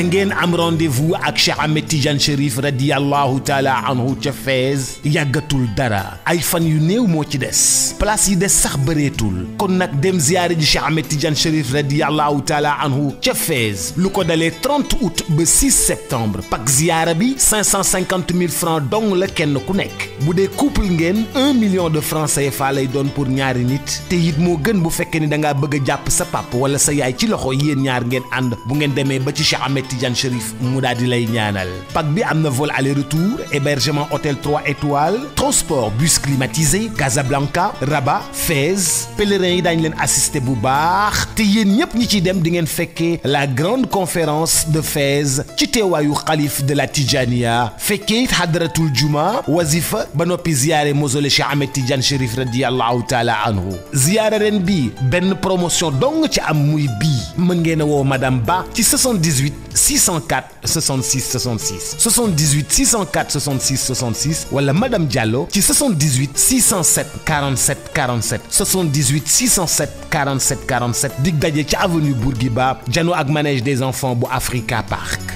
da ngeen am rendez-vous ak Cheikh Ahmed Tidiane Chérif radiallahu taala anhu ca Fès yàggatul dara ay fan yu néew moo ci des place yi des sax bëreetul kon nag dem ziyaare ji Cheikh Ahmed Tidiane Chérif radiallahu taala anhu ca Fès lu ko dalee 30 août ba 6 septembre pak ziyaara bi 550 000 francs dong la kenn ku nekk bu dee couple ngeen 1 million de francs CFA lay doon pour ñaari nit te it moo gën bu fekkee ni da ngaa bëgg a jàpp sa pap wala sa yaay ci loxo yéen ñaar ngeen ànd Tidiane Chérif mu daal di lay ñaanal pak bi am na vol aller retour hébergement hôtel 3 étoiles transport bus climatisé Casablanca raba Fès pèlerins yi daañu leen assisté bu baax te yéen ñëpp ñi ci dem di ngeen fekkee la grande conférence de Fès ci teewaayu xalif de la Tijaniya fekkee it hadratul juma wazifa ba noppi ziyaare mausolée Cheikh Ahmed Tidiane Chérif radiallahu taala anhu ziyaara ren bi benn promotion dong ci am muy bii mën ngeen a woo madame Ba ci 78 604 66 66 78 604 66 66 wala madame Diallo ci 78 607 47 47 78 607 47 47 dig daje ci avenue Bourguiba jano ak manège des enfants bu Africa Park.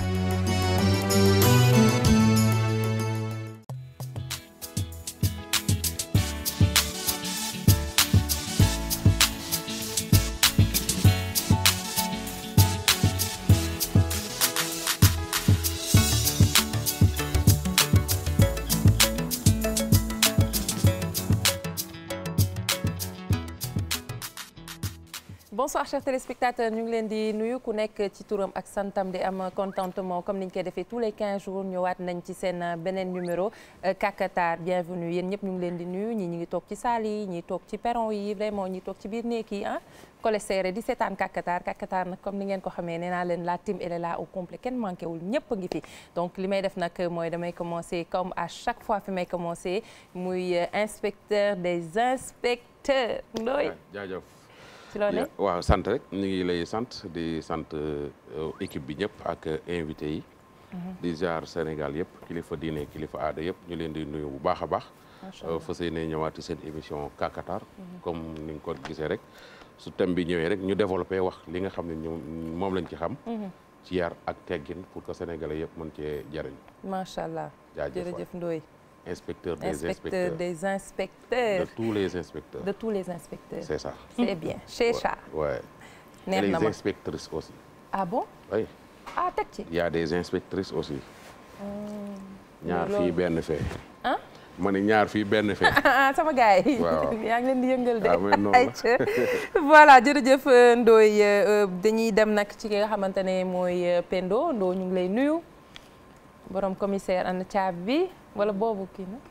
bonsoir chers téléspectateurs ñu ngi leen di nuyu ku nekk ci turam ak santam di am contentement comme ni ñu koy defee tous les 15 jours ñëwaat nañ ci seen euh, beneen numéro euh, Kakatar bienvenue yéen ñëpp ñu ngi leen di nuyu ñi ñu ngi toog ci salle yi ñi toog ci perron yi vraiment ñi toog ci biir néeg yi ah collé serré di seetaan Kakatar Kakatar nag comme ni ngeen ko xamee nee naa leen la tim elle est là au complet kenn manqué wul ñëpp a ngi fi donc li may def nag mooy damay commencer comme à chaque fois fi may commencer muy euh, inspecteur des inspecteurs ndooy jaajëf ci waaw sant rek ñu lay sant di sant euh, équipe bi ñëpp ak euh, invité yi. Mhm. di ziar Sénégal yëpp kilifa diine kilifa aada yëpp ñu leen di nuyu bu baax a baax. Euh, fas yéene ñëwaat seen émission Kakatar. Mhm. comme ni nga ko gisee rek su thème bi ñëwee rek ñu développé wax li nga xam ne ñoom moom lañ ci xam. Mhm. ci yar ak teggin pour que sénégalais yëpp mën cee jariñ. macha allah jërëjëf inspecteur des inspecteur inspecteurs des inspecteurs. de tous les inspecteurs. de tous les inspecteurs. c'est ça. c'est bien chez ça. waay les inspectrices aussi. ah bon. oui. ah teg ci. y des inspectrices aussi. Hmm. ñaar fii benn fee. ah. ma ne ñaar fi benn fee. sama gars yi. yaa ngi leen di yëngal de. Ah, voilà jërëjëf euh, Ndoye euh, euh, dañuy dem nag ci ki nga xamante ne mooy Pendo Ndo ñu ngi lay nuyu. borom commissaire ana bi. wala boobu kii nag.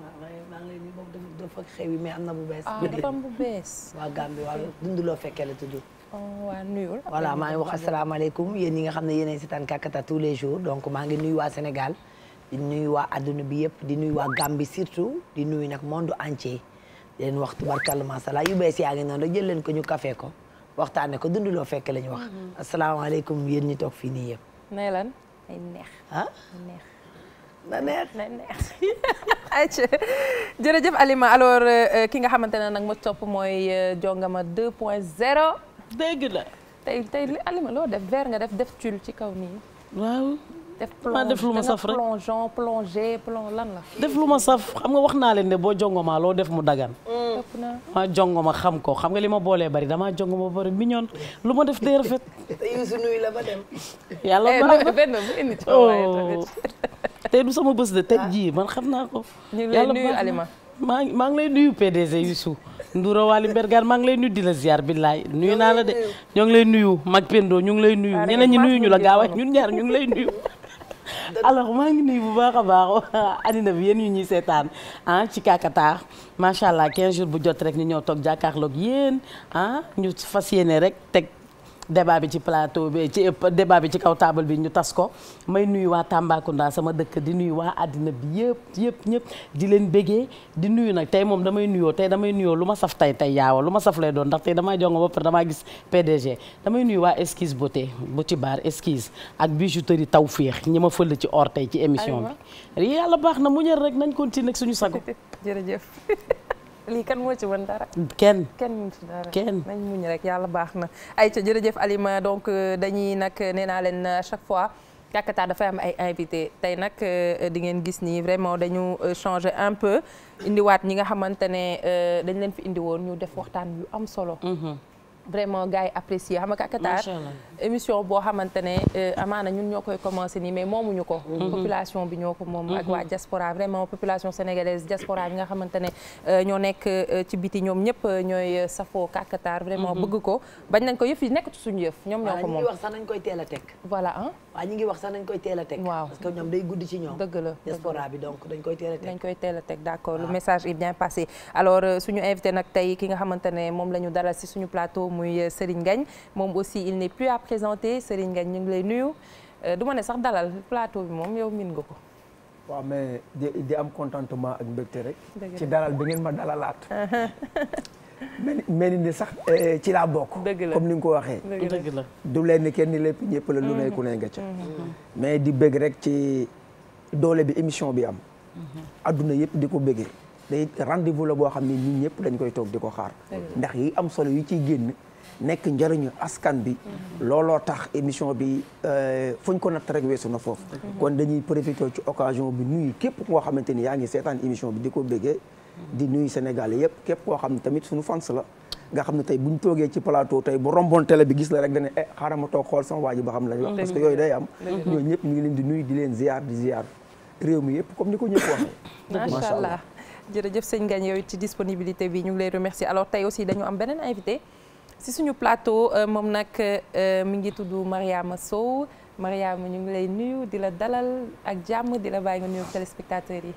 maa ngi lay am na bu bees. Ah, am bu bees. waa Gambie waa dundu loo fekkee la tudd. Oh, waa nuyul. voilà maa ngi wax asalaamaaleykum yéen yi nga xam ne yeneen si seetaan Kakata tous les jours donc maa ngi nuyu waa Sénégal di nuyu waa adduna bi yëpp di nuyu waa Gambie surtout di nuyu nag monde entier. di leen wax tubarkalla masala yu bees yaa ngi noonu rek jël ko ñu kafe ko waxtaanee ko dunduloo loo fekkee la ñu wax. Mm-hmm. asalaamaaleykum yéen ñi toog fii nii yëpp. nay lan ay neex. ah neex. na neex na neex ayca aliment Alima alors euh, euh, ki nga xamante ne nag ma top mooy euh, jongama 2 point 0. dëgg la. tey tey loo def vert nga def def tulle ci kaw nii. waaw. def plonge def lu ma saf rek la. def lu ma saf xam nga wax naa leen ne boo jongomaa loo def mu dagan. maa mm. jongoma xam ko xam nga li ma boolee bari damaa jongoma ba bari mignon lu ma def day rafet. te du sama bés de tey ah. jii man xam naa ko. yàlla nuyu Alima maa ngi maa ngi lay nuyu PDG Youssou Ndoura Wali Bergane maa ngi lay nuyu di la ziar billaay nuyu naa la de ñoo ngi lay nuyu Mag Pendo ñu ngi lay nuyu ñeneen ñi nuyu ñu la gaaw ñun ñaar ñu ngi lay nuyu. alors maa ngi nuyu bu baax a baax àddina bi yéen yu ñuy seetaan ah ci Kakatar macha allah 15 jours bu jot rek ñu ñëw toog jàkkaarloog yéen ah ñu fas yéene rek teg. débat bi ci plateau bi ci débat bi ci kaw taabal bi ñu tas ko may nuyu waa Tambacounda sama dëkk di nuyu waa àddina bi yëpp yëpp ñëpp di leen bégee di nuyu nag tey moom damay nuyoo tey damay nuyoo lu ma saf tey tey yaawa lu ma saf lay doon ndax tey damay jongo ba pare damaa gis PDG damay nuyu waa Esquisse Beauté bu ci baar Esquisse ak taw Tawféex ñi ma fël ci or tey ci émission bi yàlla baax na mu ñor rek nañ continuer ak suñu sago jërëjëf lii kan moo ci mën dara. kenn kenn mënu ci dara kenn nañ muñ rek yàlla baax na. ayca jërëjëf aliment donc euh, dañuy nag euh, nee naa leen chaque fois. Kakatar dafay am ay invité tey nag euh, di ngeen gis nii vraiment dañu changé un peu indiwaat ñi nga xamante ne dañ leen fi indi woon ñu def waxtaan yu am solo. Mm-hmm. vraiment gars yi apprécié xam nga Kakatar émission boo xamante ne euh, amaana ñun ñoo koy commencé nii mais moomuñu ko mhm. population bi ñoo ko moom ak mhm. waa diaspora vraiment population sénégalaise diaspora bi nga xamante euh, ñoo nekk euh, ci biti ñoom ñëpp ñooy safoo Kakatar vraiment mhm. bëgg ko bañ nañ ko yëf yi nekkatu suñu yëf ñoom ñoo ko moom ñu ngi wax sax nañ koy teel a teg voilà ah waaw ñu ngi wax sax nañ koy teel a teg waaw parce que ñoom day guddi ci ñoom dëgg la diaspora bi donc dañ koy teel a teg dañ koy teel muy euh, Serigne Ngagne moom aussi il n'est plus à présenter Serigne Ngagne ñu ngi lay nuyu euh, du ma ne sax dalal plateau bi moom yow min nga ko. waaw mais di di am contentement ak mbégte rek. ci dalal bi ngeen ma dalalaat. mel ni sax euh, ci laa bokk. comme ni nga ko waxee. dëgg du leen kenn lépp ñëpp la lu ne ku ne nga ca. Mm-hmm. Mm-hmm. mais di bëgg rek ci doole bi émission bi am. Mm-hmm. adduna yëpp di ko bëggee. day rendez la boo xam ne ñun ñëpp dañ koy toog di ko xaar. ndax yi am solo yi ciy génn. nekk njëriñu askan bi looloo tax émission bi euh, fu ñu ko natt rek weesu na foofu kon dañuy profité ci occasion bi nuyu képp koo xamante ni yaa ngi seetaan émission bi di ko béggee di nuyu Sénégal yëpp képp koo xam ne tamit suñu fans la nga xam ne tey bu toogee ci plateau tey bu romboon télé bi gis la rek dane eh xaaral ma toog xool sama waa ji xam lañ wax parce que yooyu day am ñooñu ñëpp ñu ngi leen di nuyu di leen ziar di ziar réew mi yëpp comme ni ko ñëpp waxee jërëjëf sëñ Ngagne yow disponibilité bi ñu ngi lay remercier alors tey aussi dañu am beneen invité si suñu plateau euh, moom nag euh, mi ngi tudd Mariama Sow Mariama ñu ngi lay nuyu di la dalal ak jàmm di la bàyyi nga nuyu téléspectateurs yi.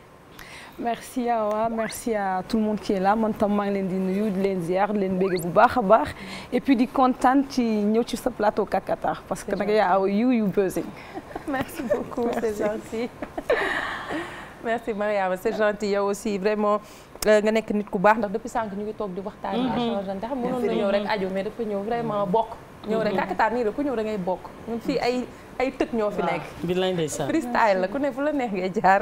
merci Awa merci à tout le monde qui est là man tam maa ngi leen di nuyu di leen ziar di leen bëgg bu baax a baax et puis di kontaan ci ñëw ci sa plateau Kakatar parce que danga yaa aw you you buzzing. merci beaucoup c'est gentil merci Mariama c'est vraiment. Euh, nga nekk nit ku baax ndax depuis sànq ñu ngi toog di waxtaan à mm-hmm. change ndax mënoon na ñëw rek aju mais ñëw vraiment mm-hmm. bokk ñëw rek mm-hmm. kakataan nii rek ku ñëw da ngay bokk ñun fii ay ay tëkk ñoo fi nekk bi lañ ndeysaan freestyle la ku ne fu la neex ngay jaar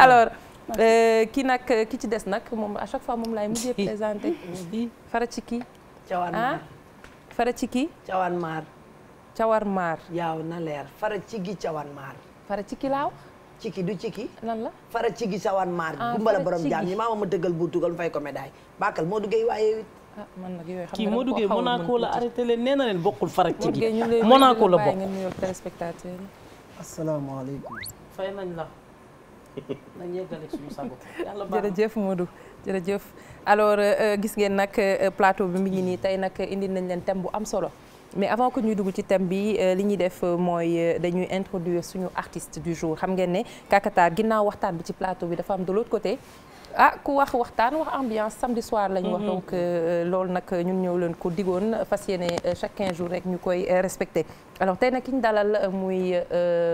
alors euh, kii nag ki ci des nag moom à chaque fois moom laay mujjee présenté fara ci ki cawaan maar fara ci kii cawaan ah? maar cawar maar na leer fara ci gi cawaan ciki du ciki. lan la fara cigi sawan maar. ah gumbala borom jaam ñi maama ma dëggal bu tugal mu fay ko médaille. Bakal Modou Gueye waaye. ah man nag yooyu xam kii Modou Gueye Monaco la arrêté leen nee na leen bokkul fara cigi. Monaco la bokk ngeen nuyoo téléspectateur yi. asalaamaaleykum. fay nañ la. nañ yeggale suñu sago. yàlla baax jërëjëf Modou jërëjëf. alors euh, euh, gis ngeen nag euh, plateau bi mu ngi nii tey nag indi nañ leen thème bu am solo. mais avant que ñuy dugg ci thème bi euh, li ñuy def euh, mooy euh, dañuy introduire suñu artiste du jour xam ngeen ne Kakatar ginnaaw waxtaan bi ci plateau bi dafa am de l'autre côté ah ku wax waxtaan wax ambiance samedi soir lañ wax mm-hmm. donc loolu nag ñun ñëw leen ko digoon fas yéene chaque quinze jours rek ñu koy respecté alors tey nag ki ñu dalal muy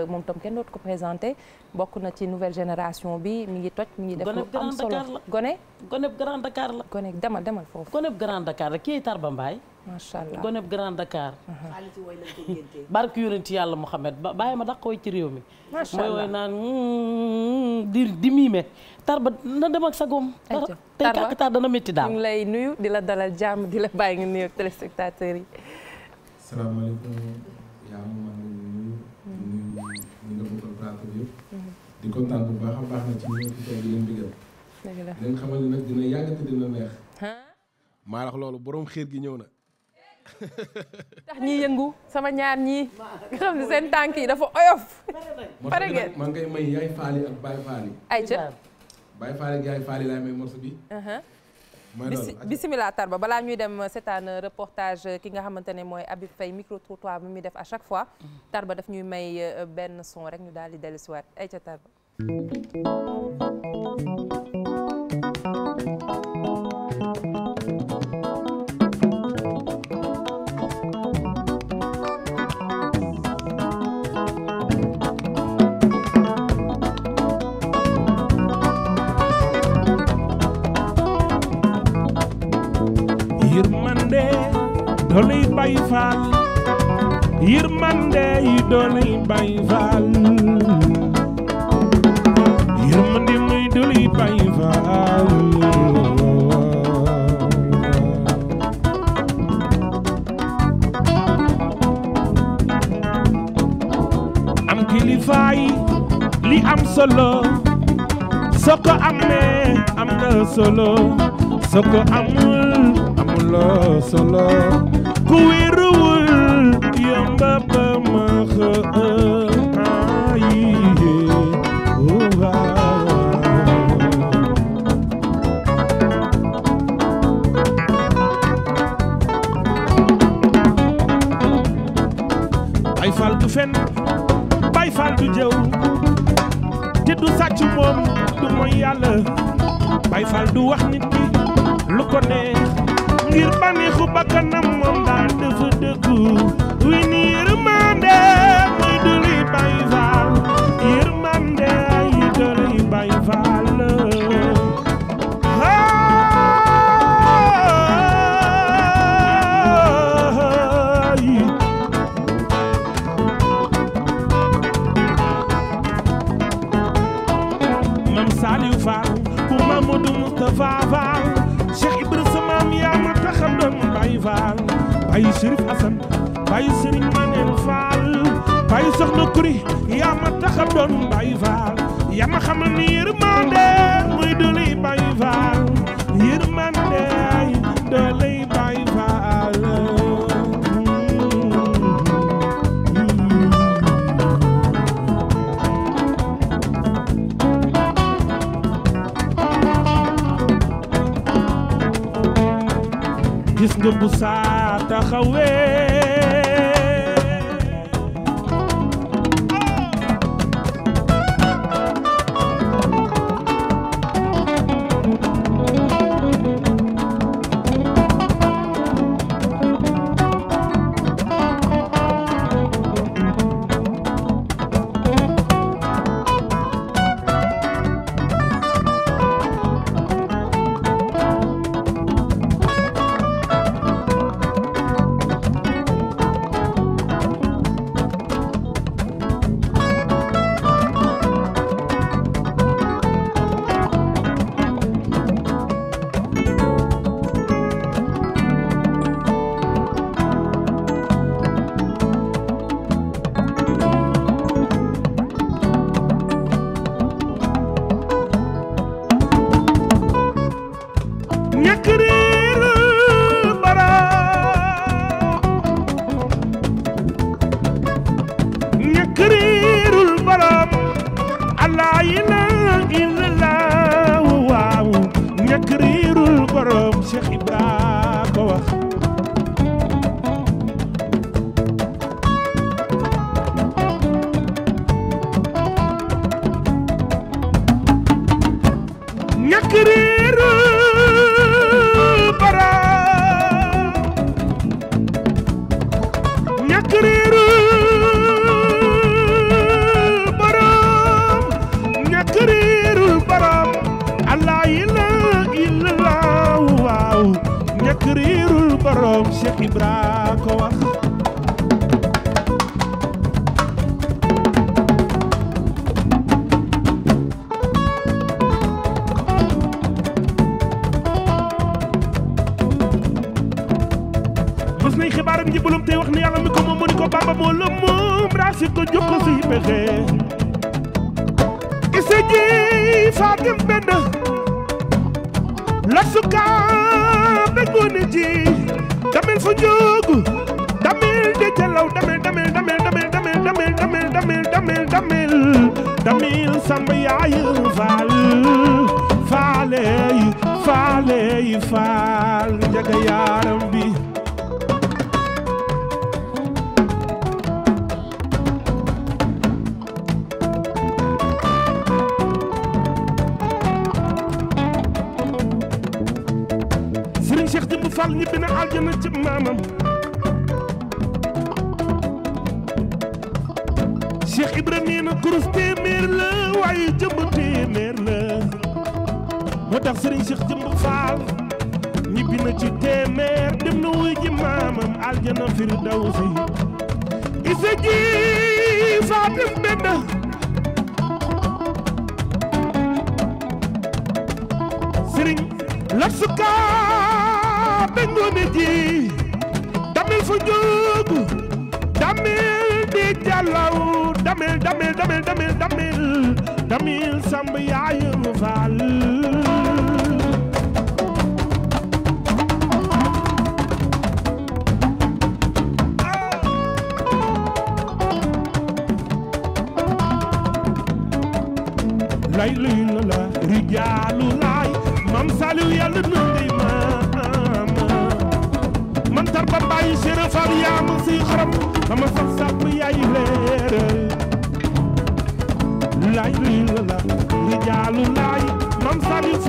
moom tam kenn dootu ko présenté bokk na ci nouvelle génération bi mu ngi toj mi ngi def lu am solo gone goneb Grand Dakar gone demal demal foofu goneb Grand Dakar la kii macha allah gone Grand Dakar. xaalis yàlla Mouhamed ba bàyyi ma dàq woy ci réew mi. macha allah mooy woy naan mm, di di miime tar ba na dem ak sagoom. ayca tey kàkk tar dana métti daal. di la dalal jàmm di la bàyyi nga ak mhm. bu baax a baax na ci ñoom fi tey di leen digal. dëgg xamal nag dina yàgg dina neex. maa wax loolu boroom xiir gi ñëw na. tax ñi yëngu sama ñaar ñi nga xam ne seen tànk yi dafa oyof. pare ngeen man ngay may yaay faali baay faali. ay faali laay may morceau bi. bisimilah Tarba balaa ñuy dem seetaan reportage ki nga xamante ne mooy Habib Faye micro trottoir bi muy def à chaque fois ba daf ñuy may euh, benn son rek ñu daal di dellusiwaat ay ca Tarba. yërmande doolay bay faal yërmande yi doolay bay faal yërmande muy doolay bay faal am kilifaay li am solo soo ko amee am na solo soo ko amul solo solo ku wéruwul yomba ba ma xëy ayi waaw bay du fen bay du jëw te du sàcc moom du mooy yàlla du wax nit bakkanam Chérif Assane bàyyi Serigne Manel a doon ma taxawee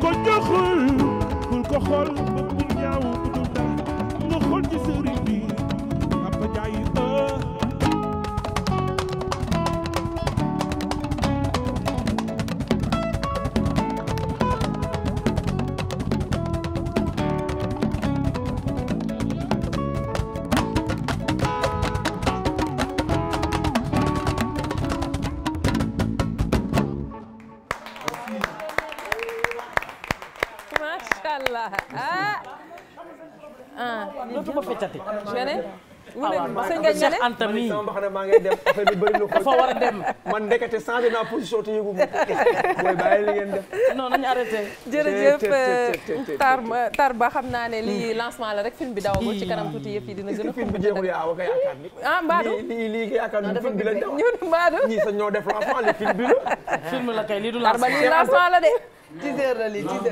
ko jox bañ nga Cheikh Anta mii sama mbaxana maa ngay dem affaire bi bëri na ko. dafa war a dem man ndekete changé naa tar ba xam naa ne lii lancement la rek film bi dawagul ci kanam tuuti yëpp yi dina gën a. film bi jeexul yaa wa nga yaakaar ni. ah Mbadou lii film bi la ñu. ñun Mbadou ñii sax ñoo def lancement li film bi la. film la du tar ba lii lancement la de. 10 heures la lii 10 heures.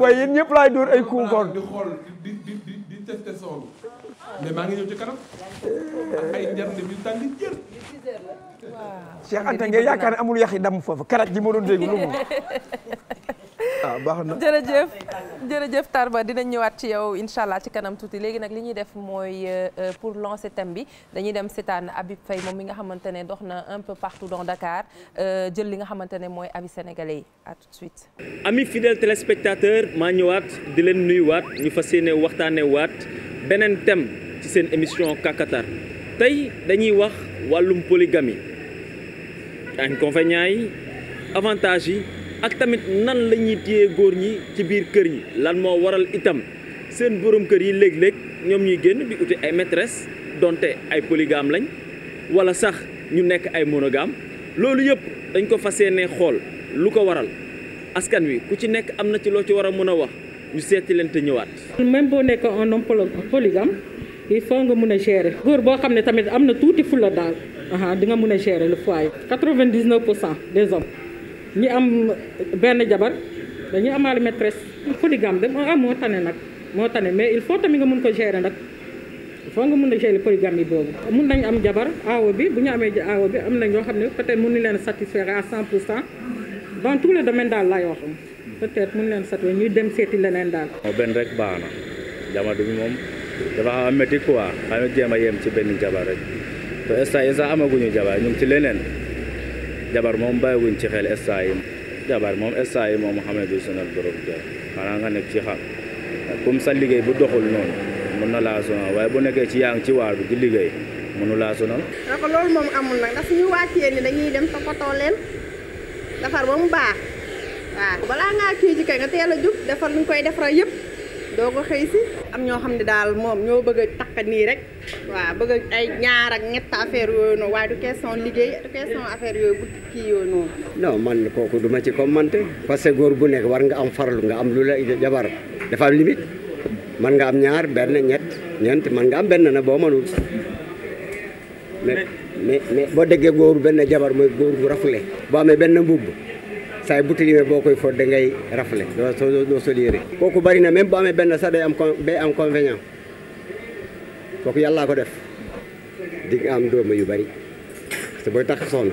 waaye yéen ñëpp laay dóor ay coups kon. di xool di di di testé soxla. mais maa ngi ñëw ci kanam yaakaar amul yax yi damm foofu karat ji ma doon dégg ah jërëjëf jërëjëf Tarba dinañ ñëwaat ci yow incha allah ci kanam tuuti léegi nag li ñuy def mooy euh, euh, pour lancer thème bi dañuy dem seetaan Habib Faye moom mi nga xamante ne dox na un peu partout dans euh, jël li nga xamante ne mooy abi sénégalais yi à tout de suite. amis maa ñëwaat di leen nuyuwaat ñu fas yéene waxtaanee waat beneen tem ci seen émission Kakatar tey dañuy wax wàllum polygamie inconvénients yi avantages yi. ak tamit nan la ñuy téye góor ñi ci biir kër yi lan moo waral itam seen borom kër yi léeg-léeg ñoom ñi génn bi uti ay maîtresse donte ay polygame lañ wala sax ñu nekk ay monogame loolu yëpp dañ ko fas yéene xool lu ko waral askan wi ku ci nekk am na ci loo ci war a mën a wax ñu seeti leen te ñëwaat. même boo nekk un homme polygame il faut nga mun a gérer. góor boo xam ne tamit am na tuuti fulla daal di nga mun a gérer le foyer. 99 pour cent des hommes. ñu am benn jabar dañuy amaale maîtresse polygame de ah moo ne nag moo ne mais il faut tamit nga mun ko gérer nag il faut nga mun a gérer polygame yi boobu. mun nañ am jabar aawo bi bu ñu amee ji aawo bi am na ñoo xam ne peut-être mun nañ leen satisfaire à 100 pour cent dans tous les domaines daal laay wax peut-être mun leen satisfaire ñuy dem seeti leneen daal. moo benn rek baax na jamono bi moom dafa xaw a métti quoi xaw a jéem a yem ci benn jabar rek sa instant instant amaguñu jabar ñu ngi ci jabar moom bàyyiwuñ ci xel instant yi jabar moom instant yi moom xamee du sonal borom kër xanaa nga nekk ci xam comme sa liggéey bu doxul noonu mën na laa sonal waaye bu nekkee ci yaa ngi ci waar bi di liggéey mënu laa sonal. ndax loolu moom amul nag ndax suñu wàccee ni dañuy dem toppatoo leen defar ba mu baax waaw balaa ngaa kii ji nga teel a defar lu ñu koy defaral yëpp. doo ko xëy si am ñoo xam ne daal moom ñoo bëgg a takk nii rek waa bëgg ay ñaar ak ñett affaire yooyu noonu waaye du question liggéey du question affaire yooyu bu kii yooyu noonu. non man kooku du ma ci commenté parce que góor bu nekk war nga am farlu nga am lu la jabar dafa am limite man nga am ñaar benn ñett ñeent man nga am benn na boo mënul mais mais boo déggee góor benn jabar mooy góor bu rafule boo amee benn mbubb saay bu tilimee boo koy fóot da ngay rafle doo soo doo sol yére kooku bari na même bu amee benn sax day am day am convénient kooku yàllaa ko def di nga am dooma yu bari parce booy takk sonn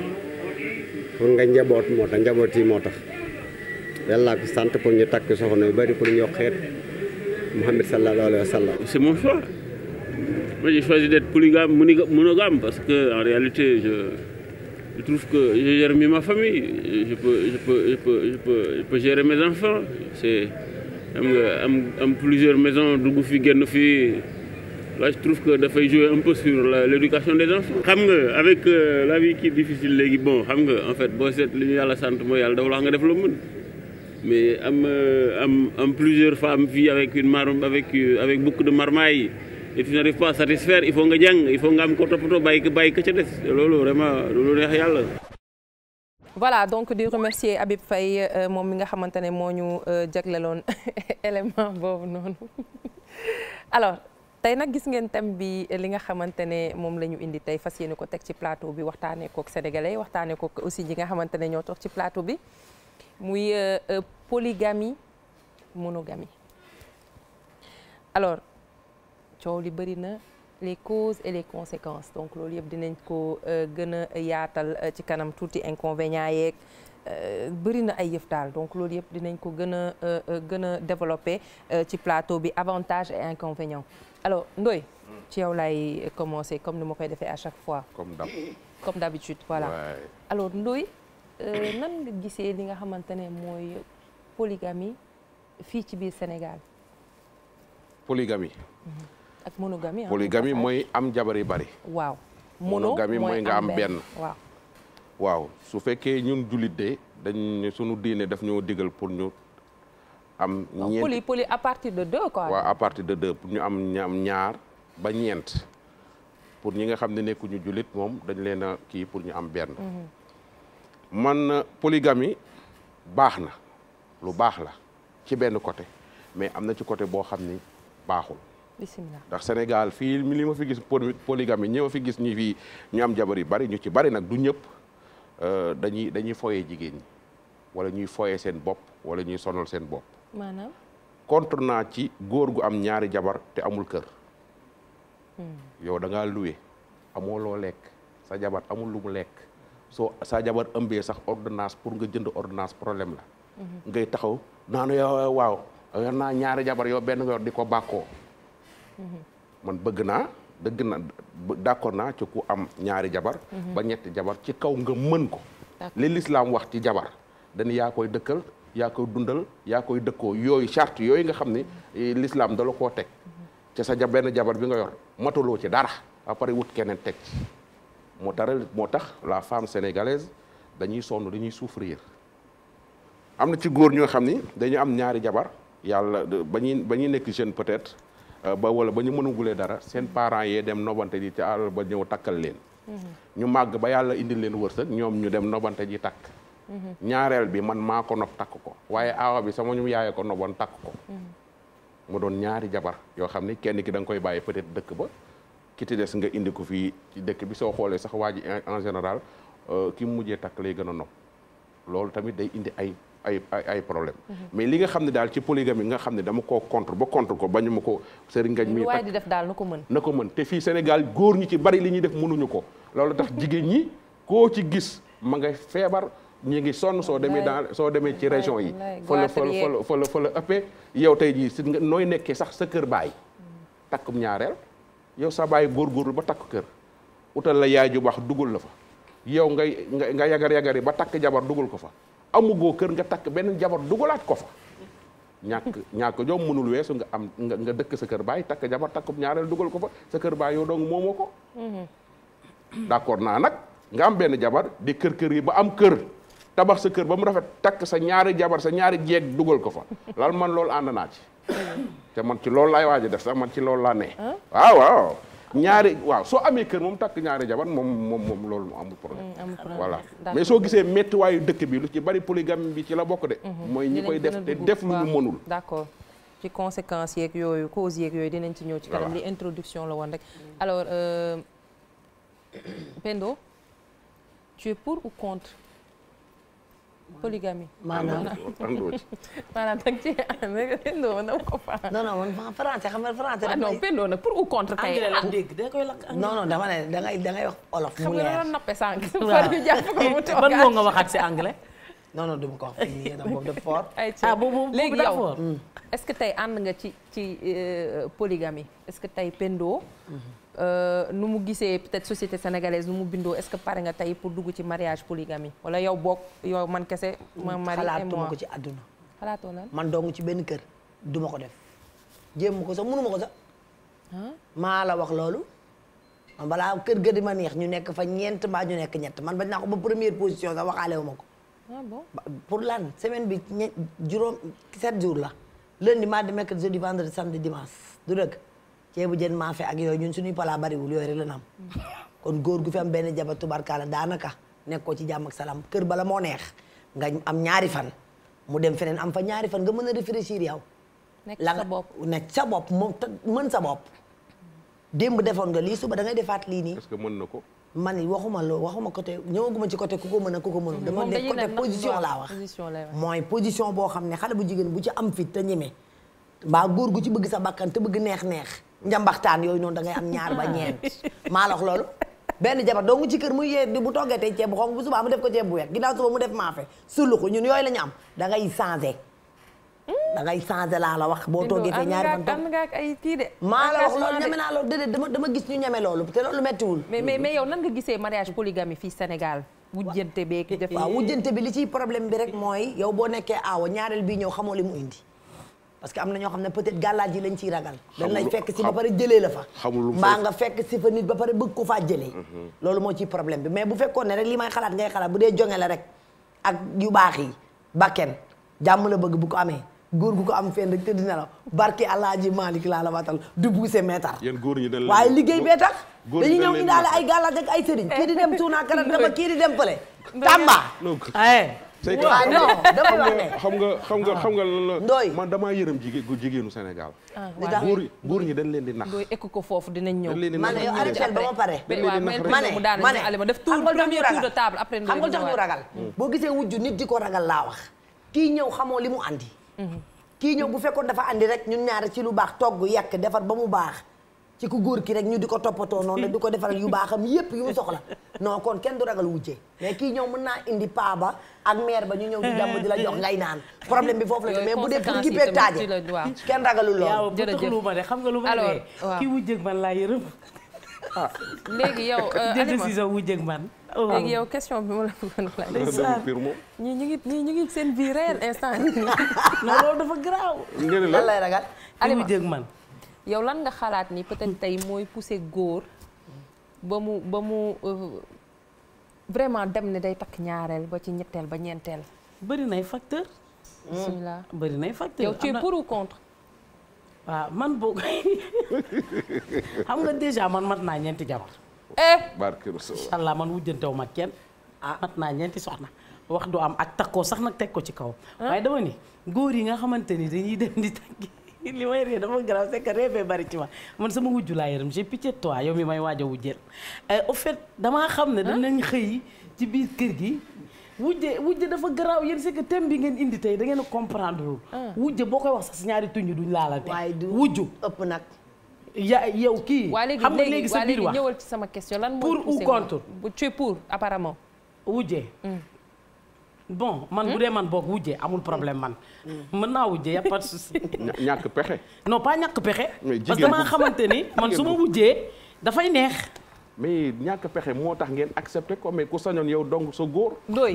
pour nga njaboot moo tax njaboot yi moo tax yàllaa ko sant pour ñu takk soxna yu bari pour ñu xeet Muhammad sallallahu alayhi wa sallam c'est mon choix moi j'ai choisi d'être polygame monogame parce que en réalité je je trouve que je gère ma famille je peux je peux je peux je peux je peux gérer mes enfants c'est am nga am am plusieurs maisons dugg fi génn fii là je trouve que dafay jouer un peu sur l'éducation des enfants. xam nga avec euh, la vie qui est difficile léegi bon xam nga en fait boo seet li ñu yàlla sant mooy yàlla dafa la nga def loo mën mais am euh, am am plusieurs femmes fii avec une marme avec avec de marmailles. et tu n'arrives pas à satisfaire il faut nga jàng il faut nga am ko toppatoo bàyyi voilà donc di remercier Habib fay euh, moom mi nga xamante ne moo ñu euh, jagleloon élément boobu noonu alors tey nag gis ngeen thème bi li nga xamante ne moom la ñu indi tey fas yéene ko teg ci plateau bi waxtaanee kook sénégalais waxtaanee kook aussi ji nga xamante ne ñoo toog ci plateau bi muy euh, polygamie monogamie alors. coow li bëri na les causes et les conséquences donc loolu yëpp dinañ ko euh, gën a yaatal euh, ci kanam tuuti inconvénients yeeg euh, bëri na ay yëf donc loolu yëpp dinañ ko gën a gën a développé ci plateau bi avantage et inconvénients alors Ndoye ci yow laay commencé comme ni ma koy defee chaque fois comme d'hab comme d'habitude voilà ouais. alors Ndoye nan nga gisee li nga xamante ne mooy polygamie fii ci biir Sénégal polygamie mhm. ak monogamie polygamie mooy am jabar yu bari. waaw gami mooy nga am benn waaw. su fekkee ñun jullit de dañ suñu diine daf ñoo digal pour ñu am. ñeent poly poly à partir de deux pour ñu am ñaar ba ñeent. pour ñi nga xam ne nekkuñu jullit moom dañ leen a kii pour ñu am benn. Mhm. man polygamie baax na lu baax la ci benn côté mais am na ci côté boo xam ni baaxul. bisimilah ndax Sénégal fii li ma fi gis polygamie ñi ma fi gis ñi fii ñu am jabar yu bari ñu ci bari nag du ñëpp euh, dañuy dañuy foyee jigéen wala ñuy foyee seen bopp wala ñuy sonal seen bopp. maanaam. contre naa ci góor gu am ñaari jabar te amul kër. Hmm. yow danga ngaa loué amoo loo lekk sa jabar amul lu lekk soo sa jabar ëmbee sax ordinance pour nga jënd ordinance problème la. Hmm. ngay taxaw naanu yow waaw yor naa ñaari jabar yoo benn nga yor di ko bàkkoo. man bëgg naa dëgg na d'accord naa ci ku am ñaari jabar mhm. ba ñetti jabar ci kaw nga mën ko li lislaam wax ci jabar dañu yaa koy dëkkal yaa koy dundal yaa koy dëkkoo yooyu chart yooyu nga xam ni eh, lislaam dala koo teg ca sa benn jabar bi nga yor matuloo ci dara ba pare wut keneen teg ci moo taral moo tax la femme sénégalaise dañuy sonn dañuy souffrir am na ci góor ñoo xam ni dañu am ñaari jabar yàlla ba ñuy ba nekk jeune peut-être Euh, ba wala ba ñu mënagulee dara seen parent yee dem nobante ji ci àll ba ñëw takkal leen mhm. ñu màgg ba yàlla indil leen wërsëg ñoom ñu dem nobante ji takk mhm. ñaareel bi man maa ko takk ko waaye aawa bi sama ñu yaayee ko noboon takk ko mhm. mu doon ñaari jabar yoo xam ne kenn ki da nga koy bàyyi peut-être dëkk ba ki ci des nga indi ko fii ci dëkk bi soo xoolee sax waa ji en général euh, ki mujjee takk lay gën a nob loolu tamit day indi ay ay ay ay problème mais li nga xam ne daal ci polygamie nga xam ne dama koo contre ba contre ko bañu ma ko sëriñ Ngañ mi waaye di def daal na ko mën na ko mën te fii Sénégal góor ñi ci bari li ñuy def mënuñu ko loolu tax jigéen ñi koo ci gis ma nga feebar ñu ngi sonn soo demee dans soo demee ci région yi fa la fa la fa la yow tey jii si nooy nekkee sax sa kër baay takkum ñaareel yow sa baay góorgóorlu ba takk kër utal la yaay ju baax dugal la fa yow ngay nga yagar yagar yi ba takk jabar dugal ko fa amugoo kër nga takk benn jabar dugalaat ko fa ñàkk ñàkk jom mënul weesu nga am nga dëkk sa kër baay takk jabar takkub ñaareel dugal ko fa sa kër baay yow dong moomoo ko mm-hmm. d'accord naa nag nga am benn jabar di kër kër yi ba am kër tabax sa kër ba mu rafet takk sa ñaari jabar sa ñaari jeeg dugal ko fa lal man loolu ànd naa ci mm-hmm. man ci loolu laay waaj a def sax man ci loolu laa ne ah? waaw waaw ñaari waaw soo amee kër moom takk ñaari jabar moom moom moom loolu mu amul problème mm, voilà mais soo gisee méttiwaayu dëkk bi lu ci bari polygame bi ci la bokk de mm-hmm. mooy ñi koy def te def lu ñu mënul d'accord ci conséquence yeeg yooyu causes yeeg yooyu dinañ ci ñëw ci kanam li introduction la woon rek alors euh, Pendo tu es pour ou contre polygamie. maanaam àndoo ci. maanaam teg ci ànd rek pendoo na ko nga français. ah non pendoo nag pour ou ah. da koy lakk non non dama ne da nga doon nappe si anglais. non non du ma ko wax fii a boobu de fort. ah que tey ànd nga ci ci euh, polygamie que tey pendoo. Mm-hmm. Euh, nu mu gisee peut-être société sénégalaise nu mu bindoo est-ce que pare nga tey pour dugg ci mariage polygamie wala yow boog yow man kese. ma mari xalaatuma ko ci àdduna. xalaatoo lan man dong ci benn kër duma ko def jéem ko sax mënu ko sax. maa la wax loolu. man balaa kër ga di ma neex ñu nekk fa ñeent mbaa ñu nekk ñett man bañ naa ko ba première position sax waxaale wu ma ko. Ah pour lan semaine bi ñe juróom sept jours la lundi mardi mercredi jeudi vendredi samedi dimanche du dëgg. ceebu jën maafe ak yooyu ñun suñuy palaa bariwul yooyu rek la am kon góor gu fi am benn jabar tubarkaala daanaka nekk ko ci jàmm ak làmp kër bala moo neex nga am ñaari fan mu dem feneen am fa ñaari fan nga mën a réfléchir yow. nekk sa bopp nekk sa bopp moom mën sa bopp. démb defoon nga lii suba da ngay nii. est que mën na ko. man waxuma loo waxuma côté ñëwaguma ci côté ku ko mën a ku ko mënul. dama nekk côté position laa wax. mooy position boo xam ne xale bu jigéen bu ci am fit te ñeme. mbaa góor gu ci bëgg sa bakkan bëgg neex neex. njambaxtaan yooyu noonu da ngay am ñaar ba ñeent maa loolu benn jabar doo ci kër muy yee bu toggatee ceeb bu xonk bu subaa mu def ko ceeb bu weex ginnaaw suba mu def maafe suluxu ñun yooyu la am da ngay changé hmm? da ngay changé laa la wax boo toogee te ñaari fan am nga ak ay kii de maa la wax loolu ñeme naa loolu déedéet dama dama gis ñu ñeme loolu te loolu méttiwul mais mais mais yow nan nga gisee mariage polygamie fii Sénégal wujjante beeg def waaw wujjante bi li ci problème bi yow boo nekkee aawa ñaareel bii ñëw xamoo li mu indi parce que am na ñoo xam ne peut-être gàllaaj yi lañ ciy ragal dañ fekk si ba pare jëlee la fa mbaa nga fekk si fa nit ba pare bëgg ko faa jëlee mm-hmm. loolu moo ciy problème bi mais bu fekkoon ne rek li may xalaat ngay xalaat bu dee jonge la rek ak yu baax yi kenn jàmm la bëgg bu ko amee góor gu ko am fenn rek tëdd na la barke alaaji Malick laa la waatal du buuse meetar waaye liggéey bee tax dañu ñëw ñu daal ay gàllaaj ak ay sëriñ kii di dem Tuuna Karat c'est que waaw non dama wax xam nga xam nga xam nga lan la. ndooy man damaa yërëm jigéenu Sénégal. Ah, waaw góor góor ñi dañ leen di nax. ndooy ekk ko foofu dinañ ñëw. dañ leen di nax rek ma ne yow ba ma pare. ma ne ma ne ma def tour premier tour de table après. xam nga tax ñu ragal. Mm. boo gisee wujju nit di ko ragal laa wax. kii ñëw xamoo li mu andi. Mm-hmm. kii ñëw bu fekkoon dafa andi rek ñun ñaar ci lu baax togg yàq defar ba mu baax ci ku góor ki rek ñu di ko toppatoo noonu rek di ko defaral yu baaxam yépp yu mu soxla non kon kenn du ragal wujje mais kii ñëw mën naa indi paa ba ak mère ba ñu ñëw di jàmm di la jox ngay naan problème bi foofu la mais bu dee pour gippeeg taaje kenn ragalul lool jërëjëf lu ma de xam nga lu ma de kii wujjeeg man laa yërëm ah léegi yow. Euh, Alima jënd wujjeeg man. Oh. léegi yow question bi ma la bëggoon laaj. ñi ñu ngi ñu ngi seen vie réel instant. loolu dafa garaaw. ngeen la lan lay ragal. Alima wujjeeg man. yow lan nga xalaat ni peut tey mooy pousser góor ba mu ba mu euh, vraiment dem ne day takk ñaareel ba ci ñetteel ba ñeenteel. bëri nay facteur. bismillah bëri nay facteur yow tu es pour ou contre. waaw ah, man boo xam nga déjà man mat naa ñeenti jabar. Eh! barke incha man wujjantewu ma kenn. ah mat naa ñeenti soxna. wax du am ak takkoo sax nag teg ko ci kaw. Ah. waaye dama ni góor yi nga xamante ni dañuy dem di takki. li may ree dafa garaaw c'est que bari ci ma man sama wujju laa yërëm j'ai pitié de toi yow mi may waaj a wujjeel euh, au fait damaa xam ne ah? danañ xëy ci biir kër gi wujje wujje dafa garaaw yéen c'est que bi ngeen indi tey da ngeen comprendre lul ah. wujje boo koy wax sax si ñaari tuñ duñ laalante wujju ëpp nag ya yow kii xam nga léegi sa biir wax ñëwal ci sama question lan pour ou contre tu es pour apparemment wujje hmm. bon man bu hmm? dee man boog wujjee amul problème man. Hmm. mën naa wujjee y a pas de souci. ñàkk pexe. non pas ñàkk pexe. parce que maa xamante ni man su ma wujjee dafay neex. mais ñàkk pexe moo tax ngeen accepté ko mais ku sañoon yow dong sa góor. doy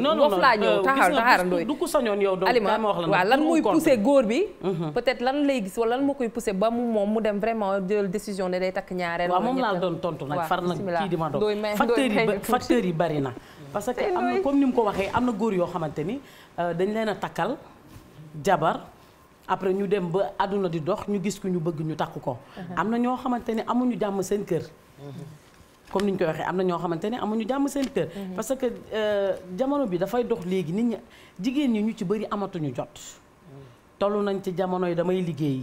foofu euh, lan muy poussé góor bi. Mm-hmm. peut-être lan lay gis wala lan moo koy poussé ba mu moom mu dem vraiment jël décision ne day takk ñaareel. wala ñetteel waaw moom laa doon tontu nag far nag kii di ma doon. facteur yi facteur yi bari na. parce que am na comme ni mu ko waxee am na góor yoo xamante ni euh, dañ leen a takkal jabar après ñu dem ba àdduna di dox ñu gis ku ñu bëgg ñu takk ko. Uh-huh. am na ñoo xamante ni amuñu jàmm seen kër. Uh-huh. comme ni koy waxee am na ñoo xamante ne amuñu jàmm seen kër. Uh-huh. parce que euh, jamono bi dafay dox léegi nit ñi jigéen ñi ñu ci bëri amatuñu jot. toll nañ ci jamono yi damay liggéey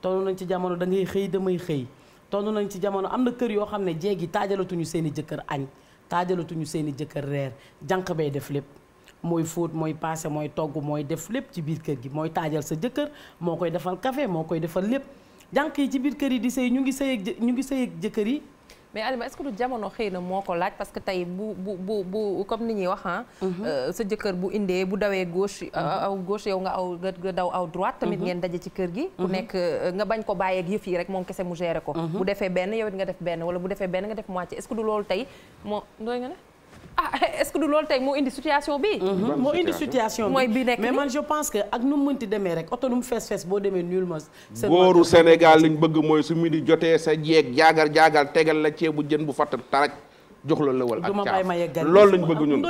toll nañ ci jamono da ngay xëy damay xëy toll nañ ci jamono am na kër yoo xam ne jéeg taajalatuñu seen i jëkkër añ. taajalatuñu seen i jëkkër reer jànq bay def lépp mooy fóot mooy paase mooy togg mooy def lépp ci biir kër gi mooy taajal sa jëkkër moo koy defal kafe moo koy defal lépp jànq yi ci biir kër yi di sëy ñu ngi sëy ñu ngi sëy ak jëkkër yi mais Alima est jamono xëy na moo ko laaj parce que tey bu bu bu bu comme ni ñuy wax ah. Mhm. Euh, sa jëkkër bu indee bu dawee gauche. Mhm. Euh, aw gauche yow nga aw nga daw aw droite. tamit mhm. ngeen daje ci kër gi. ku nekk euh, nga bañ ko bàyyeek yëf yi rek moom kese mu gérer ko. bu defee benn yow nga def benn wala bu defee benn nga def moitié est-ce loolu tey moo doy nga ne. ah est-ce que du loolu teg moo indi situation bi mhm. moo indi situation bi mooy bi mais man je pense que ak nu mun mënti demee rek oto nu mu fees fees boo demee nul ma góoru Sénégal liñ bëgg mooy su midi jotee sa jeeg jaagar jaagar tegal la ceebu jën bu fatt taraj jox la lëwal ak caaf loolu lañ bëgg ñun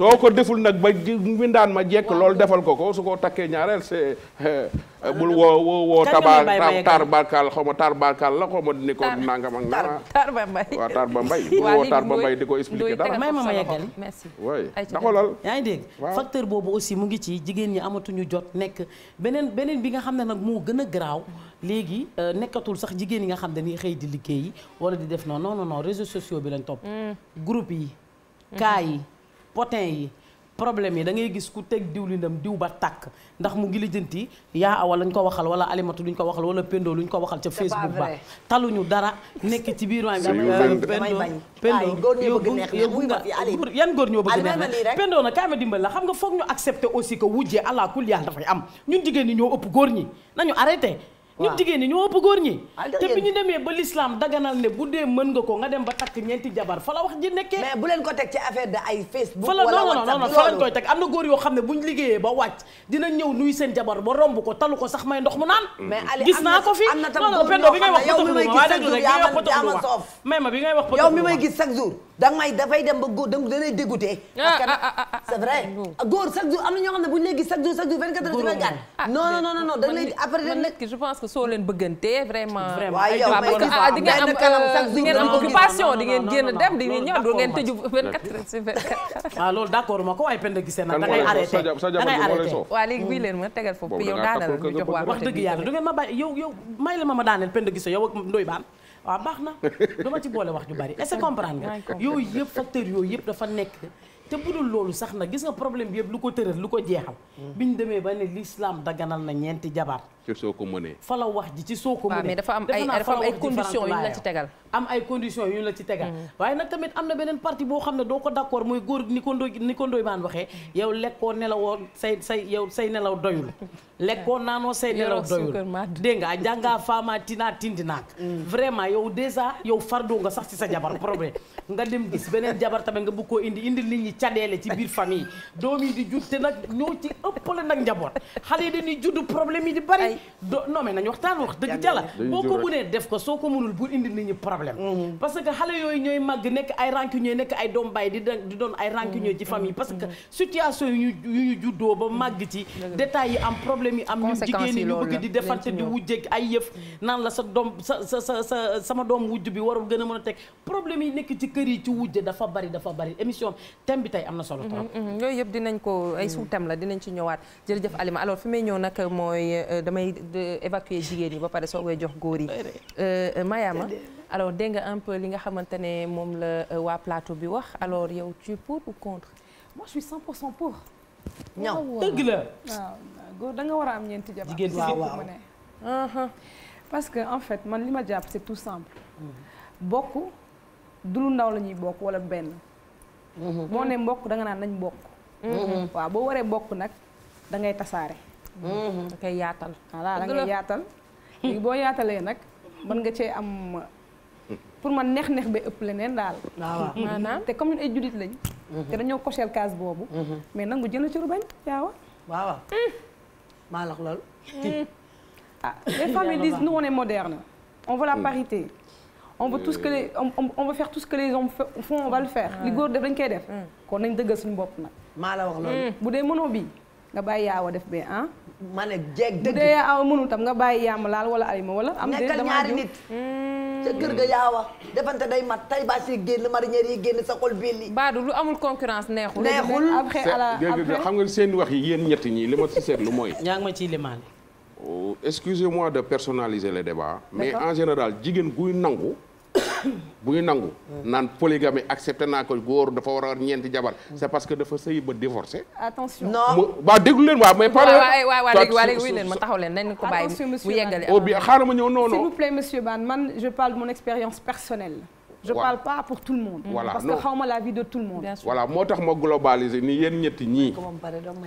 soo ko deful nag ba mbindaan ma jekk loolu defal ko ko su ko takkee ñaareel c'est euh, bul woo woo woo taba tar xaw ma tar barkaal la xaw ma ni ko nangam ak na tar ba mbay waaw ba mbay bul woo tar ba mbay di ko expliquer dara may ma ma yeggali merci waay da xoolal yaa ngi dégg facteur boobu aussi mu ngi ci jigéen ñi amatuñu jot nekk beneen beneen bi nga xam ne nag moo gën a garaaw léegi euh, nekkatul sax jigéen yi nga xam dañuy xëy di liggéeyi wala di def non non non réseaux sociaux bi lañ topp. Mm. groupe yi. Mm-hmm. cas yi potin yi. problème yi da gis ku teg diwlinam diw ba tàkk ndax mu ngi lijjanti yaa awa lañ ko waxal wala alimatu luñ ko waxal wala pendo luñ ko waxal ca facebook ba ñu dara nekk ci biir waay pendo pendo yan góor ñoo bëgg neex pendo nag kaay ma dimbal la xam nga foog ñu accepter aussi que wujjee àla kul yàlla dafay am ñun jigéen ñi ñoo ëpp góor ñi nañu arrêté ñun jigéen ñi ñoo ëpp góor ñi te bi ñu demee ba l'islam daganal ne bu dee mën nga ko nga dem ba takk ñeenti jabar fa la wax ji nekkee mais bu leen ko teg ci affaire de ay facebook wala whatsapp teg am na góor yoo xam ne buñ liggéeyee ba wàcc dina ñëw nuy seen jabar ba romb ko talu mm-hmm. gis naa ko fi non non pendo bi ma bi ngay wax yow mi may gis chaque jour na ñoo xam ne buñ lay gis chaque jour que soo leen bëggantee vraiment. waaw yow ah, euh, may di ngeen am di ngeen am occupation di génn dem di ngeen ñëw du ngeen tëju 24 heures sur 24. Ah, loolu d' accord ma ko waaye Penda gisee na da ngay arrêté da ngay arrêté. waaw léegi bii leen ma tegal bàyyi yow yow ma ma daaneel Penda gisee yow ak Ndoye Bane baax na dama ci boole wax ju bari est-ce que comprendre nga yooyu yëpp facteur yooyu yëpp dafa nekk te budul loolu sax na gis nga problème bi lu ko tëral lu ko jeexal hmm. biñ demee ba ne l'islam daganal na ñeenti jabar ci soo ko mënee. fa la wax ji ci soo ko mënee. waaw mais dafa am ay dafa am ay conditions yu ñu la ci tegal. am ay conditions yu ñu la ci tegal. Mm. waaye nag tamit am na beneen parti boo xam ne doo ko d' accord muy góor ni ko ndooy maan waxee. Mm. yow lekkoo nelawoo say nelaw doyul. lekkoo naanoo say nelaw doyul dégg nga jàngaa faamaa tinaa tindi naak mm. vraiment yow dèjà yow fardoo nga sax ci sa jabar problème nga dem gis beneen jabar tamit nga bëgg koo indi indi nit ñi cadeele ci biir famille doom yi di judd do non mais nañ waxtaan wax dëgg jàlla boo ko mënee def ko soo ko mënul bu indi nit ñi problème mm-hmm. parce que xale yooyu ñooy màgg nekk ay rancunier nekk ay doom bàyyi di doon ay rancunier mm-hmm. ci famille parce que mm-hmm. situation yu ñu juddoo ba màgg ci détails yi am problème yi am a a na solo trop yooyu yëpp dinañ ko ay sous thème la dinañ ci ñëwaat jërëjëf Alima alors fi may ñëw nag mooy euh, damay dangay évacuer jigéen yi ba pare soo koy jox góor yi euh, euh, Mariama alors dégg nga un li nga xamante ne moom la euh, waa plateau bi wax alors yow tu es pour ou contre moi suis 100 pour cent pour ñaw dëgg la da nga war a am ñeenti jabar jigéen waaw waaw uh-huh. parce que en fait man li ma jàpp c'est tout simple mm-hmm. bokk du lu ndaw la ñuy bokk wala benn moo mm-hmm. ne mbokk danga naan nañ bokk mm-hmm. waaw boo waree bokk nag da ngay tasaare Mm-hmm. da koy yaatal. voilà ah, da ngay yaatal. léegi boo yaatalee nag mën nga cee am pour man neex-neex ba ëpp leneen daal. Ah, waaw mm-hmm. maanaam te comme ñun ay julit lañ. Mm-hmm. te dañoo kocheel case boobu. mais nangu jënd ci rubañ yaawa. waaw mm. maa la loolu. Mm. ah les femmes disent nous on est moderne. on veut la mm. parité. on veut tout ce que les on, on veut faire tout ce que les on va le li ah. góor def dañ koy def. kon nañ dëggal suñu bopp nag. maa la wax bu dee mënoo bi nga bàyyi yaawa def ba ah. ma ne jeeg dëgg bu dee tam nga bàyyi yàmm laal wala alima wala. am de nekkal ñaari nit. Hmm. ca kër ga yaawa defante day mat tay baas yi génn marinière yi génn sa xol belli. Badou lu amul concurrence neexul. neexul après ala après xam nga seen wax yi yéen ñett ñi li ma ci seetlu mooy. ñaang ma ciy limaale. Oh, excusez-moi de personnaliser la débat. mais en général jigéen guy nangu. bu ñu nangu mm. naan polygamie accepté naa ko góor dafa war a ñeenti jabar mm. c'est parce que dafa sëy ba divorcé attention non waaw déglu leen waaw mais pare waaw waaw léegi waaw léegi wuy leen ma taxaw leen nañ ko bàyyi mu yeggale oh bien xaaral ma ñëw non non s'il vous plaît monsieur Bane man je parle de mon expérience personnelle je parle pas pour tout le monde. voilà parce que xaw ma la vie de tout le monde. voilà moo tax ma globaliser ni yéen ñetti ñii.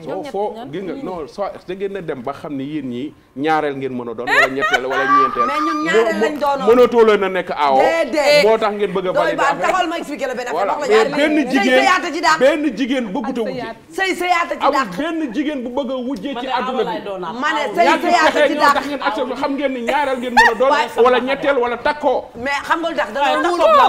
soo foo gis nga non soo da ngeen a dem ba xam ni yéen ñii ñaareel ngeen mën a doon wala ñetteel wala ñeenteel. mais ñun ñaareel lañ doonoon mënatoo leen a nekk aawoo. déedéet moo tax ngeen bëgg a valider affaire ma expliqué la benn affaire. benn jigéen benn jigéen bëggut a wujje. sëy sëyaata ci dàq amul benn jigéen bu bëgg a wujje ci àdduna bi. ma ne sëy sëyaata ci dàq xam ngeen ni ñaareel ngeen mën a doon wala ñetteel wala takkoo mais xam nga lu tax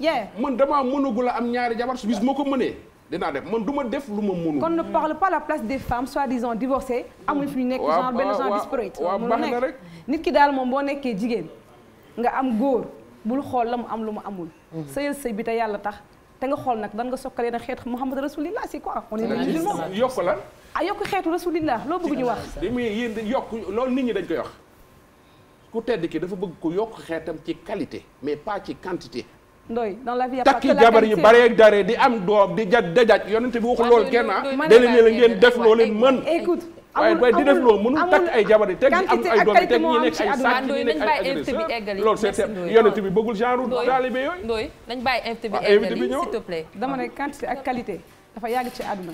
yeah man damaa mënagul a am ñaari jabar su bis moo ko mënee dinaa def man duma def lu ma mënul. kon ne parle pas la place des femmes soi-disant divorcées. amuñu fi ñu nekk genre benn genre disparate. waaw baax na rek nit ki daal moom boo nekkee jigéen nga am góor bul xool la mu am lu mu amul. Mhm. sëyal sëy bi te yàlla tax te nga xool nag dan nga sokkalee na xeet Muhammad rasulillah c'est quoi. on est musulman yokk lan. ah yokk xeetu rasulillah loo bëgg ñu wax. demee yéen yokk loolu nit ñi dañ koy wax ku tedd ki dafa bëgg ko yokk xeetam ci qualité mais pas ci quantité. ndoy dans la vie takki jabar yi dare di am doom di jat dajaj yonente bi waxul loolu kenn ah da leen la ngeen def loo leen mën écoute waaye bay di def loolu mënul takk ay jabar yi teg di am ay doom yi teg ñi nekk ay bi bëggul genre taalibe yooyu ndoy nañ bàyyi invité bi ah, dafa yàgg ci àdduna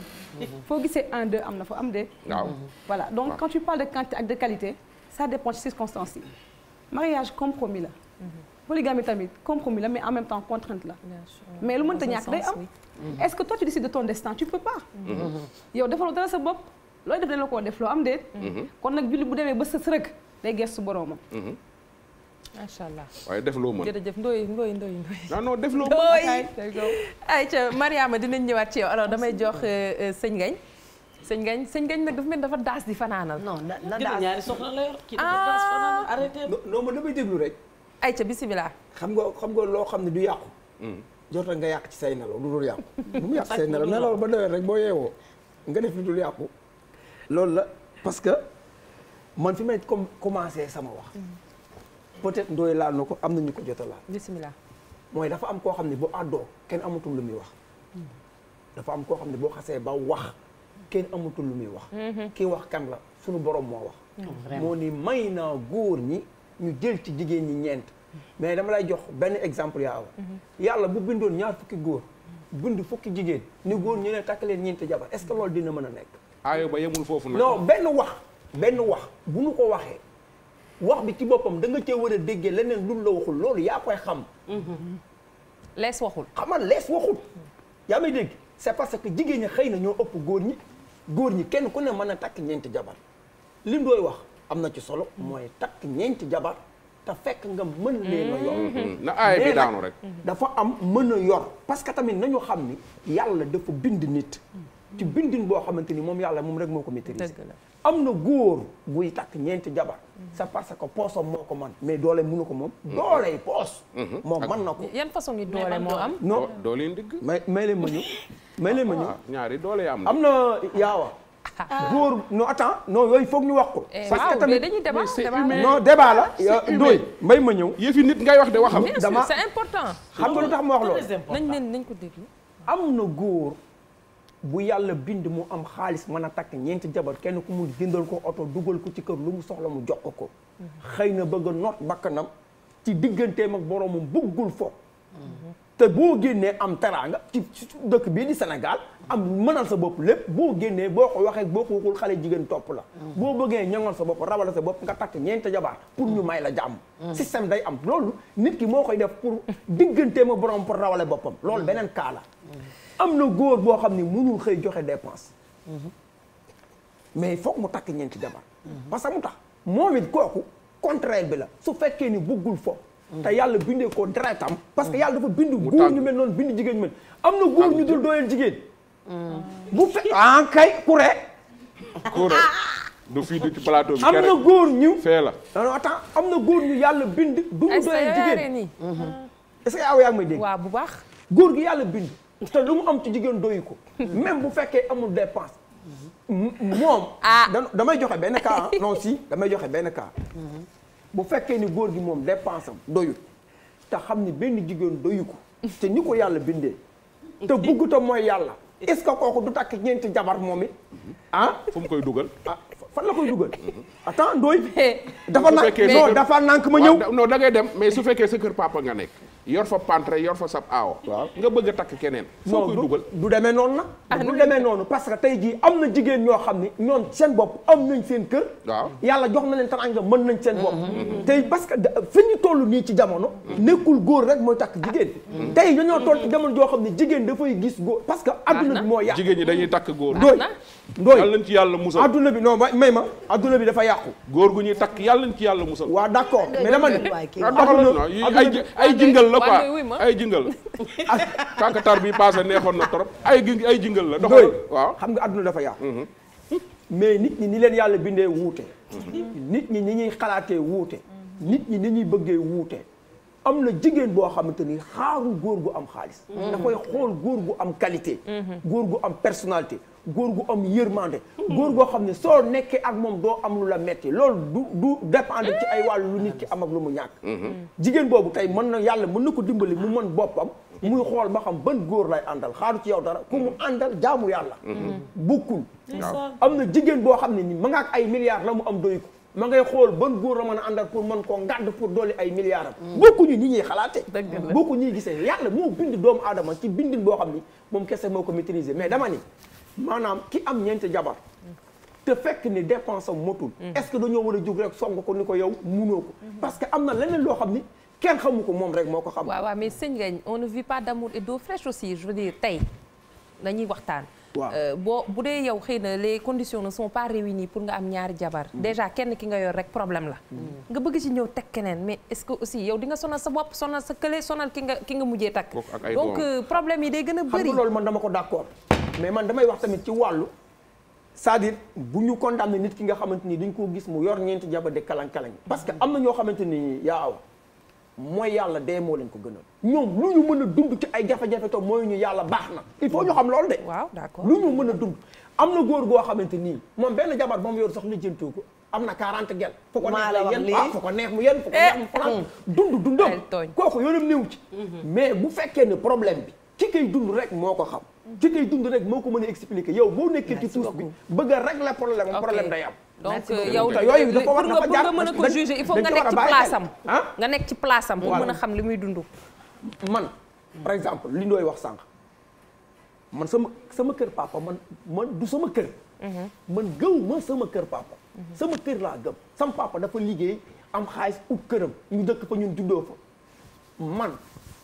foo gisee un deux am na fa am de waaw voilà donc quand tu parles de quantité ak de qualité ça dépend ci circonstances yi mariage compromis la polygamie tamit compromis la mais en même temps contrainte la. mais lu mënta ñàkk day am. est-ce que toi tu décides de ton destin tu peux pas. Mm-hmm. yow defaloo dara sa bopp looy def dañ la koo def loo am déet. Mm-hmm. kon nag julli bu demee ba sës rek day gestu boroomam. Mm-hmm. macha allah waaye def loo mën jërëjëf ndoy ndoy ndoy ndoy non non def loo mën ay ca Mariama dinañ ñëwaat ci yow alors damay jox euh, euh, sëñ Ngañ sëñ Ngañ sëñ Ngañ nag dafa mel dafa daas di fanaanal non na daas ñaari soxna la ah! yor déglu rek ay ca xam nga xam nga loo xam ne du yàqu. Hmm. jot nga yàq ci say nelaw lu dul yàqu. bu mu yàq say nelaw nelaw ba doyal rek boo yeewoo nga def lu dul yàqu. loolu la parce que man fi may com commencé sama wax. Hmm. peut-être ndooy laal na ko am na ñu ko jot a laal. bisimilah. mooy dafa am koo xam ne bu àddoo kenn amatul lu muy wax. Hmm. dafa am koo xam ne boo xasee ba wax kenn amatul lu muy wax. kii wax kan la sunu borom moo wax. moo ni may naa góor ñi. ñu jël ci jigéen ñi ñeent mais dama lay jox benn exemple yaa awa yàlla bu bindoon ñaar fukki góor bind fukki jigéen ni góor ñu ne takk leen ñeenti jabar est ce que loolu dina mën a nekk aayo ba yemul foofu nag non benn wax benn wax bu mu ko waxee wax bi ci boppam da nga cee war a déggee leneen lu la waxul loolu yaa koy xam lees waxul xamal lees waxul yaa may dégg c'est parce que jigéen ñi xëy na ñoo ëpp góor ñi góor ñi kenn ku ne mën a takk ñeenti jabar lim dooy wax am na ci solo mooy takk ñeenti jabar te fekk nga mën leen a yor mhm. na aay bi daanu rek dafa am mën a yor parce que tamit na nañu xam ni yàlla dafa bind nit ci bindin boo xamante ni moom yàlla moom rek moo ko maîtriser am na góor guy takk ñeenti jabar mhm. sa parce que poosam moo ko man mais doole mënu ko moom mhm. dooley poos moom man na ko yan façon yi doole moo am non doole ndigg may mais leen ma ñu may ma ñu ah, ñaari doole am am na yaawa Ah. góor noo attends non yooy foog ñu wax ko. Eh, parce que tamit noo débat la. Euh, ndooy mbay ma ñëw. yëfi nit ngay wax de waxam. dama c'est important. xam nga lu tax mu wax loolu. nañ leen nañ ko déglu. am na góor bu yàlla bind mu am xaalis mën a takk ñeenti jabar kenn ku mu jëndal ko oto dugal ko ci kër lu mu soxla mu jox ko ko. Mm-hmm. xëy na bëgg a noot bakkanam ci diggantee ak boromam bëggul fo. Mm-hmm. te boo génnee am teraa nga ci dëkk bii di Sénégal am mënal sa bopp lépp boo génnee boo ko waxee boo ko waxul xale jigéen topp la boo bëggee ñoŋal sa bopp rabal sa bopp nga takk ñeenti jabaar pour ñu may la jàmm mm. système day am loolu nit ki moo koy def pour diggantee ma borom pour rawale boppam loolu beneen kaala mm. am na góor boo xam ni mënul xëy joxe dépense mm-hmm. mais foog mu takk ñeenti jabaar mm-hmm. parce que mu tax moom it kooku contraire bi la su fekkee ni buggul foofu te yàlla bindee ko deretam parce que yàlla dafa bind góor ñu mel noonu bind jigéen ñu mel am na góor ñu dul dooleel jigéen mm. bu fe en ah, kay kuré la non attends am na yàlla bind du mm-hmm. que aw yaa ngi may bu baax góor gi yàlla bind mu am ci jigéen doyu ko mm-hmm. bu fekkee amul dépense moom ah. damay joxe benn cas damay joxe benn cas mm-hmm. bu fekkee ni góor gi moom dépense am doyul te xam ni benn jigéen doyu ko te ni ko yàlla bindee te bugguta mooy yàlla est-ce que kooku du takk ñeenti jabar moom it ah fu koy dugal ah fan la koy dugal attends ndooy dafa nank non dafa nank ma ñëw non da ngay dem mais su fekkee sa kër papa nga nekk yor fa pantre yor fa sab aawo waaw nga bëgg a takk keneen foo koy dugal du demee noonu na ah, du demee noonu parce que tey jii am na jigéen ñoo xam ne ñoom seen bopp am nañ seen kër waaw yàlla jox na leen teraanga mën nañ seen bopp mm-hmm. Mm-hmm. tey parce que fi ñu tollu nii ci jamono mm-hmm. nekkul góor rek mooy takk jigéen tey dañoo toll ci jamono joo xam ne jigéen dafay gis góor parce que adduna bi moo yàqu jigéen ñi dañuy takk góor dooy dooy yàlla nañ ci yàlla musal adduna bi non may ma adduna bi dafa yàqu góor gu ñuy takk yàlla nañ ci yàlla musal waaw d'accord mais dama la quoi ay jingal la kànkatar bi passé neexoon na trop ay gi ay jingal la doxal waaw xam nga adduna dafa yaatu mhm. mais nit ñi ni leen yàlla bindee wuute nit ñi ni ñuy xalaatee wuute mhm. nit ñi ni ñuy bëggee wuute am na jigéen boo xamante ni xaarul góor gu am xaalis. Mm-hmm. dafay xool góor gu am qualité. Mm-hmm. góor gu am personnalité. góor gu am yërmande. Mm-hmm. góor goo xam ne soo nekkee ak moom doo am lu la metti loolu du du dépendre ci ay wàllu lu nit ki am ak lu mu ñàkk. jigéen boobu tey mën na yàlla mën na ko dimbali mu mën boppam. muy xool ma xam ban góor lay àndal xaaru ci yow dara ku mu àndal jaamu yàlla. bukkul am na jigéen boo xam ne ni ma nga ay milliards la mu am doy ma ngay xool ban góor la mën a àndal pour man koo ngàdd pour dolli ay milliards am. bokkuñu ñi ñuy xalaate. dëgg la bokkuñu ñuy gisee yàlla moo bind doomu aadama ci bindin boo xam ni moom kese moo ko maîtriser mais dama ni maanaam ki am ñeenti jabar. te fekk ni dépense am motul. Mm. est-ce que dañoo war a jug rek song ko ni ko yow munoo ko. Mm-hmm. parce que am na leneen loo xam ni kenn xamu ko moom rek moo ko xam. waaw waaw mais sëñ Ngagne on ne vit pas d'amour et d'eau fraîche aussi je veux dire tey waxtaan. waaw euh, boo bu dee yow xëy na les conditions ne sont pas réunies pour nga am ñaari jabar. Mm. déjà kenn ki nga yor rek problème la. Mm. nga bëgg ci ñëw teg keneen mais est-ce que aussi yow di nga sonal sa bopp sonal sa kële sonal ki nga ki nga mujjee takk. donc euh, problème yi day gën a bëri. xam nga loolu man dama ko d'accord mais man damay wax tamit ci wàllu. cest à bu ñu condamné nit ki nga xamante ni dañ koo gis mu yor ñeenti jabar de kalang kalang parce que am na ñoo xamante ni yaa mooy yàlla dee moo leen ko a ñoom lu ñu mën a dund ci ay jafe-jafe to mooy ñu yàlla baax na il faut ñu xam loolu de waaw d'accord lu ñu mën a dund am na góor goo xamante nii moom benn jabar moom yor sax lijjantu ko am na 40 gel fu ko neex la yen ah, fu ko neex mu yen fu ko neex mu faral eh, eh. dund dundam kooku yoonam néew ci mhm. mais bu fekkee ne problème bi ki koy dund rek moo ko xam ki koy dund rek moo ko mën a expliquer yow boo nekkee ci suuf bi bëgg a la problème problème day am donc euh, yow pour nga mën a ko juger il faut nga nekk ci place am ah? nga nekk ci place am pour a xam li muy dund man par exemple li ndooy wax sànq man sama sama kër papa man man du sama kër mhm. man gëw ma sama kër papa mhm. sama kër laa gëm sama papa dafa liggéey am xaalis ut këram ñu dëkk fa ñun juddoo fa man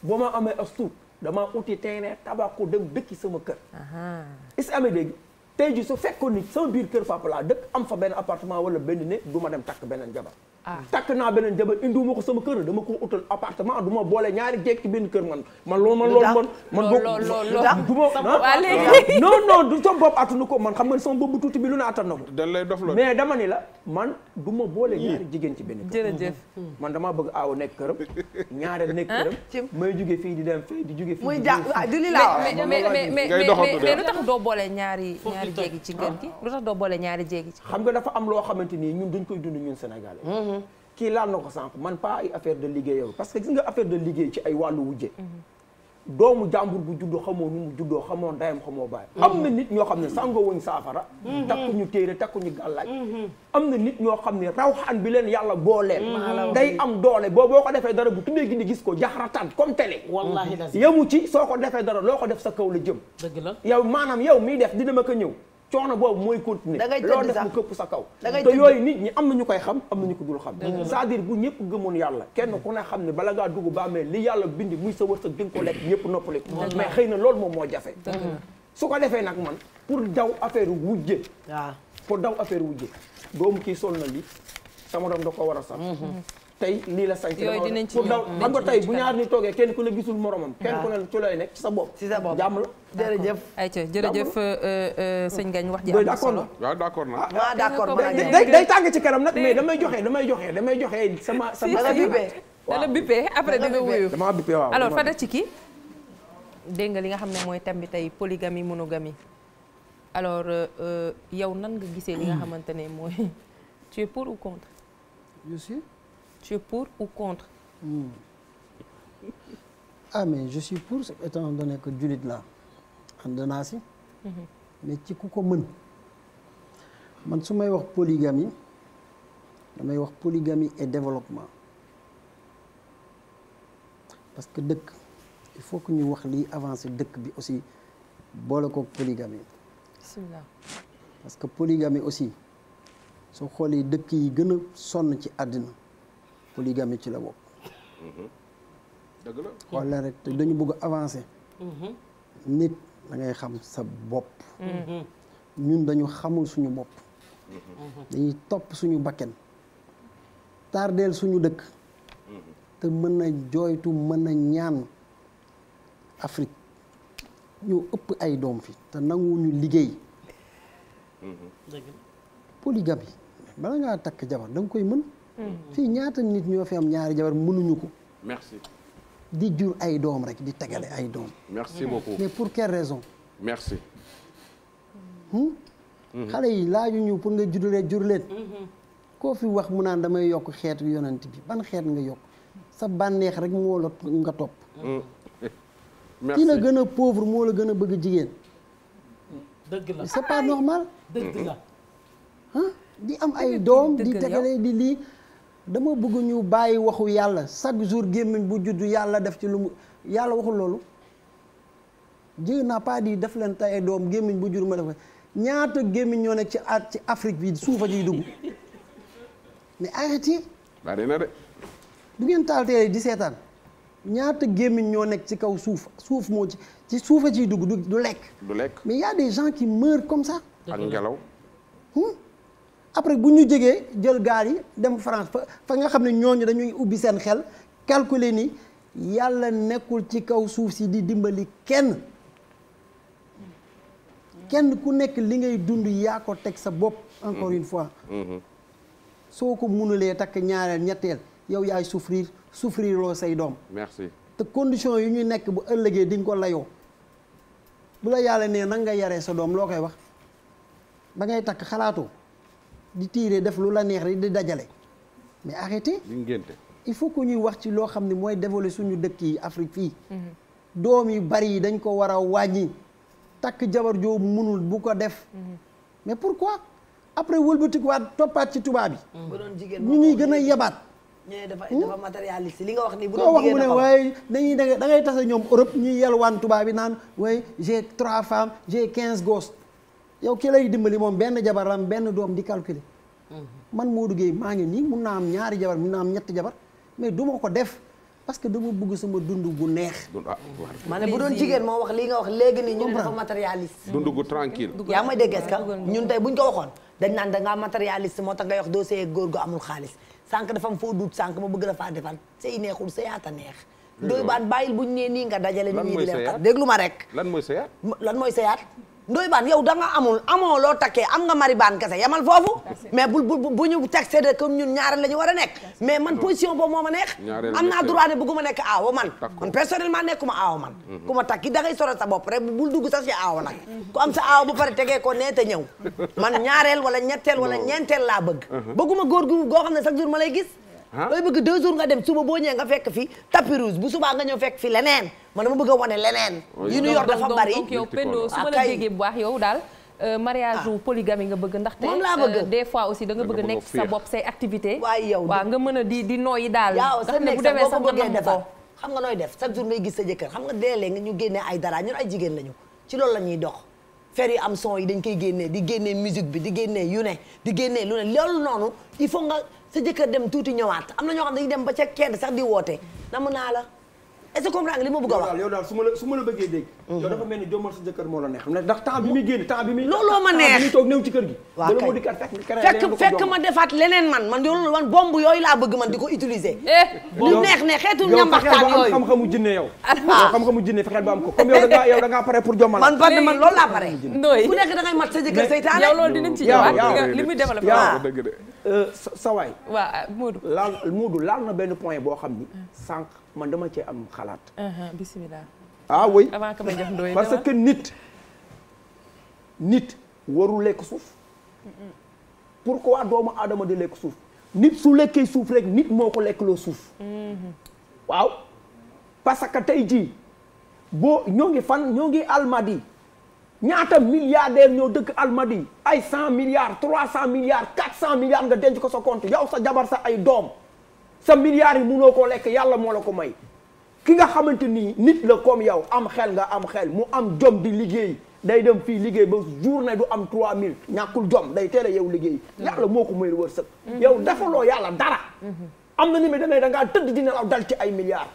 boo ma amee as tuut damaa uti terrain tabax ko dem dëkki sama kër est-ce dégg tey ji su fekkoon ni sama biir kër papa laa dëkk am fa benn appartement wala benn néeg du ma dem takk beneen jabar Ah. takk naa beneen jabar indiwuma ko sama kër dama ko utal appartement du ma boole ñaari jekk ci benn kër man man loolu man loolu man man du ma ah, non non du sama bopp attanu ko man xam nga sama bopp bu tuuti bi lu ne attan na ko dañ lay dof la mais dama ni la man du ma boole ñaari jigéen ci benn kër jërëjëf mm-hmm. man damaa bëgg aaw nekk këram ñaareel ah, nekk këram may jóge fii di dem fii di jóge fii muy jaa di li laa mais lu tax doo boole ñaari ñaari jéggi ci kër gi lu tax doo boole ñaari jéggi ci xam nga dafa am loo xamante nii ñun dañ koy dund ñun Sénégalais mm-hmm. kii laal na ko sànq man pas ay affaire de liggéey parce que gis nga affaire de liggéey ci ay wàllu wujje doomu jàmbur bu juddoo xamoo nu mu juddoo xamoo ndeyam xamoo baay am na nit ñoo xam ne sàngoo wuñ saafara ñu téere takk ñu gàllaaj am na nit ñoo xam ne rawxaan bi leen yàlla booleel mm-hmm. day am doole boo boo ko defee dara bu tuddee gindi gis ko jaxarataan comme télé wallaahi yamu ci soo ko defee dara loo ko def sa kaw la jëm dëgg la yow maanaam yow miy def dina ma ko ñëw coono boobu mooy continuer loolu def mu këpp sa kaw te yooyu nit ñi am na ñu koy xam am na ñu ko dul xam c'est-à-dire bu ñëpp gëmoon yàlla kenn ku ne xam ne bala ngaa dugg bàmmee li yàlla bindi muy sa war sa nga ko lekk ñëpp noppali ko mais xëy na loolu moom moo jafe su ko defee nag man pour daw affaire wujje pour daw affaire wujje doomu kii sol na li sama doom da ko war a sax mhm. tey lii la sañ pour daw xam nga tey bu ñaar ni toogee kenn ku la gisul moromam kenn ku ne ci looy sa bopp ci sa bopp jàmm la jërëjëf ayca euh, euh, sëñ Gagne wax ji am na solo waaw d'accord na waaw ah, d'accord day tàng ci kanam nag mais damay joxe damay joxe damay joxe sama sama la bippee dala bippee après di nga wuyu dama bippee waaw ci ki dégg nga li nga xam ne mooy thème bi tey polygamie monogamie alors euh, yow nan nga gisee li nga xamante ne mooy tu es pour ou contre tu pour ou contre hmm. Ah, je pour étant donné que jullit laa ànd naa si mhm. mais ci ku ko mën man su may wax polygamie damay wax polygamie et développement parce que dëkk il faut que ñu wax liy avancé dëkk bi aussi boole kook polygamie bismillah parce que polygamie aussi soo xoolee dëkk yi gën a sonn ci àddina polygamie ci la bokk. dëgg rek te dañu bëgg a avancer. Mhm. nit da ngay xam sa bopp. Mhm. ñun dañu xamul suñu bopp. Mhm. dañuy topp suñu bakken tardeel suñu dëkk. te mën a jooytu mën na ñaan Afrique ñoo ëpp ay doom fi te nanguwuñu liggéey. dëgg la bala ngaa takk jabar da koy mën. Mm. fii ñaata nit ñoo fi am ñaari jabar mënuñu ko. merci. di jur ay doom rek di tegale ay doom. merci mm. beaucoup mais pour quelle raison. Hmm? Mm-hmm. xale yi laajuñu pour nga jurlee jur leen. Mm-hmm. koo fi wax mu naan damay yokk xeetu yonant bi ban xeet nga yokk sa bànneex rek moo la nga topp. Mm. merci ki la gën a pauvre moo la gën a bëgg jigéen. dëgg di am ay doom di tegale di lii. dama bëgg ñu bàyyi waxu yàlla chaque jour gémmiñ bu juddu yàlla def ci lu mu yàlla waxul loolu Dieu n'a pas dit def leen tay doom gémmiñ bu juddu ma def ñaata gémmiñ ñoo nekk ci at ci Afrique bi suufa ciy dugg mais arrêtez. bari na de. du ngeen taal télé di seetaan ñaata gémmiñ ñoo nekk ci kaw suuf suuf moo ci ci suufa ciy dugg du lekk. du lekk mais y a des gens qui comme sax ak ngelaw. Hmm? après bu ñu jegee jël gaal yi dem France fa fa nga xam ne ñooñu dañuy ubbi seen xel calculer ni yàlla nekkul ci kaw suuf si di dimbali kenn kenn ku nekk li ngay dund yaa ko teg sa bopp. encore une fois. soo ko munulee takk ñaareel ñetteel yow yaay souffrir souffrir say doom. te condition yu ñu nekk bu ëllëgee di ko layoo bu la yàlla nee nan nga yaree sa doom loo koy wax ba ngay takk xalaatoo. di tiire def lu la neex rek di dajale mais arrêtez il faut que ñuy wax ci loo xam ne mooy développer suñu dëkk yi Afrique fii mhm. doom yu bari yi dañ ko war a wàññi takk jabar joo mënul bu ko def mhm. mais pourquoi après waan toppaat ci tubaab yi mhm. ñu ñuy gën a yabaat dafa matérialiste li nga wax ni bu doon wax mu ne waaye dañuy da ngay tase ñoom Europe ñuy yelwaan tubaab yi naan waaye j'ai trois femmes j'ai quinze gosses yow ki lay dimbali moom benn jabaram benn doom di calculer. Mhm. man Modou Gueye maa ngi nii mun naa am ñaari jabar mun naa am ñetti jabar mais du ma ko def parce que dama bëgg sama dund gu neex. Ah, maanaam bu doon jigéen moo wax lii nga wax léegi nii ñun dafa matérialiste. dund gu tranquille. yaa may dégg est-ce ñun tey buñ ko waxoon dañ naan da ngaa moo tax nga wax dossier góor gu amul xaalis sànq dafa am foo duut sànq ma bëgg la faa defal say neexul sa yaata neex. doy baan bàyyil buñ nee nii nga dajale. lan mooy sa yaat déglu ma rek. lan mooy sa yaat lan mooy sa ndoy baan yow da nga amul amoo loo takkee am nga mari baan kese yamal foofu mais bul bu bu ñu taxé de comme ñun ñaareel la ñu a nekk mais man position boobu moo ma neex am naa droit ne bëgguma nekk aawo man man personnellement nekkuma aawo man mhm. ku ma takki da ngay soro sa bopp rek bul dugg sax si aawo nag mhm. ku am sa aawo ba pare tegee ko nee te ñëw man ñaareel wala ñetteel wala ñeenteel laa bëgg mhm. bëgguma góor gu goo xam ne chaque jour ma lay gis looy bëgg deux jours nga dem suba boo ñëwee nga fekk fi tapis rouge bu subaa nga ñëw fekk fi leneen man dama bëgg a wane leneen yi ñu yor dafa bari ah, euh, mariage ah. ou polygamie nga bëgg ndax moom laa euh, fois aussi da nga bëgg nekk sa bopp say activité waay yow nga mën a di di nooyi daal yaaw sa nekk sa boo ko bëggee defar xam nga nooy def chaque jour ngay gis sa jëkkër xam nga léeg-léeg nga ñu génnee ay dara ñun ay jigéen lañu ci loolu la ñuy dox fer yi am son yi dañ koy génnee di génnee musique bi di génnee yu ne di génnee lu ne noonu il faut sa jëkkër dem tuuti ñëwaat am na ñoo xam dañuy dem ba ca kenn sax di woote. namu naa la est-ce que comprendre nga li a su ma la su ma la bëggee dégg yow a mel ni jommal sa jëkkër moo la neex ndax temps bi muy génn temps bi ma neex muy toog néew ci fekk ma defaat leneen man man bomb yooyu laa bëgg man di ko utiliser eh, lu neex ne xeetu ñambaxtaan yooyu xam-xamu jinne ah. yow xam-xamu jinne fexeel ba am ko comme yow da yow da ngaa pare pour jommal man ba man loolu laa pare ku nekk da ngay mat sa jëkkër seytaane yow loolu dinañ ci ñëwaat li muy laal na benn point boo xam ni sànq man dama ci am xalaat uh-huh, bismillah ah oui avant que ma jox Ndoye parce que nit nit waru lekk suuf pourquoi doomu aadama di lekk suuf nit su lekkee suuf rek nit moo ko lekk loo suuf mhm. waaw parce que tey jii boo ñoo ngi fan ñoo ngi almadi ñaata milliardaire ñoo dëkk almadi ay cent milliards trois cent milliards quatre cent milliards nga denc ko sa compte yow sa jabar sa ay doom sa milliards yi munoo koo lekk yàlla moo la ko may ki nga xamante ni nit la comme yow am xel nga am xel mu am jom di liggéey day dem fii liggéey ba journée du am 3000 ñàkkul jom day teel a yow liggéey yàlla moo ko may wërsëg mhm. yow defaloo yàlla dara mhm. am na ni mi demee da ngaa tëdd di nelaw dal ci ay milliards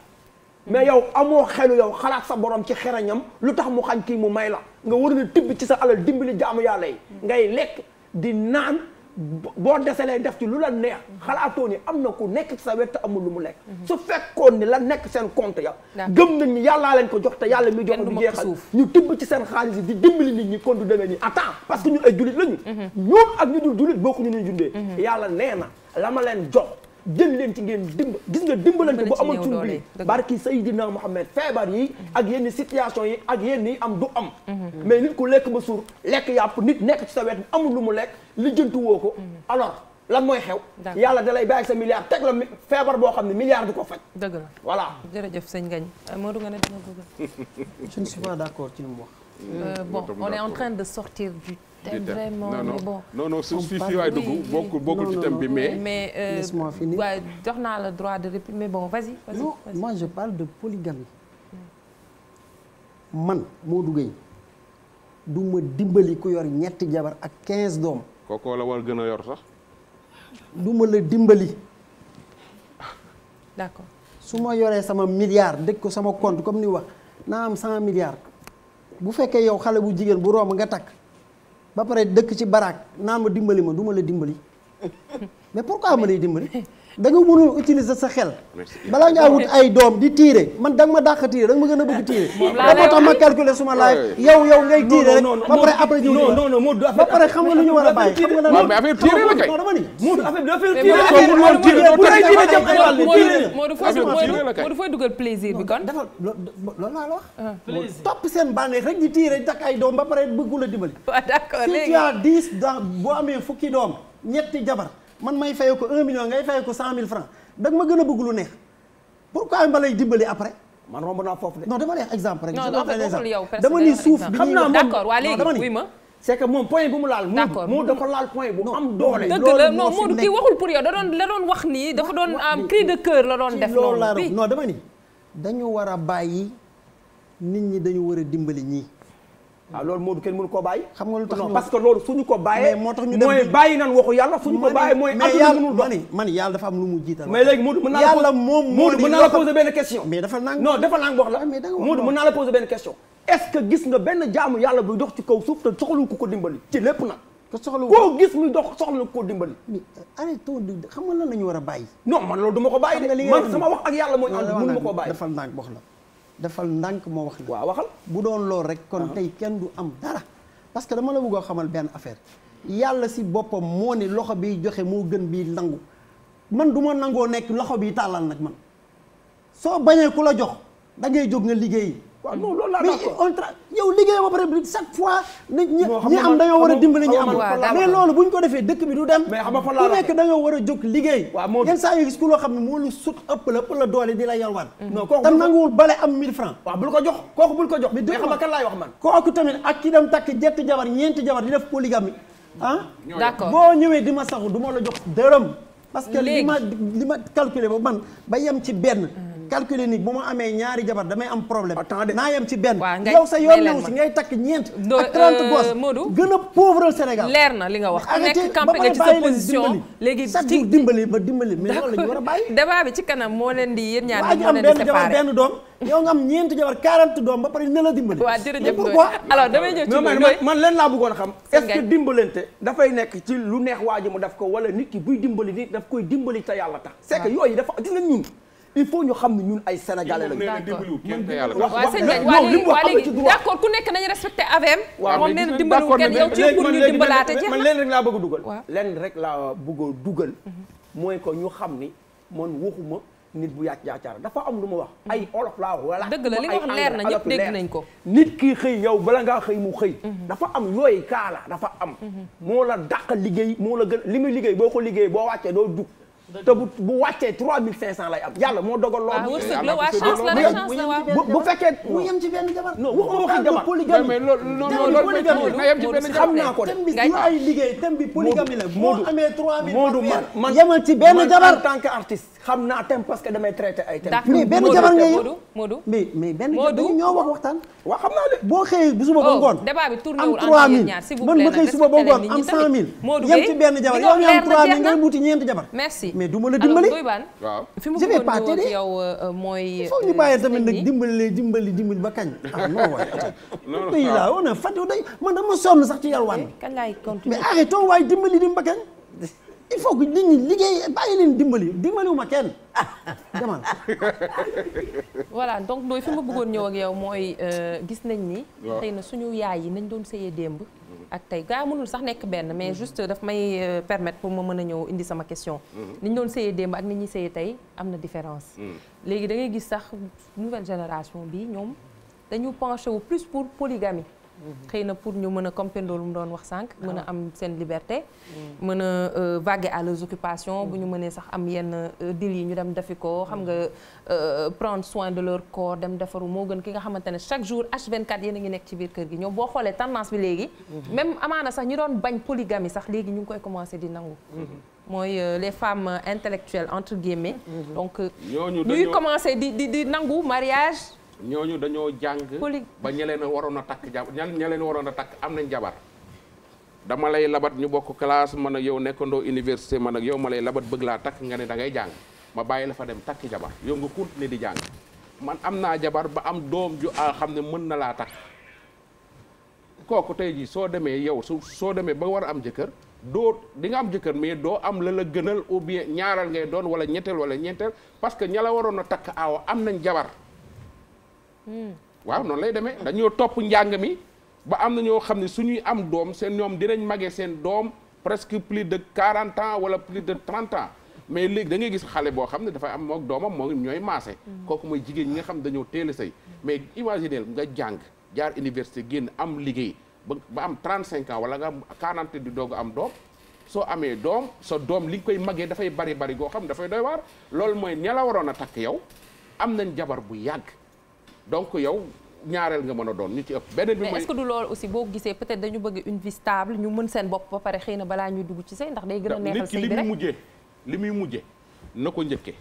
mais yow amoo xelu yow xalaat sa borom ci xerañam lu tax mu xañ kii mu may la nga war na tibb ci sa alal dimbali jaamu yàlla yi mhm. ngay lekk di naan boo deselee def ci lu la neex xalaatoo ni am na ku nekk ci sa wet amul lu mu lekk su fekkoon ni la nekk seen compte ya gëm nañ ni yàllaa leen ko jox te yàlla mi jox du jeexal ñu tibb ci seen xaalis di dimbali nit ñi kon du demee nii attends parce que ñu ay jullit lañu mhm. ñoom ak ñu dul jullit bokku ñu ñuy jundee mhm. yàlla nee na lama leen jox jël leen ci ngeen dimba gis nga dimbalante bu amul suñu biir barki Seydina Mohamed feebar yi ak yenn situation yi ak yenn yi am du am mhm. mais nit ku lekk ba suur lekk yàpp nit nekk ci sa wet amul lu mu lekk li jëntu woo ko mhm. alors lan mooy xew yàlla da lay bàyyi sa milliard teg la feebar boo xam ne milliard du ko faj dëgg la voilà jërëjëf sëñ Gagne euh, Modou nga ne dina bëgg je ne suis pas d'accord ci li mu wax euh, bon on est en train de sortir du thème vraiment non non bon, non non bokkul bokkul ci thème bi mais. mais euh, laisse-moi finir waaye jox naa la droit de réplique mais bon vas-y. vas de polygamie. man Modou Gueye du ma dimbali ku yor ñetti jabar ak quinze doom. kookoo la war gën a yor sax. du ma la dimbali. d'accord su ma yoree sama milliard dëkk ko sama compte comme ni wax naa am cent milliards bu fekkee yow xale bu jigéen bu romb nga takk. ba pare dëkk ci baraak naan ma dimbali ma du la dimbali mais pourquoi ma lay dimbali da nga mënul utiliser sa xel. balaa ngaa wut ay doom di tiire man da ma dàq tiire da ma gën a bëgg tiire. da moo tax ma yow yow ngay tiire rek. ba pare xam nga lu ñu war a bàyyi. waaw mais affaire tiire la kay. Moodu affaire tiire Moodu fooy dugal topp seen bànneex rek di tiire takk ay doom ba pare bëggu la dimbali. waaw d'accord léegi si tu as dix dans boo amee fukki doom ñetti jabar man may fayee ko 1 million ngay fayee ko 100000 francs da nga ma gën a bëgg lu neex pourquoi ma lay dimbali après. man romb naa foofu de non dama lay exemple moom point bu mu laal. d'accord dafa laal point bu am doole. dëgg la non Modou kii waxul pour yow da doon la doon wax nii dafa doon am cri de cœur la doon def. loolu la non dama ni dañu war a bàyyi nit ñi dañu war a dimbali ñii. waaw ah, loolu Modou kenn mënu koo bàyyi. xam nga lu tax parce que loolu suñu ko bàyyee. moo tax mooy bàyyi nan waxu ko yàlla dafa am lu mu mais léegi Modou mën naa la yàlla benn question. mais ah, gis nga benn jaamu yàlla buy dox ci kaw suuf te soxlu ko ko dimbali ci lépp nag. te soxla koo gis muy dox soxla koo dimbali. mais euh, arrêté xam nga la ñu war a bàyyi. non man loolu du ko bàyyi de man sama wax ak yàlla mooy ànd mënu ma koo bàyyi dafa la defal ndànk moo wax la waaw waxal bu doon lool rek kon tey kenn du am dara parce que dama la bëggoo xamal benn affaire yàlla si boppam moo ne loxo biy joxe moo gën bii nangu man du ma nangoo nekk loxo bi tàllal nag man soo bañee ku la jox da ngay jóg nga liggéey waaw non loolu laa d'accord mais on tra yow liggéey ba pare chaque fois. ñi am dañoo war a dimbali ñi am. mais loolu bu ñu ko defee dëkk bi du dem. mais nekk dañoo war a jóg liggéey. waaw moo yenn saa ku loo xam ne moo lu sut ëpp la ëpp la doole di la yalwaan. tam mm-hmm. nanguwul bale am 1000 francs. waaw bul ko jox kooku bul ko jox. mais dégg nga xam nga kan wax man. kooku tamit ak ki dem takk jetti jabar ñeenti jabar di def polygamie ah. d'accord boo ñëwee di ma saxu du ma la jox dërëm. parce que li ma li ma calculé ba man ba yem ci calculer ni bu ma amee ñaari jabar damay am problème naa yem ci benn yow sa yoon newu si ngay takk ñeent ak trente euh, gos Modou gën a pauvre Sénégal leer na li nga wax ku nekk campé nga ci sa position léegi ci dimbali ma dimbali war a bàyyi débat bi ci kanam moo leen di yéen ñaar ñu am benn jabar benn doom yow nga am ñeenti jabar 40 doom ba pare ne la dimbali waaw jërëjëf man leen laa bëggoon xam est-ce que dimbalante dafay nekk ci lu neex waa ji mu daf ko wala nit ki buy dimbali nit daf koy dimbali te yàlla tax c'est que yooyu dafa gis na ñun il faut ñu xam ne ñun ay sénégalais lañu. d' accord ku nekk nañu respecté AVM. waaw moom nee na kenn yow ci pour ñu dimbalaate ci man leen rek laa bëgg dugal. leen rek laa bëgg a dugal. Mhm. mooy ko ñu xam ni man waxuma nit bu yàcc yaacaar dafa am lu ma wax. Mhm. ay olof laa wala. dëgg la li nga wax na ñëpp dégg nañ ko. nit ki xëy yow bala mu xëy. Mhm. dafa am yooyu kaala dafa am. moo la dàq liggéey moo la gën li muy liggéey boo ko liggéey boo wàccee doo dugg te bu bu wàccee 3500 lay am yàlla moo dogal loolu. waaw ah, wërsëg la eh, waa chance la chance la waaw bu fekkee mu yem ci benn jabar. non waxuma waxi jabar polygami. mais loolu loolu na yem ci benn jabar xam naa ko de. lu ay liggéey thème bi polygami la. Moodu Moodu man man yemal ci benn jabar. en tant que artiste xam naa thème parce que damay traité ay thème. mais benn jabar nga yem Moodu mais mais benn jabar dañu ñoo wax waxtaan. waaw xam naa ne boo xëyee bu suba ba oh, ngoon. débat bi tourné wul entre yéen ñaar s'il vous plaît man ma xëy suba ba ngoon am 100000. Moodu yem ci benn jabar yow ñu am 3000 nga wuti ñeenti jabar merci mais du ma la dimbali. alors Ndoye yow euh, mooy. foog ñu bàyyi euh, dimbali dimbali ba kañ. ah non waay sax ci yalwaan. Eh, kan laay continuer mais arrêtons waay dimbali di ba kañ. il faut que nit ñi liggéey bàyyi leen dimbali dimbaliwuma kenn demal. voilà donc Ndoye fi ma bëggoon ñëw ak yow mooy euh, gis nañ ni. na suñu yaay yi nañ doon sëyee démb. ak tey gaa mënul sax nekk benn mais mhm. juste dafa may euh, permettre pour ma mën a ñëw indi sama question mhm. ni ñu doon sëyee démb ak ni ñuy sëyee tey am na différence mhm. léegi da ngay gis sax nouvelle génération bi ñoom dañu penché wu plus pour polygamie xëy na pour ñu mën a compéndoo lu mu doon wax sànq. mën a ah. am seen liberté. Mm. mën a euh, vaguer à leurs occupations mm. bu ñu mënee sax am yenn euh, dil yi ñu dem defi ko xam nga mm. euh, prendre soin de leur corps dem defaru moo gën ki nga xamante ne chaque jour H24 yéen a ngi nekk ci biir kër gi ñëw boo xoolee tendance bi léegi. Mm-hmm. même amaana sax ñu doon bañ polygamie sax léegi ñu ngi koy commencé di nangu. Mm-hmm. mooy les femmes intellectuelles entre guillemets. Mm-hmm. donc ñuy commencé di di di nangu mariage. ñooñu dañoo jàng ba ña leen waroon a takk jabar ña leen waroon a takk am nañ jabar dama lay labat ñu bokk classe man ak yow nekkandoo université ma ak yow ma lay labat bëgg laa takk nga ne da ngay jàng ma bàyyi la fa dem takki jabar yow nga continuer di jàng man am naa jabar ba am doom ju a ah, xam ne mën na laa takk kooku tey jii soo demee yow su soo demee ba war a am jëkkër doo di nga am jëkkër mais doo am la la gënal ou bien ñaaral ngay doon wala ñetteel wala ñeenteel parce que ña waroon a takk aaw ah, am nañ jabar waaw noonu lay demee dañoo topp njàng mi ba am na ñoo xam ne suñuy am doom seen ñoom dinañ magee seen doom presque plus de quarante ans wala plus de trente mais léegi da gis xale boo xam ne dafay am moog doomam moo ñooy maase mm. kooku mooy jigéen ñi nga xam dañoo teel a sëy mais imagineel nga jàng jaar université génn am liggéey ba ba am trente cinq ans wala nga am quarante di doog am doom soo amee doom sa doom li nga koy magee dafay bari bari goo xam dafay day waar loolu mooy ña la waroon a takk yow am nañ jabar bu yàgg donc yow ñaareel nga mën a doon ñu ci ëpp. benn bi mooy est-ce que du loolu aussi boo gisee peut-être dañu bëgg une vie stable ñu mën seen bopp ba pare xëy na balaa ñuy dugg ci sëy ndax day gën a neexal sëy bi rek li muy mujjee li na ko njëkkee.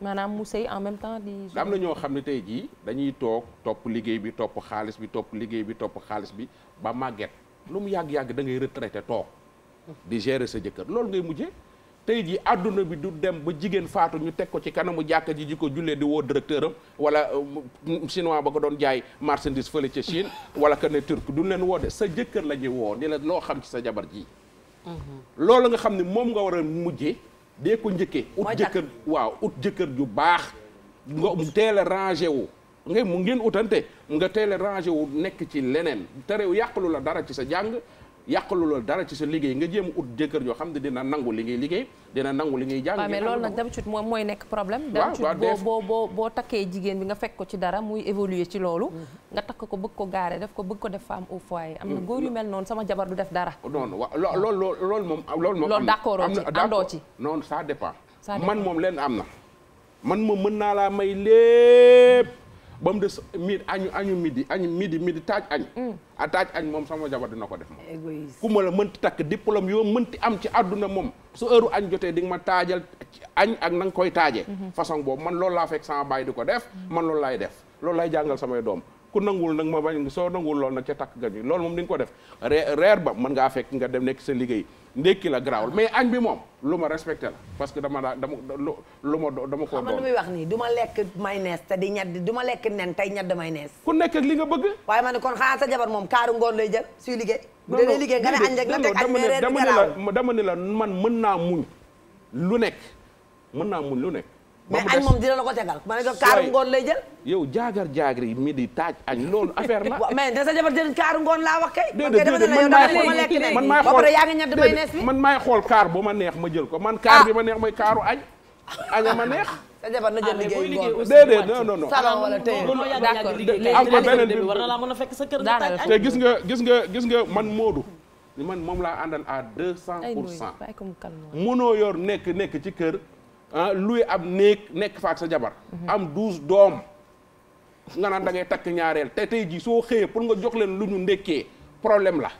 maanaam mu sëy en même temps di. am na ñoo xam ne tey jii dañuy toog topp liggéey bi topp xaalis bi topp liggéey bi topp xaalis bi ba màgget lu mu yàgg-yàgg da ngay retraité toog di gérer sa jëkkër loolu ngay mujjee tey jii àdduna bi du dem ba jigéen faatu ñu teg ko ci kanamu jàkka ji ji ko jullee di woo directeur am wala euh, chinois ba ko doon jaay marchandise fële ci Chine wala que ne turc duñ leen woo de sa jëkkër la ji woo ni la loo xam ci sa jabar ji mm-hmm. loolu nga xam ne moom nga war a mujjee dee ko njëkkee ut jëkkër waaw ut jëkkër ju baax nga teel a rangé wu nga mu ngeen utante nga teel a rangé wu nekk ci leneen te réew yàqalu la dara ci sa jàng yàqalu loolu dara ci sa liggéey nga jéem ut jëkkër joo xam ne dina nangu li liggéey dina nangu li ngay jàng waaw mais loolu nag d'habitude moom mooy nekk problème d'habitude boo boo boo boo takkee jigéen bi nga fekk ko ci dara muy évoluer ci loolu mm-hmm. nga takk ko bëgg ko gaare def ko bëgg ko def femme au foyer am na mm-hmm. góor yu mel noonu sama jabar du def dara oh, non waaw loolu loolu moom ah, loolu moom loolu d'accord ci àndoo ci non ça dépend man moom leen am na man moom mën naa laa may lépp ba mu des midi añu añu midi añu midi midi taaj añ mm. a taaj añ moom sama jabar dina ko def moom ku ma la mënti takk diplôme yoo mënti am ci àdduna moom su heure añ jotee di nga ma taajal añ ak na koy taajee mm-hmm. façon boobu man loolu laa fekk sama baay di ko def mm. man lool laay def loolu laay jàngal samay doom ku nanguwul nag ma bañ soo nanguwul lool nag ca takk gan yi ko def fekk nga dem nekk sa liggéey ndékki la garaawul mais añ bi moom lu ma respecté la parce que dama daa dama lu ma dama ko doon lu muy nii du ma lekk mayonnaise te di ñedd du ma lekk nen tey ñedd mayonnaise ku nekk ak li nga bëgg waaye ma ne kon xanaa sa moom kaaru ngoon lay liggéey dana liggéey nga ne añ rek dama ni la man mën naa muñ lu nekk mën naa muñ lu nekk mais añ moom dina la ko tegal ma ne ko kaaru ngoon lay jël yow jaagar jaagar yi midi taaj añ loolu affaire la mais da sa jabar jël kaaru ngoon laa wax kay man maay xool yaa ngi ñett may nees bi man maay xool kaar bu ma neex ma jël ko man kaar ah. bi ma neex mooy kaaru añ aña ma neex sa jabar na jël ah, liggéey ngoon déedéet non non non salon wala tey d'accord encore beneen bi war na laa mën a fekk sa kër nga taaj añ te gis nga gis nga gis nga man Modou ni man moom laa àndal à deux cent pour cent mënoo yor nekk nekk ci kër ah luy ab néeg nekk fa ak sa jabar. am douze doom. nga naan da ngay takk ñaareel te tey jii soo xëyee pour nga jox leen lu ñu ndekkee problème la.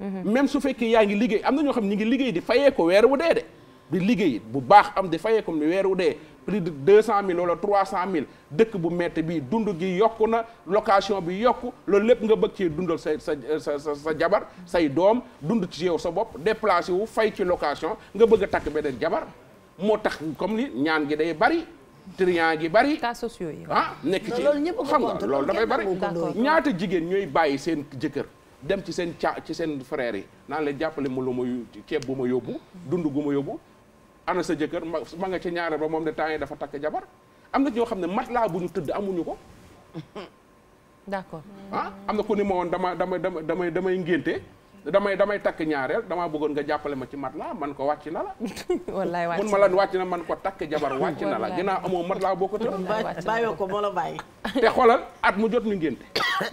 Mhm. même su fekkee yaa ngi liggéey am na ñoo xam ñi ngi liggéey di fayee ko weer wu dee de. di liggéey bu baax am di fayee ko weer wu dee plus de deux cent mille wala trois cent mille dëkk bu métti bi dund gi yokku na location bi yokk loolu lépp nga bëgg cee dundal sa sa sa sa jabar say doom dund ci yow sa bopp déplacé wu fay ci location nga bëgg a takk beneen jabar. moo tax comme ni ñaan gi day bari trian gi bari cas sociaux yi ah nekk ci xam nga loolu damay bari ñaata jigéen ñooy bàyyi seen jëkkër dem ci seen caa ci seen frère yi naan la jàppale ma lu ma ceeb bu ma yóbbu dund gu ma yóbbu ana sa jëkkër ma nga ci ñaareel ba moom de temps yi dafa takk jabar am na ñoo xam ne mat laa bu ñu tëdd amuñu ko d'accord ah am na ko ni ma woon dama dama damay damay ngénte damay damay takk ñaareel damaa bëggoon nga jàppale ma ci mat la man ko wàcc na la. wallaay wàcc ma lan wàcc na man ko takk jabar wàcc na la ginnaaw amoo mat laa boo ko tëral. bàyyoo ko moo la te xoolal at mu jot ñu ngénte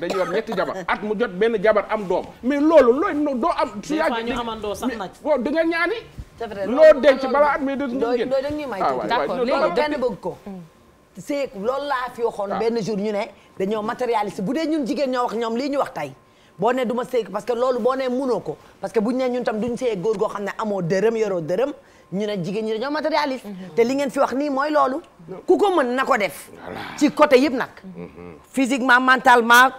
dañu yor ñetti jabar at mu jot benn jabar am doom mais loolu looy doo am. su yàggee ñu amandoo sax nag waaw di nga ñaani. c'est vrai loo denc balaa at mi dootuñu ngénte doo dañuy may ah, d'accord léegi benn bëgg ko. Mm. c'est loolu laa fi waxoon ah. benn jour ñu ne dañoo matérialiste bu dee ñun jigéen ñoo wax ñoom lii ñu wax tey boo nee du ma sëy parce que loolu boo ne munoo ko parce que buñ ne ñun tam duñ sëy góor goo xam ne amoo dërëm yoroo dërëm ñu ne jigéen ñi dañoo matérialiste mhm. li ngeen fi wax nii mooy loolu ku ko mën na ko def ci côté yëpp nag mhm. physiquement mentalement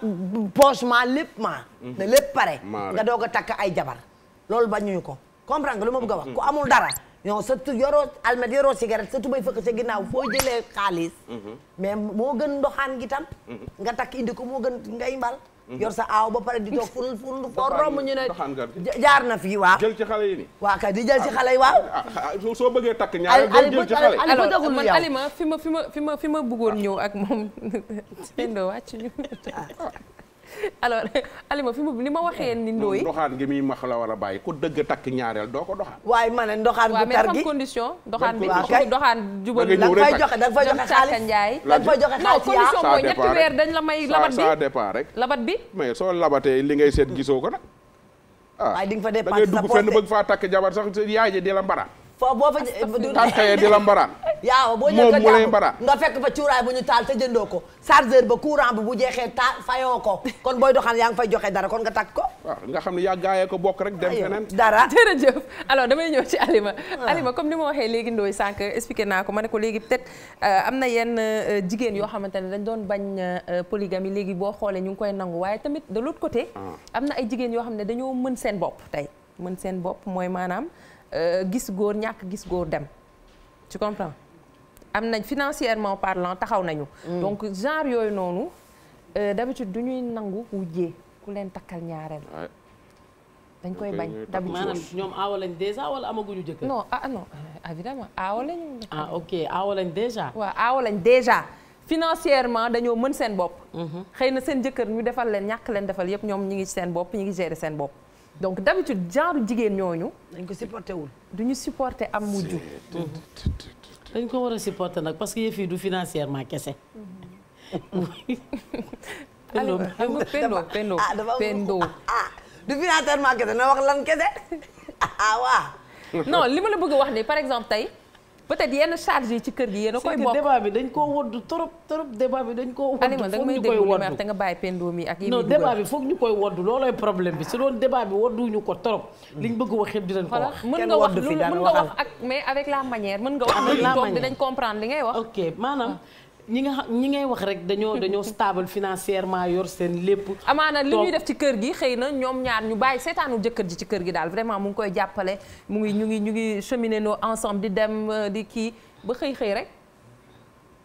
pochement lépp ma mhm. na lépp pare nga doog a takk ay jabar loolu bañuñu ko comprendre nga lu ma bëgg wax ku amul dara yow sa tu yoroo almet yoroo cigarette sa tubay fëkk sa ginnaaw foo jëlee xaalis mais moo gën ndoxaan gi tam nga takk indi ko moo gën ngay mbal Mhm. yor sa aaw ba pare di toog ful ful foo romb ñu ne jaar na fii waa jël ci xale yi ni waaw kay di jël ci ah, xale yi waaw ah, ah, soo bëggee takk ñaar jël ci xale alors man Alima ma fi ma fi ma fi ma bëggoon ñëw ak moom Pendo wàcc ñu alors Alima fi mu ni ma waxee ni eh, ndooy doxaan gi muy max la war a bàyyi ku dëgg takk ñaareel doo ko doxaan waaye ma ne ndoxaan bu tar gi condition doxaan bi doxaan jubal da nga fay joxe da nga fay joxe xaalis da nga fay la may labat bi ça dépend rek labat bi mais soo labatee li ngay seet gisoo ko nag ah waaye di ah, da ngay dugg fenn bëgg faa takk jabar sax yaay ji di la mbara foo boo fa. tànkee di la mbaraan. yaa boo njëkk a nga fekk fa cuuraay bu ñu taal te jëndoo ko chargeur ba courant bi bu jeexee taal fayoo ko kon booy doxaan yaa ngi fay joxe dara kon nga takk ko. nga xam ne yaa ko bokk rek dem feneen. dara jërëjëf alors damay ñëw ci Alima. Ah. Alima comme ni ma waxee léegi Ndoye sànq expliqué naa ko ma ne ko léegi peut-être euh, am na yenn euh, jigéen yoo xamante ne dañ doon bañ euh, polygamie léegi boo xoolee ñu ngi koy nangu waaye tamit de l'autre côté. Ah. am na ay jigéen yoo xam ne dañoo mën seen bopp tey mën seen bopp mooy maanaam Euh, gis góor ñàkk gis góor dem ci comprends am nañ financièrement parlant taxaw nañu mm. donc genre yooyu noonu euh, d'habitude du ñuy nangu wujjee ku leen takkal ñaareel dañ koy bañ d'habitude maanaam ñoom aawa lañ déjà wala amaguñu jëkkër non ah, ah non ah, évidemment aawa lañu ah ok aawa lañ déjà waaw aawa lañ déjà financièrement dañoo mën seen bopp mhm. xëy na seen jëkkër ñu defal leen ñàkk leen defal yëpp ñoom ñi ngi seen bopp ñi ngi gérer seen bopp donc d'habitude genre jigéen ñooñu. dañ ko supporté wul. du ñu supporté am mujj. dañ ko war a supporté nag parce que yëf yi du financièrement kese. Pendo Pendo Pendo Pendo. du financièrement kese na wax lan kese ah waaw. non li ma la bëgg wax ni par exemple tey. peut-être yenn charge ci kër gi yéen a koy bokk débat bi dañ koo woddu trop trop débat bi dañ koo woddu foog ñu koy woddu te nga bàyyi pendo mi ak non débat bi foog ñu koy woddu loolooy problème bi su doon débat bi wodduñu ko trop liñ bëgg wax yëpp dinañ ko wax mën nga wax mën nga wax ak mais avec la manière mën nga wax dinañ comprendre li ngay wax ok maanaam ah. ñi nga xam ñi ngay wax rek dañoo dañoo stable financièrement yor seen lépp. amaana li ñuy def ci kër gi xëy na ñoom ñaar ñu bàyyi seetaanu jëkkër ji ci kër gi daal vraiment mu ngi koy jàppale mu ngi ñu ngi ñu ngi cheminer noo ensemble di dem euh, di kii ba xëy xëy rek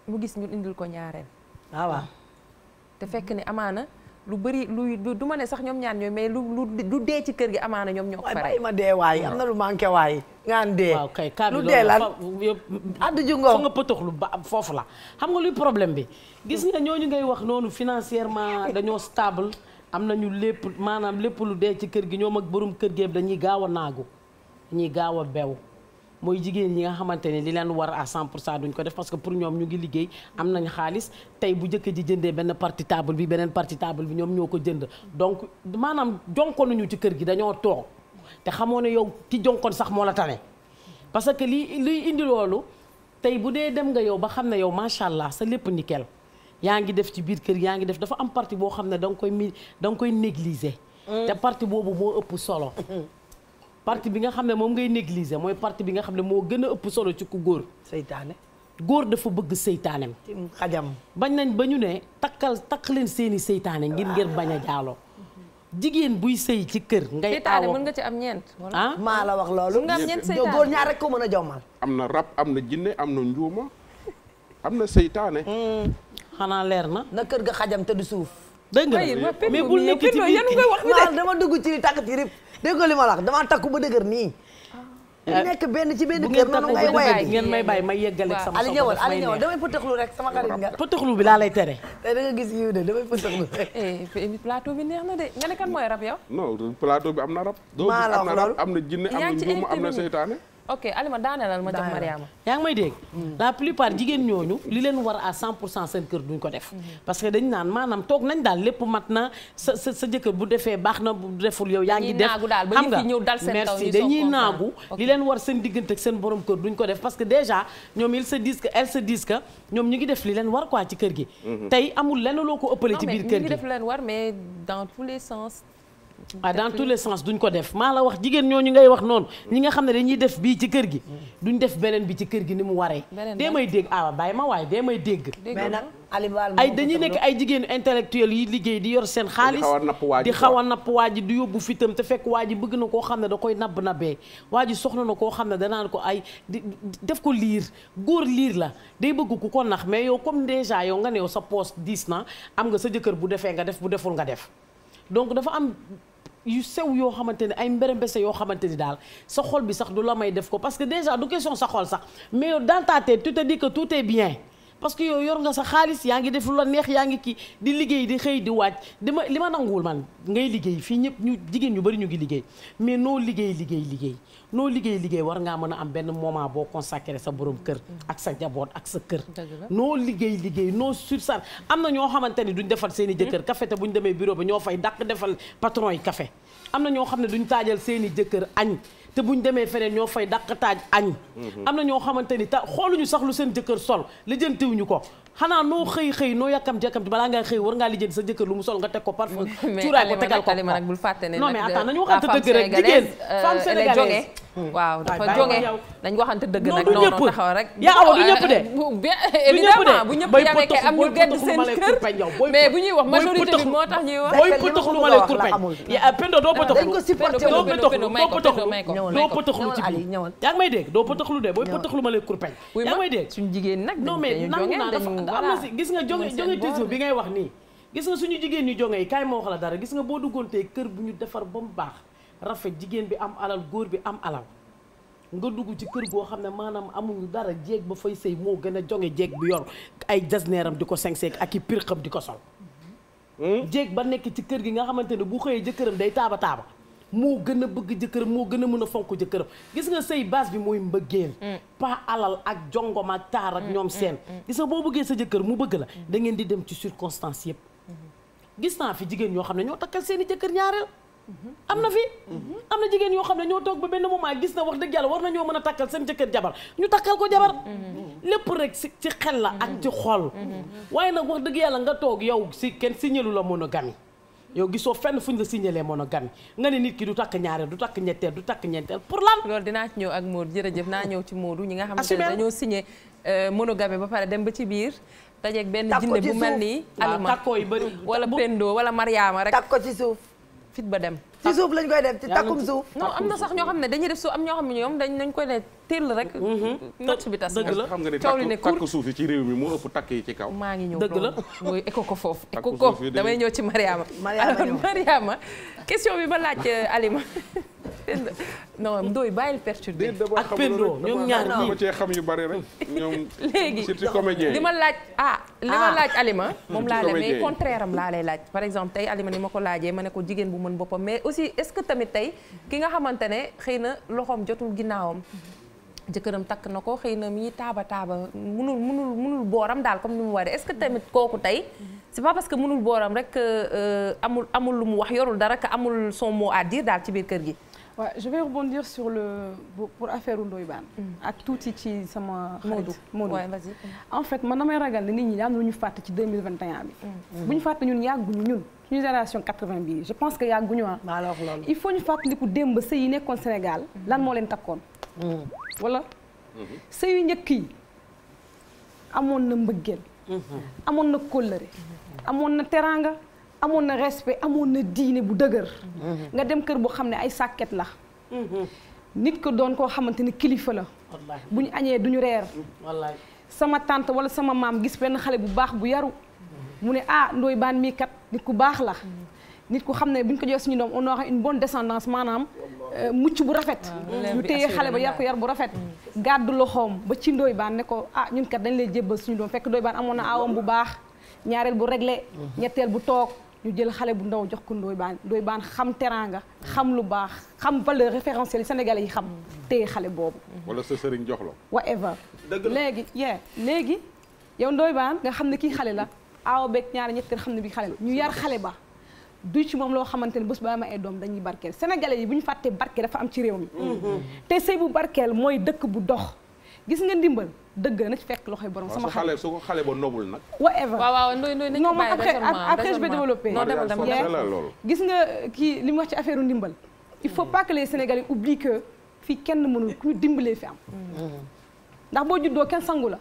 mu gis ñu indil ko ñaareel. Ah, waaw te fekk ni amaana. lu bëri lu du ma ne sax ñoom ñaan ñooy mais lu lu dee ci kër gi amaana ñoom ñoo ko pare ma dee waay am na lu manqué waay ngaan dee waaw kay lu dee lan addu ju ngoo foofu la xam nga luy problème bi gis nga ñoo ñu ngay wax noonu financièrement dañoo stable am ñu lépp maanaam lépp lu dee ci kër gi ñoo ak borom kër gi dañuy gaaw a naagu dañuy gaaw a bew mooy jigéen ñi nga xamante ne li leen war à 100 pour cent duñ ko def parce que pour ñoom ñu ngi liggéey am nañu xaalis tey bu jëkk ji jëndee benn partie table bi beneen partie table bi ñoom ñoo ko jënd donc maanaam jonkonuñu ci kër gi dañoo toog te xamoo ne yow ki jonkoon sax moo la tane parce que li liy indi loolu tey bu dee dem nga yow ba xam ne yow macha allah sa lépp ni nickel yaa ngi def ci biir kër yaa ngi def dafa am partie boo xam ne da nga koy mi da koy négliger mm. te partie boobu moo ëpp solo parti bi nga xam ne moom ngay négliger mooy parti bi nga xam ne moo gën a ëpp solo ci ku góor. seytaane góor dafa bëgg seytaanem. xajam bañ nañ ba ñu ne takkal takk leen seeni seytaane ngir ngir ah. bañ a jaaloo. jigéen buy sëy ci kër. ngay seytaane mën nga ci am ñeent. ah maa la wax loolu. nga am ñeent seytaane góor ñaar rek ko mën a jommal. am na rab am na jinne am na njuuma am na seytaane. Hmm. xanaa leer na. na kër ga xajam te du suuf. dégg mais bul nekk ci biir kii dama dugg ci li tàkk dégg li ma la wax damaa takku ba dëgër nii. Eh, nekk benn ci benn kër noonu ngay waye bi ngeen may bay may yeggale sama soxla ñëwal Ali ñëwal damay pëtëxlu rek sama xarit nga pëtëxlu bi laa lay tere tey eh, da nga gis yiw de damay pëtëxlu eh plateau bi neex na de nga ne kan mooy rab yow non plateau bi am na rab maa la wax loolu am na jinne am na njuum am na seytaane ok Alima daanelal ma jox Mariama yaa ngi may dégg mm. la plupart jigéen ñooñu li leen war à 100 pour cent seen kër duñ ko def mm-hmm. parce que dañ naan maanaam toog nañ daal lépp mat na sa sa jëkkër bu defee baax na deful yow yaa ngi def xam nga dañuy naagu li leen war seen diggante seen borom kër duñ ko def parce que déjà ñoom ils se disent que elles se disent que ñoom ñu ngi def li leen war quoi ci kër gi mm-hmm. tey amul lenn loo ko ëppale ci biir kër gi mais ah dans tous les sens duñ ko def maa la wax jigéen ñooñu ngay wax noonu mm. ñi nga xam ne dañuy def bii ci kër gi mm. duñ def beneen bi ci kër gi ni mu waree dee may dégg ah bàyyi ma waaye dee may dégg mais nag ay dañuy nekk ay jigéenu intellectuel yi liggéey di yor seen xaalis di xaw a napp waa ji di yóbbu fitam te fekk waa ji bëgg na koo xam ne da koy nabb nabee waa ji soxla na koo xam ne danaan ko ay def ko liir góor liir la day bëgg ku ko nax mais yow comme déjà yow nga ne sa poste diis na am nga sa jëkkër bu defee nga def bu deful nga def yu sew yoo xamante ne ay mbere mbese yoo xamante ni daal sa xol bi sax du la may def ko parce que déjà du question sa xol sax mais yow dans ta tête te dis que tout bien parce que yow yor nga sa xaalis yaa ngi def lu la neex yaa ngi kii di liggéey di xëy di wàcc di ma li ma nanguwul man ngay liggéey fii ñëpp ñu jigéen ñu bari ñu ngi liggéey mais noo liggéey liggéey liggéey noo liggéey liggéey war ngaa mën a am benn moment boo consacré sa borom kër ak sa jaboot ak sa kër noo liggéey liggéey noo sursar am na ñoo xamante ni duñ defal seen i jëkkër café te buñ demee bureau ba ñoo fay daq defal patron yi café am na ñoo xam ne duñ taajal seen jëkkër añ te buñ demee feneen ñoo fay dàq taaj añ mhm. am na ñoo xamante ni ta xooluñu sax lu seen jëkkër sol lijjantiwuñu ko xanaa noo xëy xëy noo yàkkamti yàkkamti balaa ngaa xëy war ngaa lijjanti sa jëkkër lu mu sol nga teg ko parfum cuuraay ko tegal ko nag bul fàtte ne non mais attends dëgg rek jigéen euh, femme sénégalaise hmm. waaw dafa jóge dañ waxante dëgg nag noonu taxaw rek ñëpp de bu ñëpp yamee bu ñuy wax majorité bi moo tax ñuy wax booy pëtaxlu ma lay kurpeñ eh, pendo doo pëtaxlu doo pëtaxlu doo pëtaxlu doo pëtaxlu ci biir yaa may dégg doo pëtaxlu de booy pëtaxlu ma lay kurpeñ yaa ngi may dégg suñu jigéen nag non mais nangu naa am na si gis nga jonge jongantisme bi ngay wax nii gis nga suñu jigéen ñu jonge yi kaay ma wax la dara gis nga boo duggoontee kër bu ñu defar ba mu baax rafet jigéen bi am alal góor bi am alal nga dugg ci kër goo xam ne maanaam amuñu dara jeeg ba fay sëy moo gën a jonge jeeg bu yor ay jas neeram di ko seng-seng ak i pirxam di ko sol hmm? jeeg ba nekk ci kër gi nga xamante ne bu xëyee jëkkëram day taaba taaba moo gën a bëgg jëkkër moo gën a mën a fonk jëkkëram gis nga sëy base bi mooy mbëggeel mm. pas alal ak jongom ak taar ak mm, ñoom mm, seen gis nga boo bëggee sa jëkkër mu bëgg la da ngeen di dem ci circonstance yëpp mm-hmm. gis naa fi jigéen ñoo xam ne ñoo takkal seen i jëkkër ñaareel mm-hmm. am na fi mm-hmm. am na jigéen yoo xam ne ñoo toog ba benn moment gis na wax dëgg yàlla war na ñoo mën a takkal seen jëkkër jabar ñu takkal ko jabar lépp rek ci ci xel la ak ci xol waaye nag wax dëgg yàlla nga toog yow si kenn signalu la monogamie yow gisoo fenn fu ñu la signaler monogamie nga ne nit ki du takk ñaareel du takk ñetteel du takk ñeenteel pour lan. loolu dinaa ñëw ak Modou jërëjëf naa ñëw ci Modou ñi nga xamante ne dañoo signé euh, monogamie ba pare dem ba ci biir. dajeeg benn jinne bu mel ni. alima wala pendo wala mariyaama rek takk ko ci suuf fit ba dem. ci suuf lañ koy def ci takkum suuf. non am na sax ñoo xam ne dañuy def suuf am ñoo xam ne ñoom dañ nañ koy ne teel rek. Mhm. not bi tas dëgg la ne takk takk ci réew mi moo ëpp takk yi ci kaw. maa ngi ñëw dëgg la mooy éco ko foofu. éco ko damay ñëw ci Mariama. bi ma laaj euh, Alima. non Ndoye bàyyil perturbé ak Pendo ñoom ñaar ñii dama cee xam yu bari rek ñoom. léegi surtout comédien li ma laaj ah. li ma ah. laaj Alima. moom laa lay mais contraire laa lay laaj. par exemple tey Alima ni ma ko laajee ma ne ko jigéen bu mën boppam mais aussi est-ce que tamit tey ki nga xamante ne xëy na loxoom jotul ginnaawam. jëkkëram takk na ko xëy na mii taaba taaba munul munul munul booram daal comme ni mu waree est-ce que tamit kooku tey c'est pas parce que munul booram rek euh, amul amul lu mu wax yorul dara que amul son mot à daal ci biir kër gi. waaw je vais rebondir sur le pour affaire Ndoye Bane. Mm. ak tuuti ci sama. xarit Modou en fait man damay ragal ne nit ñi daal lu ñu fàtt ci 2021 bi. Mm. bu ñu fàtte ñun yàgguñu ñun. suñu génération 80 bii je pense que yàgguñu ah. alors loolu il faut ñu fàttaliku démb sëy yi nekkoon Sénégal lan moo leen takkoon. wala. Hmm. sëy yu njëkk yi amoon na mbëggeel. amoon na kóllëre. amoon na teraanga amoon na respect amoon na diine bu dëgër. nga dem kër boo xam ne ay sàkket la. nit ko doon koo xamante ni kilifa la. bu ñu añee du ñu reer. sama tante wala sama maam gis benn xale bu baax bu yaru. mu ne ah Ndoye Bane mii kat nit ku baax la mm. nit ku xam ne bu ñu ko jox suñu doom on aura une bonne descendance maanaam euh, mucc bu rafet ñu ah, téye xale ba yar ko yar bu rafet mm. gàddu loxoom ba ci Ndoye Bane ne ko ah ñun kat dañ lay jébbal suñu doom fekk Ndoye Bane amoon na aawam bu baax ñaareel bu réglé mm-hmm. ñetteel bu toog ñu jël xale bu ndaw jox ko Ndoye baan Ndoye Bane xam teraanga xam lu baax xam valeur référentielle yi sénégalais yi xam mm-hmm. téye xale boobu mm-hmm. wala sa sëriñ jox la whatever léegi yee léegi yow Ndoye nga xam ne kii xale la aaw beeg ñaari ñett xam ne bi xale ñu yar xale ba du ci moom loo xamante ne bés baa ma ay doom dañuy barkeel sénégalais yi bu ñu fàttee barke dafa am ci réew mi mm-hmm. te sëy bu barkeel mooy dëkk bu dox gis nga ndimbal dëgg na ci fekk loxoy borom sama xale su ko xale ba nobul nag whatever waaw waaw ndoy ndoy nañu bàyyi raisonnement après je vais développer gis nga euh, kii li mu wax ci affaire ndimbal il faut pas que les sénégalais oublient que fii kenn mënul ku dimbalee fi am mm-hmm. ndax boo juddoo kenn sangu la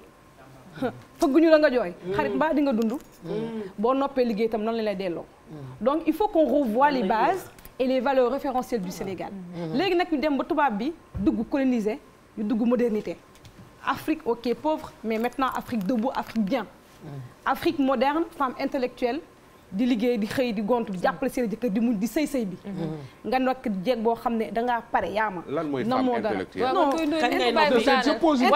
fëgguñu la nga jooy xarit mbaa di nga dund boo noppee liggéey tam noonu la lay delloo donc il faut qu'on revoie les bases et les valeurs référentielles du Sénégal léegi nag yu dem ba tubaab bi dugg colonisé ñu dugg modernité Afrique ok pauvre mais maintenant Afrique debout Afrique bien Afrique moderne femme intellectuelle di liggéey di xëy di gont di mm. jàppale seen jëkkër di muñ di sëy sëy bi mm-hmm. nga nekk jeeg boo xam ne dangaa pare yaama lan mooy femme intellectuelle non je pose une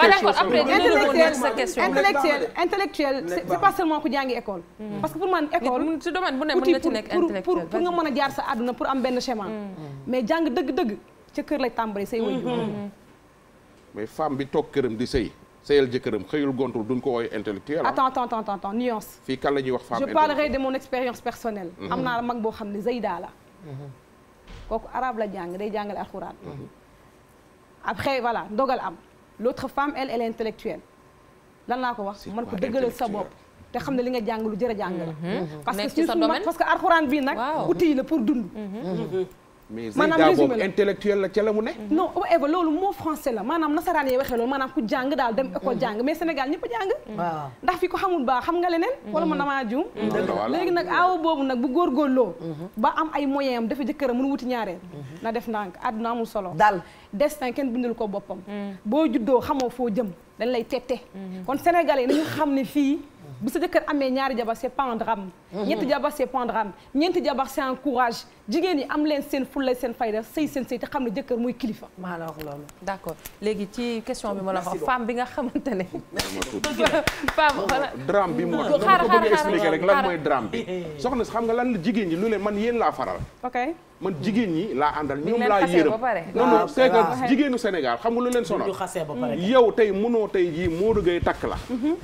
question intellectuel intellectuel c'est pas seulement ku jàngi école mm-hmm. parce que pour man école ci domaine bu ne mën nga ci nekk intellectuel pour nga mën a jaar sa àdduna pour am benn schéma mm-hmm. mais jàng dëgg-dëgg ca kër lay tàmbalee say wëy mais femme bi toog këram di sëy sëyal jëkkëram xëyul gontul duñ ko wooyu intellectuel ah. attends attends attends attends nuance fii kan la ñuy wax femme je parlerai de mon expérience personnelle mhm. am naa mag boo xam ne Zeyda la mhm. kooku arabe la jàng day jàngale alxuraan mhm. après voilà ndogal am l'autre femme intellectuelle lan laa ko wax man ko dëggalal sa bopp te xam ne li nga jàng lu jër a jàng la parce que parce que alxuraan bii nag outil la pour dund mais Zeyda boobu intellectuel la ca la mu ne. Mm-hmm. non whatever oh, loolu mot français la maanaam nasaraan yi waxee loolu maanaam ku jàng daal dem école mm-hmm. jàng mais Sénégal ñëpp a jàng. Mm-hmm. ndax fi ko xamul baax xam nga leneen. wala man damaa juum. léegi nag aaw boobu nag bu góor góorgóorloo. ba am ay moyen am dafa jëkkëram mënu wuti ñaareel. na def ndànk àddunaa mu solo. daal destin kenn bindul ko boppam. boo juddoo xamoo foo jëm dañ lay tette. kon Sénégalais yi nañu xam ne fii. bu sa jëkkër amee ñaari jabar c'est pas un drame mhm. ñetti jabar c'est pas un drame ñeenti jabar jigéen ñi am leen seen fulla seen fayda sëy seen sëy te xam ne jëkkër muy kilifa maa la wax loolu d'accord léegi ci question bi ma la wax bi nga xamante ne femme drame bi mu wax dama ko bëgg rek lan mooy drame bi soxna si xam nga lan la jigéen ñi lu leen man yéen laa faral ok man jigéen ñi laa àndal ñoom laa yërëm non non ah, c'est jigéenu Sénégal xam nga lu leen sonal yow tey mënoo tey jii Modou Gueye takk la mhm.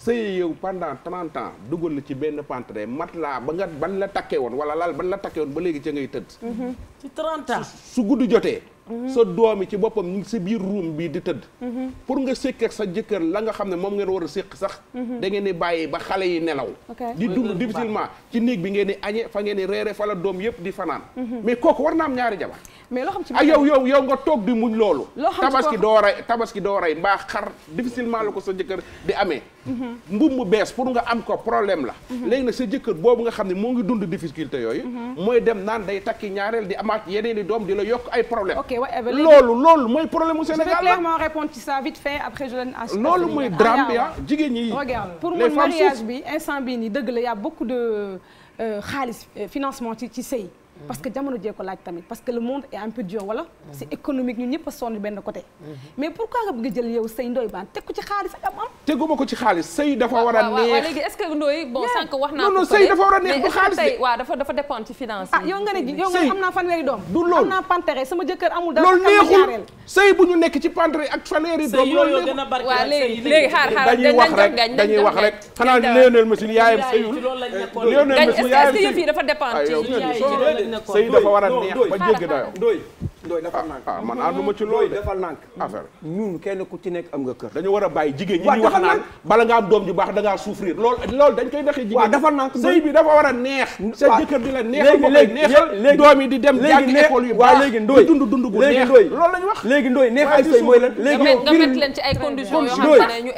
sëy yow e pendant trente ans dugal la ci benn pantre mat laa ba nga ban la takkee woon wala laal ban la takkee woon ba léegi ca ngay tëdd mhm. ci trente ans su guddi jotee mhm. sa doom yi ci boppam ñu ngi si biir ruum bii di tëdd mhm. pour nga sékk ak sa jëkkër la nga xam ne moom ngeen war a séq sax da ngeen di bàyyi ba xale yi nelaw di dund difficilement ci néeg bi ngeen añee añe fa ngeen reere fa la doom yëpp di fanaan mais kooku war na am ñaari jabar mais loo xam ci ak ah, yow yow yow nga toog di muñ loolu tabaski doo rey tabaski doo rey mbaa xar difficilement la ko sa jëkkër di amee Mm-hmm. mbubb mu bees pour nga am ko problème la mm-hmm. léegi nag sa jëkkër boobu nga xam ne moo ngi dund difficulté yooyu mm-hmm. mooy dem naan day takki ñaareel di amaat yeneen i doom di la yokk ay problème eh loolu loolu mooy problème mu Sénégal je vais clairement loolu mooy drame bi ah, ah, jigéen ñi regarde pour man mariage bi instant bii nii dëgg la y a beaucoup de euh, xaalis euh, financement ci ci sëy parce que jamono jee ko laaj tamit parce que le monde est un peu dur wala c'est économique ñun ñëpp a sonn benn côté mais pourquoi nga bëgg jël yow sëy Ndoye Bane teg ko ci xaalis ak am am teguma ko ci xaalis sëy dafa war a neex léegi xaalis de dafa dafa ci finance yow nga ne yow nga am naa doom du loolu am naa pantere sama jëkkër amul dara neexul sëy bu ñu nekk ci pantere ak fanweeri doom loolu gën a barke léegi xaar xaar dañuy wax rek xanaa sëy dafa war a neex ba jéggi dayoo doy ah, ah, ma dafa nànk ci looy defal nank affaire ñun kenn ku ci nekk am nga kër dañu war a bàyyi jigéen ñi ñu wax naan bala nga doom ju baax da ngaa souffrir lool loolu dañ koy daxee jigéen dafa nànk sëy bi dafa war a neex sa jëkkër di di dem jàng école yu baax léegi ndoy dund dund bu neex loolu lañ wax léegi ndoy neex mooy lan léegi yow nga mettre leen ci ay conditions yoo xam ne ñu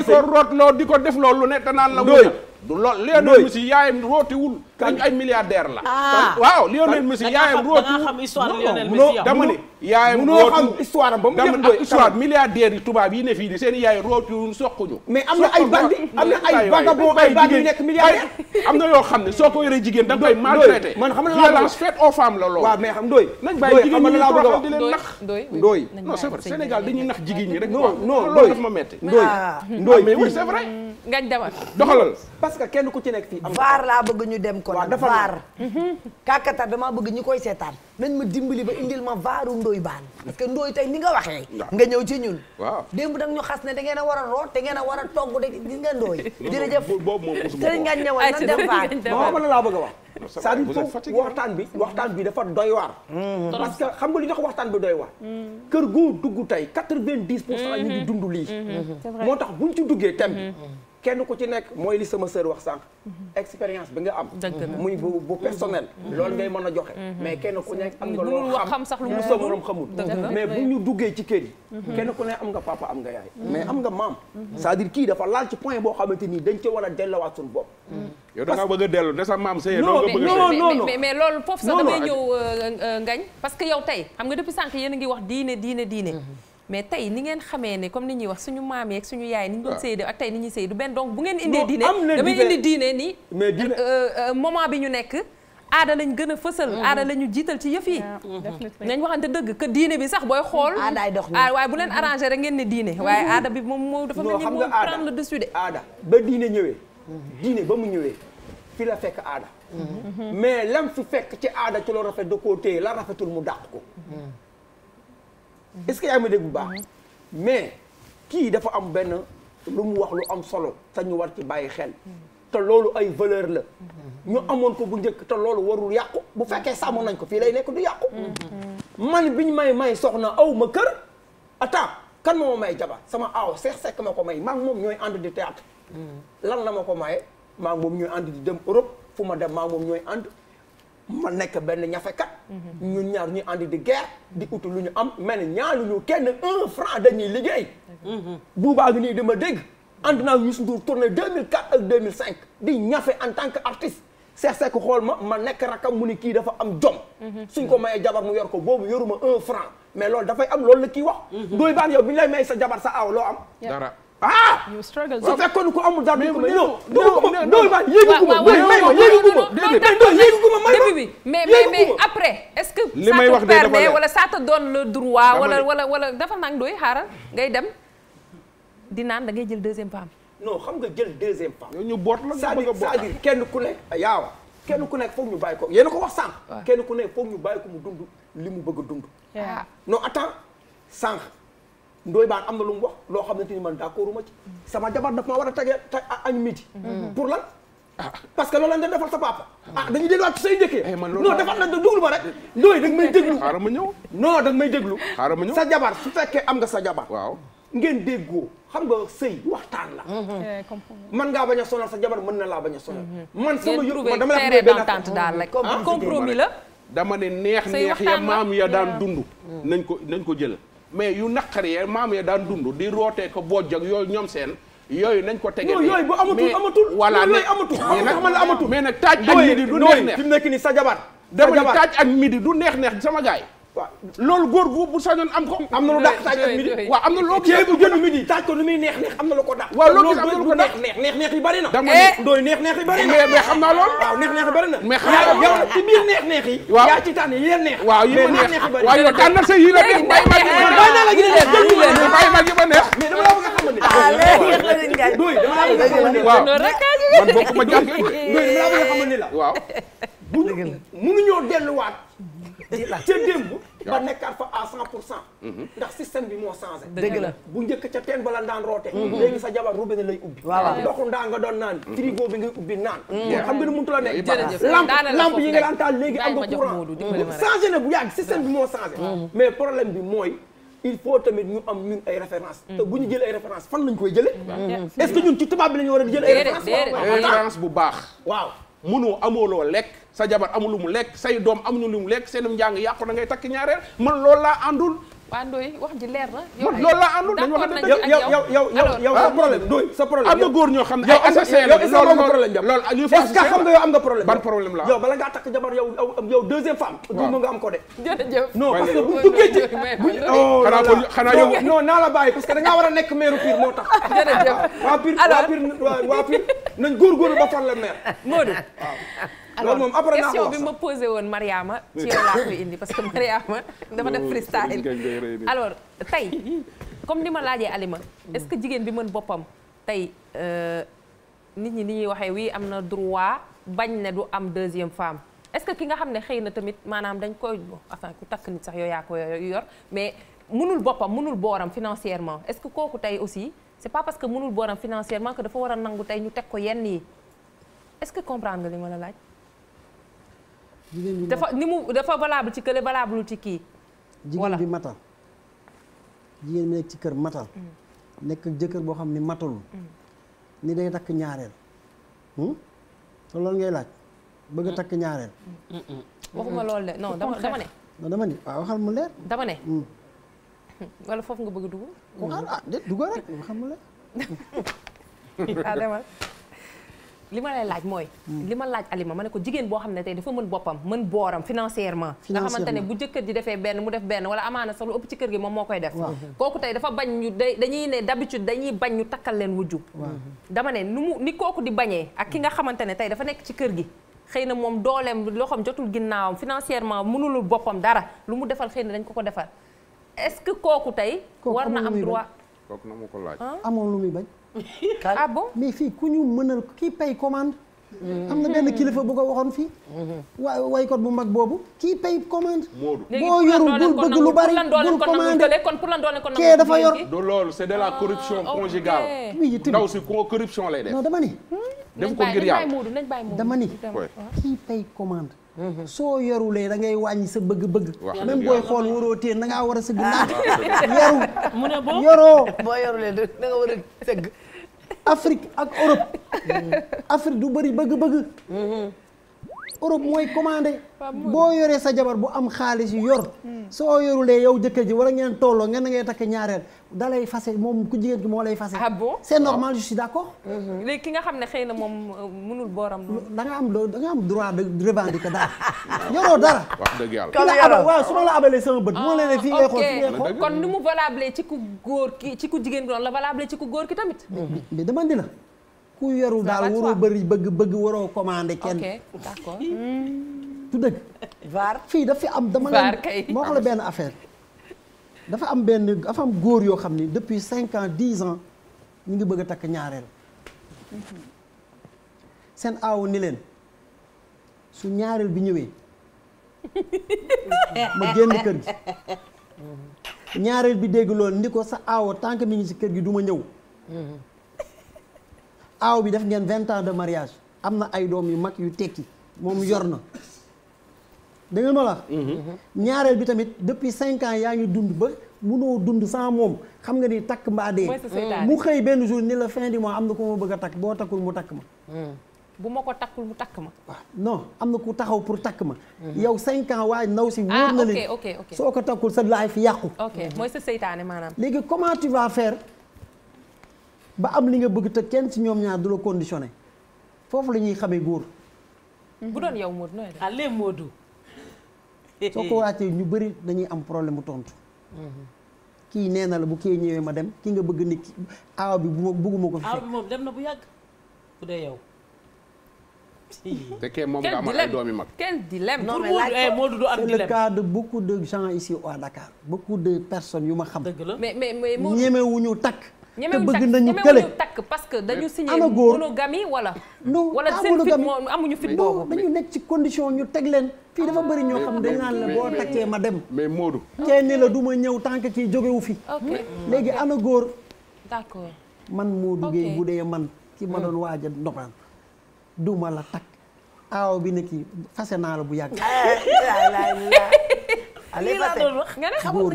épargner di ko def lool ne te naan la du lool leen doy si yaayam rootewul kañ ay milliardaire la. Ah. waaw Lionel Messi yaayam rootu da nga xam histoire Lionel Messi yow. Ah. dama ne yaayam rootu xam histoire am ba mu dem ak histoire milliardaire yi tubaab yi ne fii ni seen yaay rootu soquñu. mais am na ay bandi am na ay vagabond ay bandi yu nekk milliardaire. am na yoo xam ne soo ko yoree jigéen da nga koy maltraité. man xam nga la violence xam a di leen nax. doy doy non Sénégal dañuy nax jigéen ñi rek. non non doy loolu dafa ma metti. doy ah. doy mais oui c'est ngañ demal doxalal. parce que kenn ku ci nekk fii. vaar laa bëgg ñu dem ko nag vaar kakata damaa bëgg ñi koy seetaan nañ ma dimbali ba indil ma vaaru ndooy baan parce que ndooy tey ni nga waxee nga ñëw ci ñun waaw démb nag ñu xas ne da ngeen a war a root da ngeen a war a togg de gis nga ndooy jërëjëf sëriñ nga ñëwal laa bëgg a wax c'est-à-dire waxtaan bi waxtaan bi dafa doy waar mm. parce que xam nga li tax waxtaan bi doy waar mm. kër goo dugg tey quatre-vingt-dix pour cent mm-hmm. ñu ngi dund lii mm-hmm. Mm-hmm. moo tax buñ ci duggee thème kenn ku ci nekk mooy li sama sœur wax sànq mhm. expérience bi nga am muy bu bu personnel mhm. loolu ngay mën a joxe mhm. mais kenn ku nekk am nga loo xam sax lu sa morom xamul mais bu ñu duggee ci kër yi kenn ku ne am nga papa am nga yaay mais am nga maam cest dire kii dafa laal ci point boo xamante nii dañ ci war a dellowaat suñu bopp yow da bëgg a dellu ne sa maam sëyee non non mais mais loolu foofu sax damay ñëw euh, euh, ngañ parce que yow tey xam nga depuis sànq yéen a ngi wax diine diine diine mais tey ni ngeen xamee ne comme ni ñuy wax suñu maam yeeg suñu yaay ni ñu doon ah. séy ak tey ni ñuy séy du benn donc bu ngeen indee diine damay indi diine euh, euh, euh, moment bi ñu nekk aada lañ gën a fësal mm. aada la ñu jiital ci yëf yi nañ waxante dëgg que diine bi sax booy xool aadaay dox nii ah, waaye bu leen arrangé rek ngeen ne diine mm-hmm. waaye aada bi moom moo dafa mel ni moo prendre le dessus de aada ba diine ñëwee diine ba mu ñëwee fi la fekk aada mm-hmm. mais lam fi fekk ci aada ci loo rafet da koo téye la rafetul mu dàq ko mm-hmm. est-ce ma yaa dégg bu baax. mais kii dafa am benn lu mu wax lu am solo te ñu war ci bàyyi xel. te loolu ay valeur la. ñu amoon ko bu njëkk te loolu warul yàqu bu fekkee sàmm nañ ko fii lay nekk du yàqu. man ñu may may soxna aw ma kër. attends kan moo may jabar sama aaw seex sekk ma ko may maa ngi moom ñooy ànd di théâtre hmm. lan la ma ko maye maa moom ñooy ànd di dem Europe fu ma dem maa moom ñooy ànd. ma nekk benn ñafekat ñun ñaar ñu àndi di guerre di utu lu ñu am mel ñaa ñaar lu ñu kenn un franc dañuy liggéey buubaa ngi nii di ma dégg ànd naa Youssou Ndour tourné 2004 ak 2005 di ñafe en tant que artiste Seex Sekk xool ma ma nekk rakam mu ni kii dafa am jom suñ ko mayee jabar mu yor ko boobu yoruma un franc mais loolu dafay am loolu la kii wax mhm. dooy baan yow bi ñu lay may sa jabar sa aw loo am dara ah you struggle su fekkoon ku amul dara mais mais non non non waaw waaw bi mais mais après est-ce que. li may wax day dafa wala saa ta doon le droit wala wala wala dafa nang doy xaaral ngay dem di naan da ngay jël deuxième femme. non xam nga jël deuxième femme. ñu boot la nga bëgg a boot c'est-à-dire kenn ku nekk yaawa kenn ku nekk foog ñu bàyyi ko yéen a ko wax sànq. kenn ku nekk foog ñu bàyyi ko mu dund li mu bëgg a dund. non attends sànq. ndooy baan am na lu wax loo xamante ni man d'accorduma ci sama jabar daf maa war a tagee añ midi pour lan ah, parce que loolu lañ doon defal sa papa ah dañuy delluwaat ci say njëkkee eh, non defal nañ da duglu ma rek ndooy da nga may ma ñëw non da may déglu xaaral ma ñëw sa jabar su fekkee am nga sa jabar waaw ngeen déggoo xam nga sëy waxtaan la mm-hmm. eh, eh, man ngaa bañ a sonal sa jabar mën na laa bañ a sonal mm-hmm. man sama yëpp man dama la benn daal rek ah, compromis la dama ne neex neex ya maam ya daan dund mm. nañ ko nañ ko jël mais yu naqar yee maam ya daan dund di rootee ko bojj ak yooyu ñoom seen yooyu nañ ko tege. non yooyu bu amatul amatul voilà yooyu amatul xam nga amatul mais nag taaj ak midi du neex neex fi mu nekk nii sa jabaat sa jabaat taaj ak midi du neex neex sama gaay waaw loolu góor gu bu sañoon am ko. am na lu dàq tàjjat midi waaw am na loo gis. bu ko lu muy neex neex am na lu ko dax waaw loolu gis am na lu ko dàq neex neex yi bari na. dama ne eh? dooy neex neex yi bari na. mais xam naa bari na. mais xam naa yow ci biir neex neex yi. neex. waaw yi ma neex waaw yow tànnal sa yi la neex bàyyi ma gi neex. la gi neex yi leen neex. mais dama la bëgg a xamal ni. ah la a xamal ni. waaw man bokk a xamal ni la. waaw bu mënuñoo delluwaat di la ca démb ba nekkaat fa à cent pour cent mhm. ndax système bi moo changé dëgg la bu njëkk ca teen bala ndaan roote mhm. léegi sa jabar robinet lay ubbi waaw ndoxu ndaa nga doon naan mhm. frigo bi ngay ubbi naan kon xam nga ne mëntu la nekk lamp lamp yi nga daan taal léegi am nga courant changé na bu yàgg système bi moo changé mais problème bi mooy il faut tamit ñu am ñun ay référence te bu ñu jël ay référence fan lañ koy jële est-ce que ñun ci tubaab bi la ñu war a di jël ay référence bu baax waaw mënoo amooloo lekk sa jabar amul lu mu lekk say doom amuñu lu mu lekk seenum njàng yàqu ngay takk ñaareel man loolu laa àndul. waa Ndoye wax sa problème Ndoye sa problème. am na la loolu problème loolu xam nga yow am nga takk jabar yow deuxième femme. waaw am ko de. jërëjëf xanaa kon xanaa yow. non naa la bàyyi parce que da war a nekk maire Pire moo tax. jërëjëf waa waa Pire waa Pire nañ ba far la maire. alors moom après bi ma posé woon Mariama ci yow laa koy indi parce que Mariama dafa def freestyle alors tey comme ni ma laajee Alima est-ce que jigéen bi mën boppam tey euh, nit ñi ni ñuy waxee wii am na droit bañ ne du am deuxième femme est-ce que ki nga xam ne xëy na tamit maanaam dañ koy enfin ku takk nit sax yow yaa ko yor mais mënul boppam mënul booram financièrement est-ce que kooku tey aussi c'est pas parce que mënul booram financièrement que dafa war a nangu tey ñu teg ko yenn yi est-ce que comprendre li ma la laaj dafa ni mu dafa valable ci kële valable ci kii. jigéen bi matal. jigéen bi nekk ci kër matal. Mm. nekk jëkkër boo xam ni matalul. Mm. ni day takk ñaareel. te hmm? loolu ngay laaj bëgg a mm. takk ñaareel. waxuma loolu de non dama dama ne. Ah, waxal mu leer. dama ne. Hmm. wala foofu nga bëgg a dugg. waxal ah déet dugg rek waxal mu leer. ah demal. li ma lay laaj mooy mm. li ma laaj Alima ma ne ko jigéen boo xam ne tey dafa mën boppam mën booram financièrement nga xamante ne bu jëkkër ji defee benn mu def benn wala amaana sax ëpp ci kër gi moom moo koy def kooku tey dafa bañ ñu dañuy ne d'habitude dañuy bañ ñu takkal leen wujju dama ne nu mu ni kooku di bañee ak ki nga xamante ne tey dafa nekk ci kër gi xëy na moom dooleem loxoom jotul ginnaawam financièrement mënulul boppam dara lu mu defal xëy na dañ ko ko defal est-ce que kooku tey war na am droit kooku na mu ko laaj amoon lu muy bañ ah mais fii ku ñu mënal kii pay commande. Mm-hmm. am na benn kilifa bu ko waxoon fii. Mm-hmm. wa waykat bu mag boobu. kii pay commande. Moodu boo yorul bul bëgg lu bari bul commandé kon pour lan doole kee dafa yor. du loolu la ah, corruption conjugale. oui tamit ndaw si corruption lay def. non dama ni. def ko ngir yàlla dama ni. kii pay commande. Mm-hmm. soo yorulee da ngay wàññi sa bëgg-bëgg même booy xool waroo teen da war a sëgg ah. naat yaru mu ne boo yaroo boo yarulee da nga war a sëgg Afrique ak Europe mm-hmm. Afrique du bëri bëgg-bëgg mm-hmm. Europe mooy commandé boo yoree sa jabar bu am xaalis yor hmm. soo yorulee yow jëkkër ji wala ngeen tolloo ngeen na ngay takk ñaareel da lay fase moom ku jigéen ki moo lay fase ah bon c'est normal je suis d'accord mm-hmm. léegi ki nga xam ne xëy na moom euh, mënul booram loolu da nga am da nga am droit de revendiquer dara yoroo dara wax dëgg yàlla waaw su ma la abalee sama bët moo leen fii ngay ah, xool fii ngay xool kon ni mu valable ci ku góor ki ci ku jigéen ki noonu la valable ci ku góor ki tamit mais dama di la ku yoru daal waroo bari bëgg bëgg waroo commandé kenn. ok dëgg. fii daf am dama la moo xam la benn affaire. dafa am benn dafa am góor yoo xam ne depuis cinq ans dix ans ñu ngi bëgg a takk ñaareel. seen aaw ni leen su ñaareel bi ñëwee ma génn kër gi. ñaareel bi dégg loolu ni ko sa aaw tant que mi ngi kër gi du ma ñëw. Mm-hmm. aaw bi def ngeen vingt ans de mariage am na ay doom yu mag yu tekki moom yor na da ngeen ma la mm-hmm. ñaareel bi tamit depuis cinq ans yaa ngi dund ba munoo dund sans moom xam nga ni takk mbaa dee mu xëy benn jour ni la fin du mois am na ku ma bëgg a takk boo takkul mu takk ma mm. bu ma ko takkul mu takk ma waaw ah, non am na ku taxaw pour takk ma mm-hmm. yow cinq ans waaye ndaw si wóor ah, na leen soo ko takkul sa life yàqu ok mooy sa seytaane maanaam léegi comment tu vas ba am li nga bëgg te kenn si ñoom ñaar du la conditionné foofu la ñuy xamee góor. Mm-hmm. bu doon yow Modou nooy def allez Modou. soo ko wàccee ñu bëri dañuy am problème bu tontu. Mm-hmm. kii nee na la bu kii ñëwee ma dem ki nga bëgg ni aaw bi bu ma bëgguma ko. aaw bi moom dem na bu yàgg bu dee yow. fekkee moom nga amal ay doom yu mag. quel dilemme non mais laaj eh, Modou am dilemme c'est le cas de beaucoup de gens ici à Dakar beaucoup personnes yu ma xam. dëgg la mais mais mais Modou ñemewuñu takk. te bëgg nañu kële takk parce que dañu eh, signé monogamie wala non wala seen fit moo amuñu fit boobu dañu nekk ci condition ñu teg leen fii dafa bari ñoo xam ah, dañ naan la boo takkee ma dem mais Modou kenn la du ma ñëw tant que kii jógewu fi léegi ana góor d'accord man moo duggee bu dee man ki ma hmm. doon waaj a duma la takk aaw bi ne yi fase naa la bu yàgg lii laa doon wax nga ne xamoon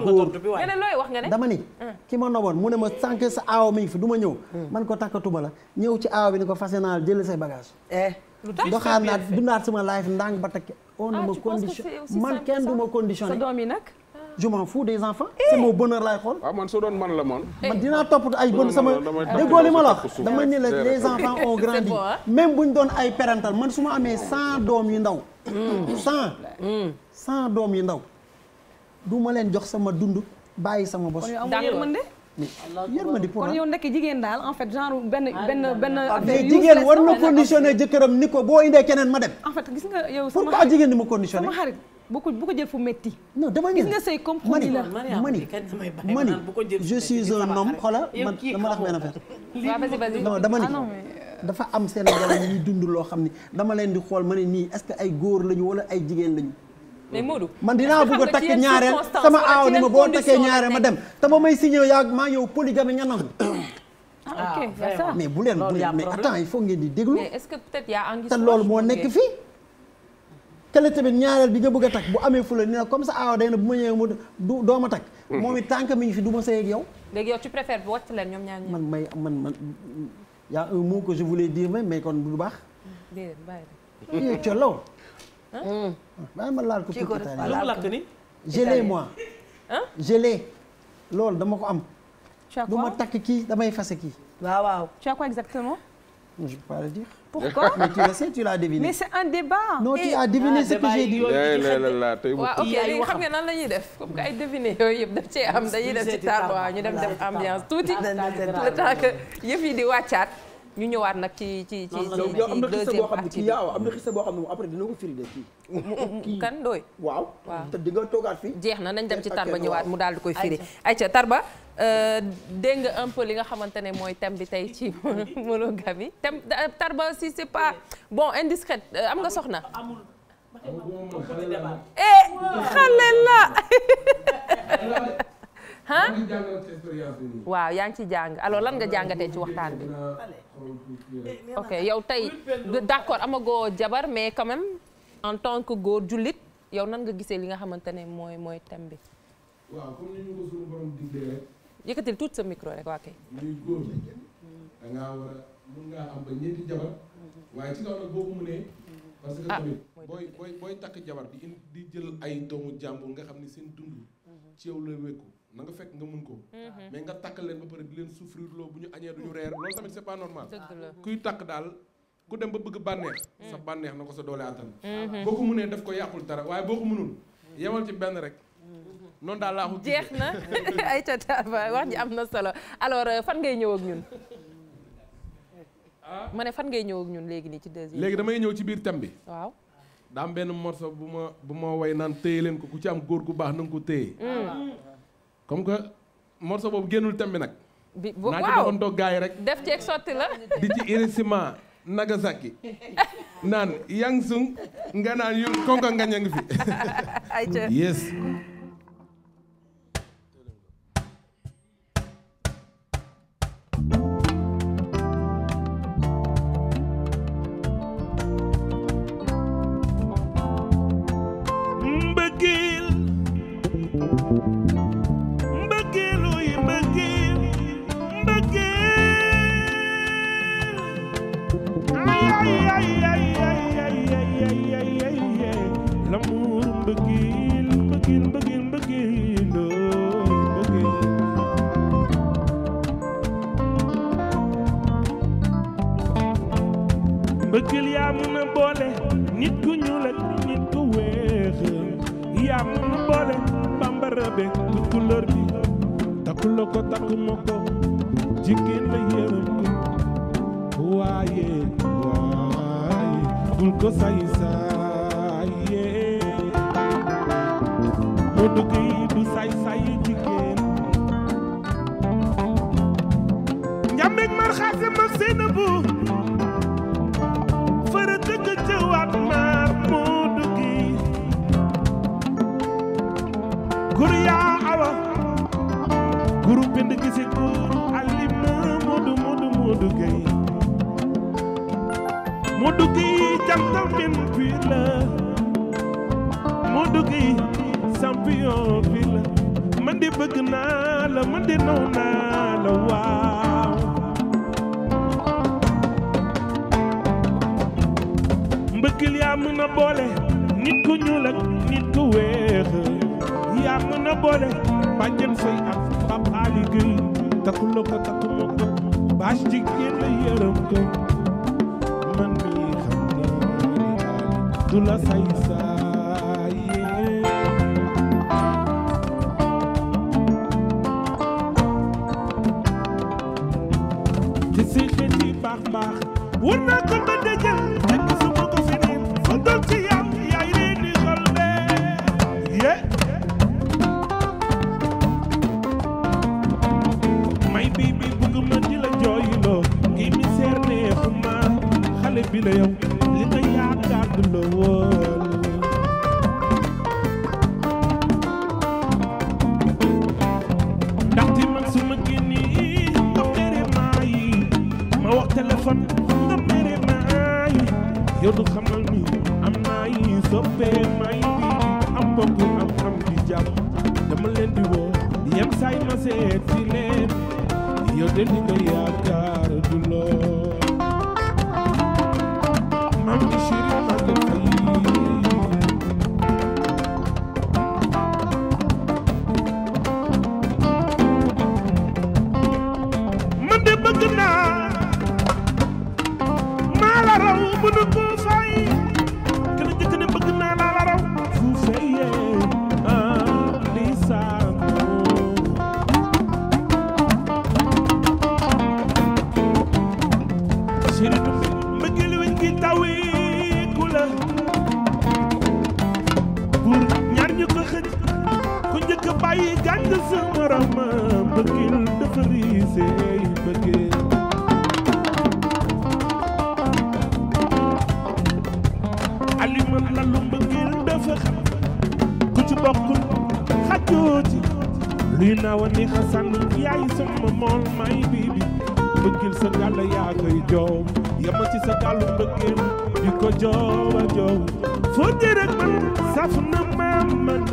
nga wax nga dama ni mm. ki ma noboon mu ne ma sànq sa aaw mi fi du ma ñëw mm. man ko takkatuma la ñëw ci aaw bi ni ko fase naa la jël say bagage eh. doxaan naa dundaat sama life ndànk ba takk on ne ma condition man kenn du ma conditionné sa doom yi nag je m'en fous des enfants eh. sama bonheur laay xool waaw ah, man soo doon man la moon eh. dinaa topp ay bon sama déggoo li ma la wax dama ni la les enfants ont grandi doon ay parental man su ma amee cent doom yu ndaw mm. cent sama doom yu ndaw du ma leen jox sama dund bàyyi sama bos. yërmande. yërmande pour kon yow ndekk jigéen daal en fait genre benn benn benn. affaire jigéen war na conditionné jëkkëram ni ko boo indee keneen ma dem. en fait gis nga yow sama pourquoi jigéen di ma conditionné sama xarit. bu ko bu ko jël fu metti non dama gis nga say compromis la mani mani je suis un homme xoola man dama la xam affaire non dama ni ah euh, dafa am seen jalan ñuy dund loo xam ni dama leen di xool ma ne nii est-ce que ay góor lañu wala ay jigéen lañu mais mm-hmm. Modou man dinaa bëgg a takk ñaareel sama aaw ni ma boo takkee ñaareel ma dem te ba may signé yaa maa yow polygamie nga nangu ah ok ah, mais bu leen bu leen mais attends il faut ngeen di déglu mais ce que peut-être y a anguille te loolu moo nekk fii kële tamit ñaareel bi nga bëgg a bu amee fula ni na comme ça aaw ah, day na bu ma ñëwee mu du doo ma takk mm-hmm. moom it tànk mi ngi fi du ma sëy ak yow léegi yow tu préfères wàcc leen ñoom ñaar man may man man y moo un mot que je voulais dire mais mais kon du baax déedéet bàyyi bàyyi ma laal ko tuuti tànn lu mu lakk ni. gelé moi. gelé loolu dama ko am. lu ma takk kii damay fase kii. waaw waaw tu as quoi exactement. je peux pas le dire. pourquoi mais tu le sais tu l'as deviné. mais c'est un débat. non tu as deviné ah, ce que j'ai dit. Eh, waaw ok léegi xam nga nan la ñuy def comme que ay deviné yooyu yëpp daf cee am dañuy def ci tardwaa ñu dem def ambiance ah, tuuti le temps que yëf yi di wàccaat. ñu ñëwaat nag ci ci ci am na xisa boo xam ne kii yaaw am na xisa boo xam ne moom après dina ko firi de kii kan dooy waaw waaw te di nga toogaat fii jeex na nañ dem ci tarba ñëwaat mu daal di koy firi ayca tarba euh, dégg nga un peu li nga xamante ne mooy thème bi tey ci monogamie thème euh, tarba si c'est pas bon indiscrète euh, am nga soxna eh xale la ah waaw yaa ngi ci jàng alors lan nga jàngatee ci waxtaan bi ok yow tey d'accord amago jabar mais quand en tant que góor jullit yow nan nga gisee li nga xamante ne mooy mooy thème bi. yëkkatil tuuti sa micro rek waa kay. muy góor da ngaa war a mun ngaa am ba ñeenti jabar waaye ci kaw nag boo ko mënee. parce que ah, tamit booy takk jabar di jël ay doomu jàmbur nga xam ni seen dund. Mhm. ci yow la wékku. na nga fekk nga mun ko mhm. mais nga takk leen ba pare di leen souffrir loo bu ñu añee du ñu reer loolu tamit c'est pas normal kuy tàkk daal ku dem ba bëgg bànneex mm. sa bànneex na ko sa doole antan mhm. boo ko munee def ko yàqul dara waaye boo ko munul mm. yemal ci benn rek mhm. noonu daal laa ko jeex na ay tataaba wax ji am na solo alors euh, fan ngay ñëw ak ñun ah? mane fan ngay ñëw ak ñun léegi nii ci deuxième léegi damay ñëw ci biir thème bi waaw daa am morso bu ma bu ma way naan téye leen ko ku ci am góor gu baax na nga téye mm. ah. comme que boobu génnul thème bi nag. bi waaw naa yi rek. def ceeg sotti la. di ci Hiroshima Nagasaki naan yang sung nga naan yu konka ngañ ngi fi. yes. be tukulóor bi takkula ko takkuma ko jigéen la yërëm ko waaye waaye bul ko sayi saye mu dugg yi du say sayi jigéen njambeek mar xaase ma seen bu guru yaa awa guru bind gisi guru alima mudu mudu mudu gay mudu gi gentleman bi la mudu gi champion bi la man bëgg naa la man di naa la waaw mbëggil yaa mën a boole nit ku ñuul ak yaa mën a boole bàjjen fay ak Papa Ali Gueye takku la ko takku ma ko la yërëm ko man mi xam du la say sa naawa ni xasan yaay sama mool may biibi bëggil sa gàll yaa koy joow yama ci sa gàllu mbëggeel di ko joow a joow foo jërëg man saf na ma mën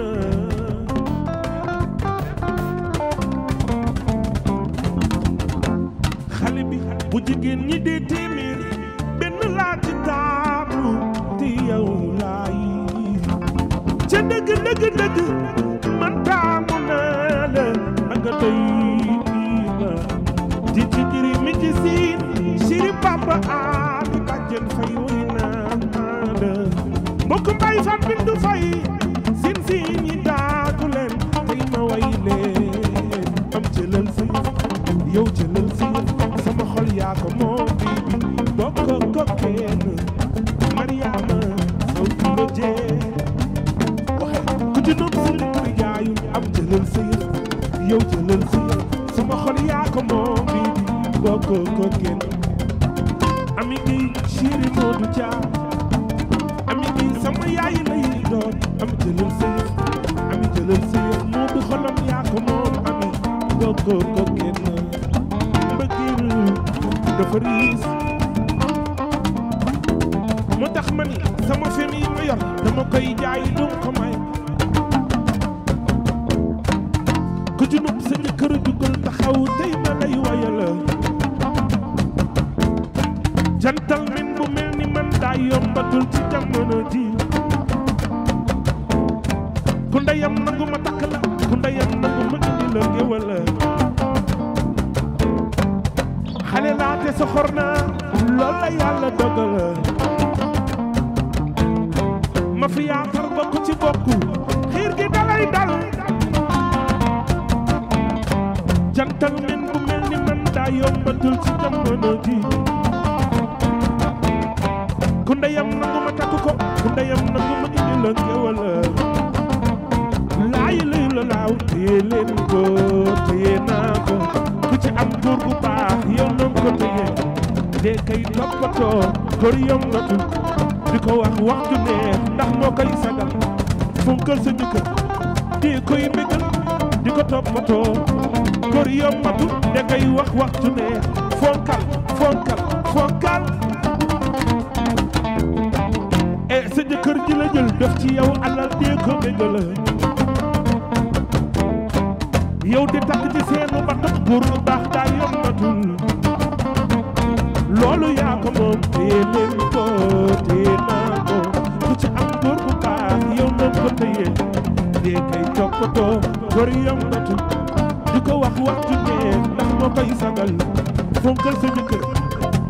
ci seenu ba tax pour lu baax daa yombatul loolu yaa ko moom téye leen ko téye naa ko ku ci am góor bu baax yow moom ko téye dee kay toppatoo góor yombatul di ko wax wax ju ne ndax moo koy sagal fonkal sa jëkkër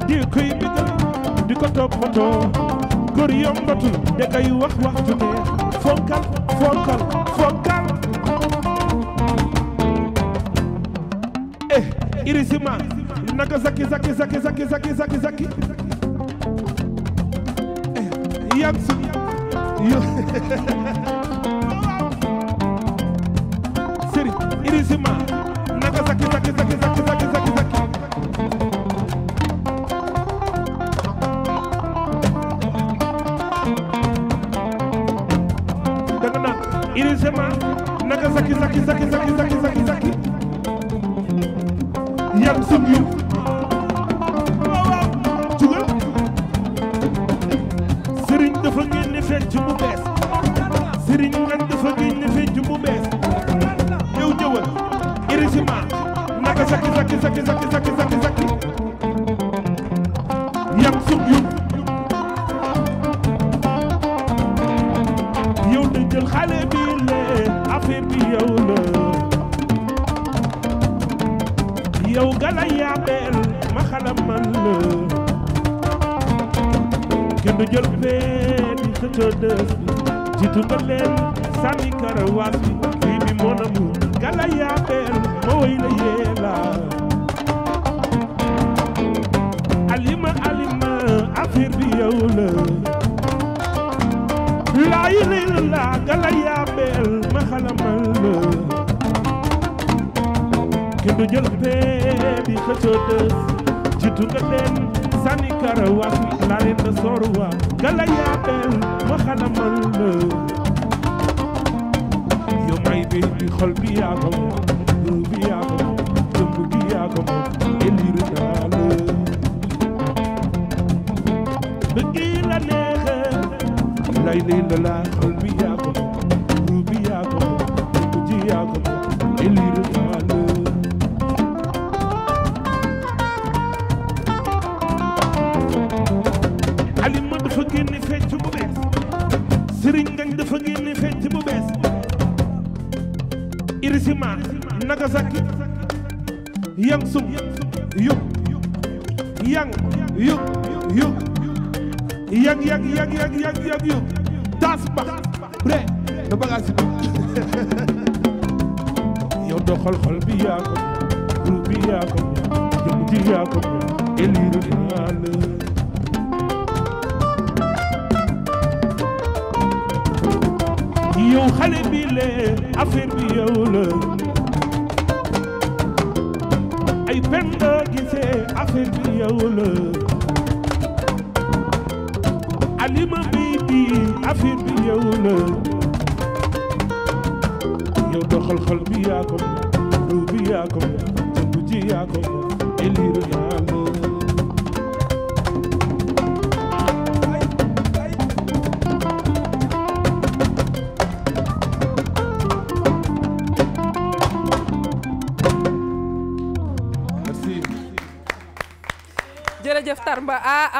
di koy bëggal di ko toppatoo góor yombatul da kay wax wax ju ne fonkal fonkal fonkal irisima naka saki saki saki saki saki saki saki yamsu yo seri irisima naka saki saki saki saki saki saki saki danga naan irisima naka saki saki saki saki saki sëb yu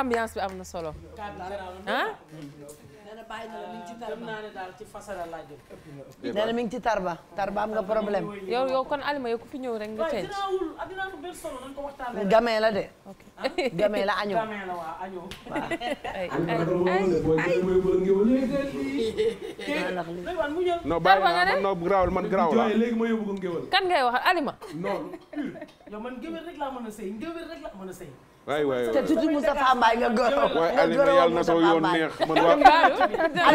ambiance bi am na solo. ah. nee na mi ngi ci tarba tarba am nga problème. yow yow kon Alima yow ku fi ñëw rek nga tëj. Ah, la de. Ah, gamee la añoo. ay ay ay. non bàyyi naa man non garaawul man garaawul kan Alima. non pur. yow man ngéwél rek laa mën a sëy ngéwél rek a sëy. waay waay waay te tuuti Moustapha Mbaye nga gërëm. waay Alima yàlla na ko yoon neex man waa.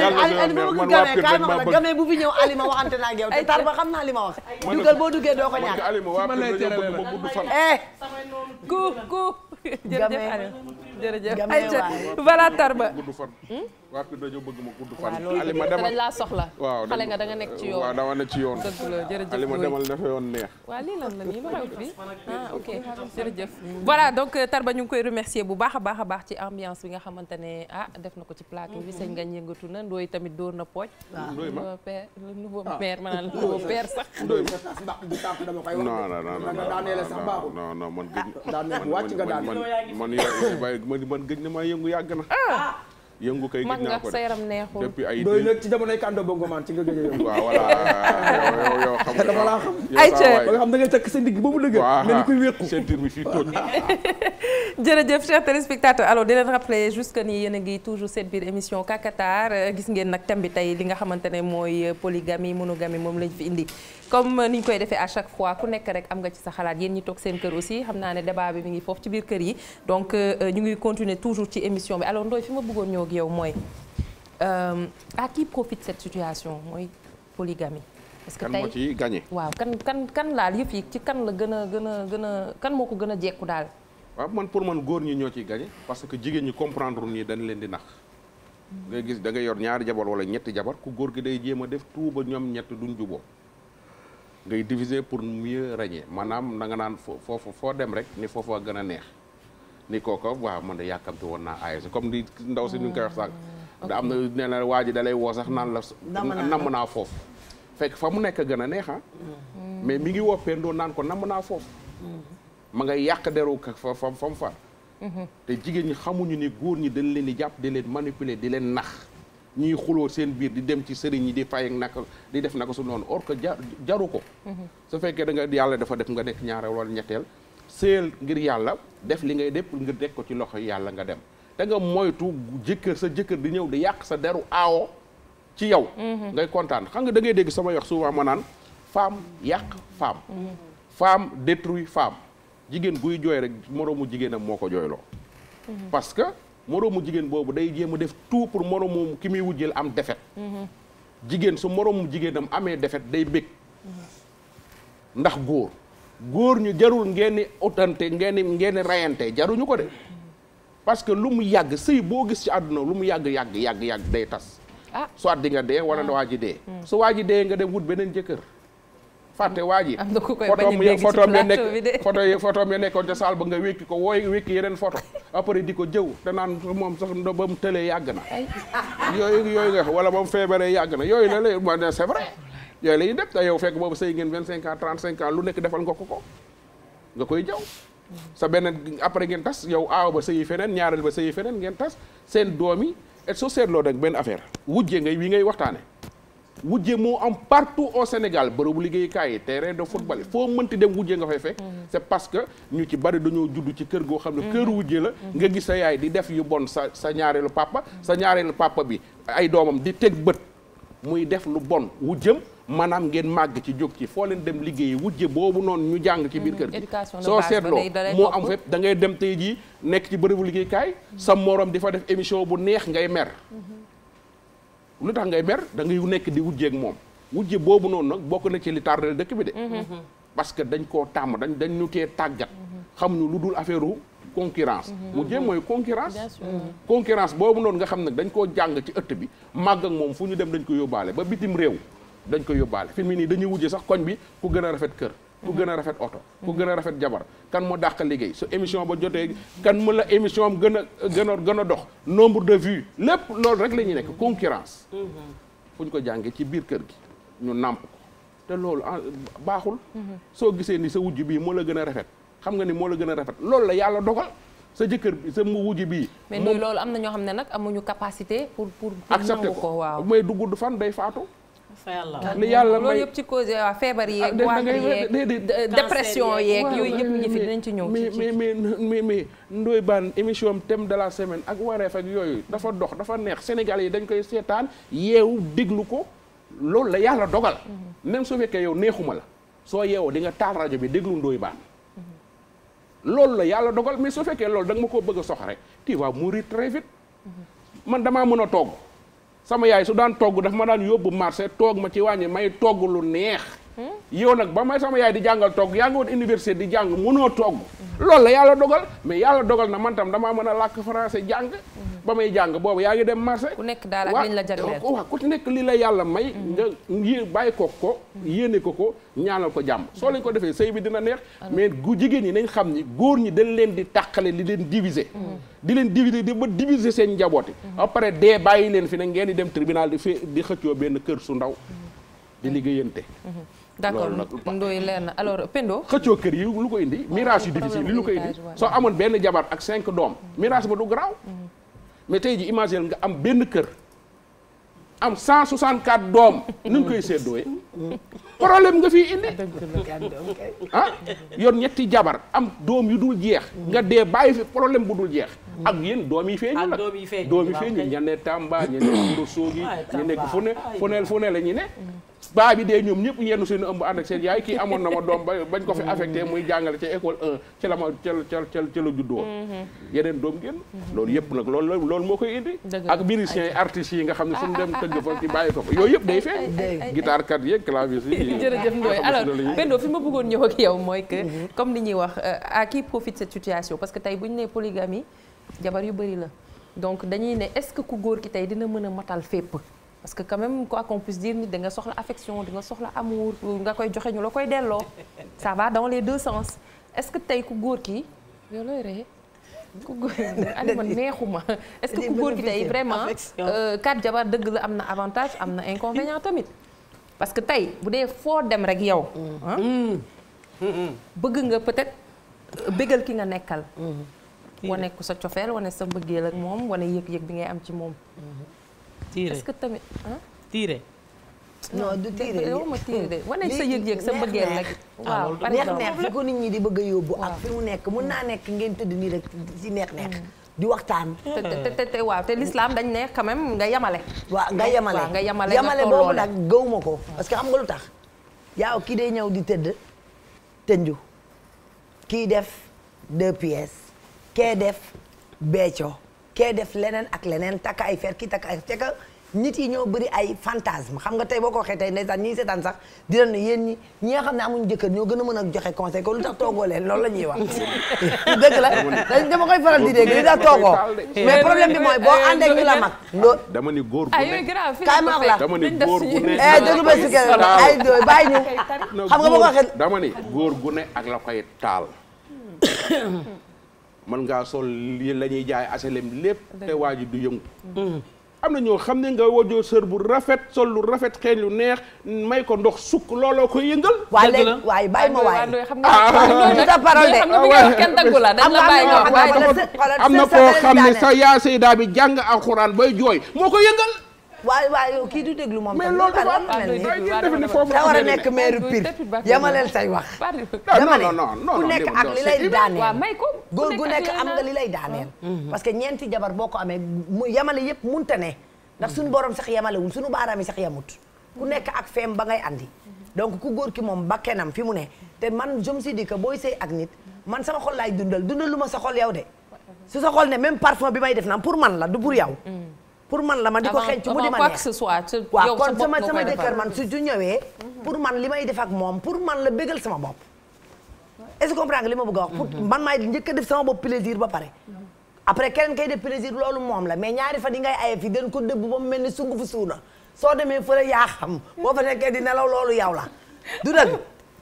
yàlla na ko yoon neex man waa Kër dañ maa bëgg gamee bu fi Alima waxante naa ak yow te naa li ma wax. dugal boo duggee doo ko ñàkk. Alima waa Kër dañoo bëgg ma gudd fan. Eh! ku ku jërëjëf Alima jërëjëf. voilà tar ba gudd hmm? waa Pire dañoo bëgg laa soxla. waaw xale nga da nga nekk ci yoon. waaw yoon. dëgg la jërëjëf Alima demal na fa yoon neex. waaw lii lan la nii lu ah, euh, ñu ngi koy remercier bu baax a baax a baax ci ambiance bi nga xamante ne ah def na ko ci plaque bi mm-hmm. sëñ nga yëngatu na ndooy tamit dóor na pooj. waaw ah. ma nouveau père nouveau ah. père maanaam nouveau père sax. ndooy ma man gëj. man gëj na maa yëngu yàgg na yëngu kay gis naa ko depuis ay doy nag ci jamonoy kàndo bongo man ci nga gëj a yëngu ba nga xam da ngay takk sa ndigg ba mu dëgg mel ni kuy wéqu ceinture bi fii tóoj jërëjëf chers téléspectateurs alors di jusque ni yéen a ngi toujours cette biir émission Kakatar gis ngeen nag thème bi tey li nga xamante ne mooy polygamie monogamie moom lañ fi indi comme ni ñu koy defee à chaque fois ku nekk rek am nga ci sa xalaat yéen ñi toog seen kër aussi xam naa ne débat bi mi ngi ci biir kër yi donc euh, ñu ngi continuer toujours ci émission bi alors Ndoye fi ma ñëw ak yow mooy à qui profite cette situation mooy polygamie. parce que tey kan moo ci gagné. waaw kan kan kan laal yëf yi ci kan la gën a gën a gën a kan moo ko gën a jekku daal. waaw man pour man góor ñi ñoo ciy gagné parce que jigéen ñi comprendre nii dañ leen di nax. ngay gis da nga yor ñaari jabar wala ñetti jabar ku góor gi day jéem a def tout ba ñoom ñett duñ juboo ngay diviser pour mieux régner maanaam na nga naan foofu foo dem rek ni foofu gën a neex. ni kooka waaw man de yàkkamti woon naa ASC comme di ndaw si ñu ngi koy wax da ah, am na nee na waa da lay woo sax naan la namm naa foofu fekk fa mu nekk gën a neex ah. mm-hmm. mais mi ngi woppee ndoon naan ko namm naa foofu mm-hmm. ma nga yàq deru fa fa fa mu far mm-hmm. te jigéen ñi xamuñu ni góor ñi dañ leen di jàpp di leen manipuler di leen nax ñuy xuloo seen biir di dem ci sëriñ yi di fay naka di def naka su noonu or que jaru ko su fekkee da yàlla dafa def nga nekk ñaareel wala ñetteel sëyal ngir yàlla def li ngay def nga teg ko ci loxo yàlla nga dem te nga moytu jëkkër sa jëkkër di ñëw di yàq sa deru aawo ci yow. Mm-hmm. ngay kontaan xam nga da ngay dégg sama wax souvent ma naan femme yàq femme. Mm-hmm. femme détruit femme jigéen buy jooy rek moroomu jigéenam moo ko jooyloo. Mm-hmm. parce que moroomu jigéen boobu day jéem a def tout pour moroomu ki muy wujjeel am defet. jigéen su moroomu jigéenam amee defet day bég ndax góor. góor ñu jarul ngeen ni utante ngeen ni ngeen ni rayante jaruñu ko de parce que lu mu yàgg sëy boo gis ci àdduna lu mu yàgg yàgg yàgg yàgg day tas. ah soit di nga dee wala na ah. waa ji dee. Hmm. su waa ji dee nga dem wut beneen jëkkër. fàtte waa ji. am na ku koy bañ a photo ya nekk photo ya photo ya ba nga wékki ko wooy wékki yeneen photo après di ko jëw te naan moom sax ba mu tëlee yàgg na. yooyu yooyu nga wala ba mu feebaree yàgg na yooyu la lay c'est vrai. yooyu la ñuy te yow fekk boobu sëy ngeen vingt cinq ans trente cinq ans lu nekk defal nga ko ko nga koy jaw sa benn après ngeen tas yow aaw ba sëyi feneen ñaareel ba sëyi feneen ngeen tas seen doom yi et soo seetloo rek benn affaire wujje ngay wi ngay waxtaane wujje moo am partout au Sénégal bërëbu liggéeykaay yi terrain de football yi foo mënti dem wujje nga fay fekk mm-hmm. c'est parce que ñu ci bari ñoo judd ci kër goo xam ne kër mm-hmm. wujje la mm-hmm. nga gis sa yaay di def yu bon sa sa ñaareelu papa sa ñaareelu papa bi ay doomam di teg bët muy def lu bon wujjëm maanaam ngeen màgg ci jóg ci foo leen dem liggéeyi wujje boobu noonu ñu jàng ci biir mm, kër gi soo seetloo moo am fépp da ngay dem tey jii nekk ci bërëbu liggéeykaay sa morom di fa def émission bu neex ngay mer mm-hmm. lu tax ngay mer da ngay nekk di wujjeek moom wujje boobu noonu nag bokk na ci li tardel dëkk bi de mm-hmm. parce que dañ ko tàmm dañ dañ ñu tee tàggat mm-hmm. xam ñu lu dul affaire u concurrence mu mooy concurrence concurrence boobu noonu nga xam nag dañ koo jàng ci ëtt bi màgg moom fu ñu dem dañ ko yóbbaale ba bitim réew dañ koy yóbbaale fi mu nii dañuy wujje sax koñ bi ku gën a rafet kër ku gën a rafet oto ku gën a rafet jabar kan moo dàq liggéey su émission ba jotee kan mu la émission am gën a gën a dox nombre de vues lépp loolu rek la ñuy nekk concurrence mm-hmm. fu ko jàngee ci biir kër gi ñu nàmp te loolu ah, baaxul mm-hmm. soo gisee ni sa wujj bii moo la gën a rafet xam nga ni moo la gën a rafet loolu la yàlla dogal sa jëkkër bi sa mu wujj bii mais loolu am na ñoo xam ne nag amuñu capacité pour pour accepter ko waaw mais du fan day faatu li yàlla may loolu yëpp ci cause waaw feebar yeeg ah, dépression yeeg yooyu yëpp ñu ñëw mais mais mais mais mais Ndoye Bane émission am de la semaine ak wareef ak yooyu dafa dox dafa neex Sénégal yi dañ koy seetaan yeewu déglu ko loolu la yàlla dogal mm-hmm. même su fekkee yow neexuma la soo yeewoo di nga taal rajo bi déglu Ndoye Bane mm-hmm. loolu la yàlla dogal mais su fekkee loolu da ma ko bëgg a soxare tu vas mourir très vite mm-hmm. man damaa mën a togg sama yaay su daan togg dafa ma daan yóbbu marché toog ma ci wàññi may togg lu neex yow nag ba may sama yaay di jàngal togg yaa ngi woon université di jàng mënoo togg lool la yàlla dogal mais yàlla dogal na man tam damaa mën a làkk français jàng ba may jàng boobu yaa ngi dem marché ku nekk daal ak liñ la jagleel ko ku nekk li la yàlla may nga yi bàyyi ko ko yéene ko ko ñaanal ko jàmm soo leen ko defee sëy bi dina neex mais gu jigéen ñi nañ xam ni góor ñi dañ leen di tàqale li leen diviser mm-hmm. di leen diviser di ba diviser seen njabooti mm-hmm. après dee bàyyi leen fi ne ngeen di dem tribunal di fi di xëccoo benn kër su ndaw mm-hmm. di liggéeyante d'accord ndoy leer na alors Pendo. xëccoo kër yi lu ko indi. miraas yu difficile lu ko indi. soo amoon benn jabar ak cinq doom. miraas ba du garaaw. Mm-hmm. mais tey ji imaginer nga am benn kër. am 164 doom nu ngi koy séddooyee mm-hmm. problème nga fii indi ah yoon ñetti jabar am doom yi dul jeex mm-hmm. nga dee bàyyi fi problème bu dul jeex ak yéen doom yi feeñu la doom yi feeñu ña ne Tamba ña ne Ourossogui ña nekk fu ne la ñu ne baa bi dee ñoom ñëpp yenn seen ëmb ànd ak seen yaay kii amoon na ma doom ba bañ ko fi mm-hmm. affecté muy jàngale ca école 1 ci la ma ca ca ca ca mm-hmm. yeneen doom génn mm-hmm. loolu yëpp nag lool loolu moo koy indi ak musiciens yi yi nga xam ne suñu dem tëgg fa ci bàyyi ko fa yooyu yëpp day feeñ guitare kat yeeg clavier yi jërëjëf Ndoye alors Pendo fi ma bëggoon ñëw ak yow mooy que comme ni ñuy wax euh, à qui cette situation parce que tey bu ñu nee polygamie jabar yu la donc dañuy ne est-ce que ku góor ki tey dina mën a matal fépp parce que quand même quoi qu'on puisse dire nit da nga soxla affection di nga soxla amour nga koy joxe ñu la koy delloo ça va dans les deux sens est-ce que tey ku góor ki yow looy ree ku góor anima neexuma est-ce que ku góor ki tey vraiment euh, quatre na avantage am na inconvénient tamit parce que tey bu dee foo dem rek yow mm. Mm. bëgg nga peut-être bëggal ki nga nekkal mm. wane ko sa cofeel wane sa mbëggeel ak moom wane yëg-yëg bi ngay am ci moom mm-hmm. tiire est tamit ah. tiire. non du tiire de wane sa yëg-yëg sa bëggeel rek. Ah, neex neex fi ko nit ñi di bëgg a yóbbu. ak fi mu nekk mun naa nekk ngeen tëdd nii rek ci neex neex. Mm. di waxtaan. te te te waaw dañ ne quand nga yamale. waaw nga yamale nga yamale yamale boobu nag gëw ko. parce que xam nga lu tax. yaaw kii day ñëw di tëdd. tënju. kii def deux kee def beeco. kee def leneen ak leneen takk ay fer kii takk ay te ka nit yi ñoo bëri ay fantasme xam nga tey boo ko waxee ne ndeysaan ñii seetaan sax di leen ne yéen ñi ñi nga xam ne amuñu jëkkër ñoo gën a mën a joxe conseil kon lu tax toogoo leen loolu la ñuy wax dëgg dama koy faral di dégg li tax toogoo mais problème bi mooy boo àndee ñu la ah, kaay ma wax la dama ni góor bu nekk eh, ay déglu ba si kër ay dooy bàyyi xam nga boo ko waxee dama ni góor gu ne ak la taal man ngaa sol la ñuy jaay aselem lépp te waa ji du yëngu mm-hmm. am na ñoo xam ne nga wajoo sër bu rafet sol lu rafet xeeñ lu neex may ko ndox sukk looloo koy yëngal. waaye léegi waaye bàyyi ma waaye. Ah. Ah, am na koo xam ne sa yaa saydaa bi jàng alxuraan booy jooy moo ko yëngal. waaye waaye kii du déglu moom. mais loolu dafa am da war a nekk maire pire yamaleel say wax. dama ne ku nekk ak li lay daaneel. góor mm-hmm. gu mm-hmm. parce que ñeenti jabar boo ko amee mu yamale yëpp munta ne ndax suñu borom sax yamalewul suñu baaraam yi sax yamut. ku nekk ak feem ba ngay andi. donc ku góor ki moom ba nam fi mu ne te man je me suis dit booy sëy ak nit man sama xol laay dundal dundal lu ma sa yaw yow de su sa xol ne même parfum bi may def naan pour man la du pour yow. Mm-hmm. pour man la man di ko xenc mu di man neex waaw kon sama sama jëkkër man su du ñëwee mm-hmm. pour man li may def ak moom pour man la bégal sama bopp est-ce que comprendre nga li ma bëgg a wax pour mm-hmm. man maay njëkk a def sama bopp plaisir ba pare mm-hmm. après keneen kay def plaisir loolu moom la mais ñaari fa yi ngay aye fi dañ ko dëbb ba mu mel ni sungu fu suuna soo demee fële yaa xam boo fa nekkee di law loolu yow la du dëgg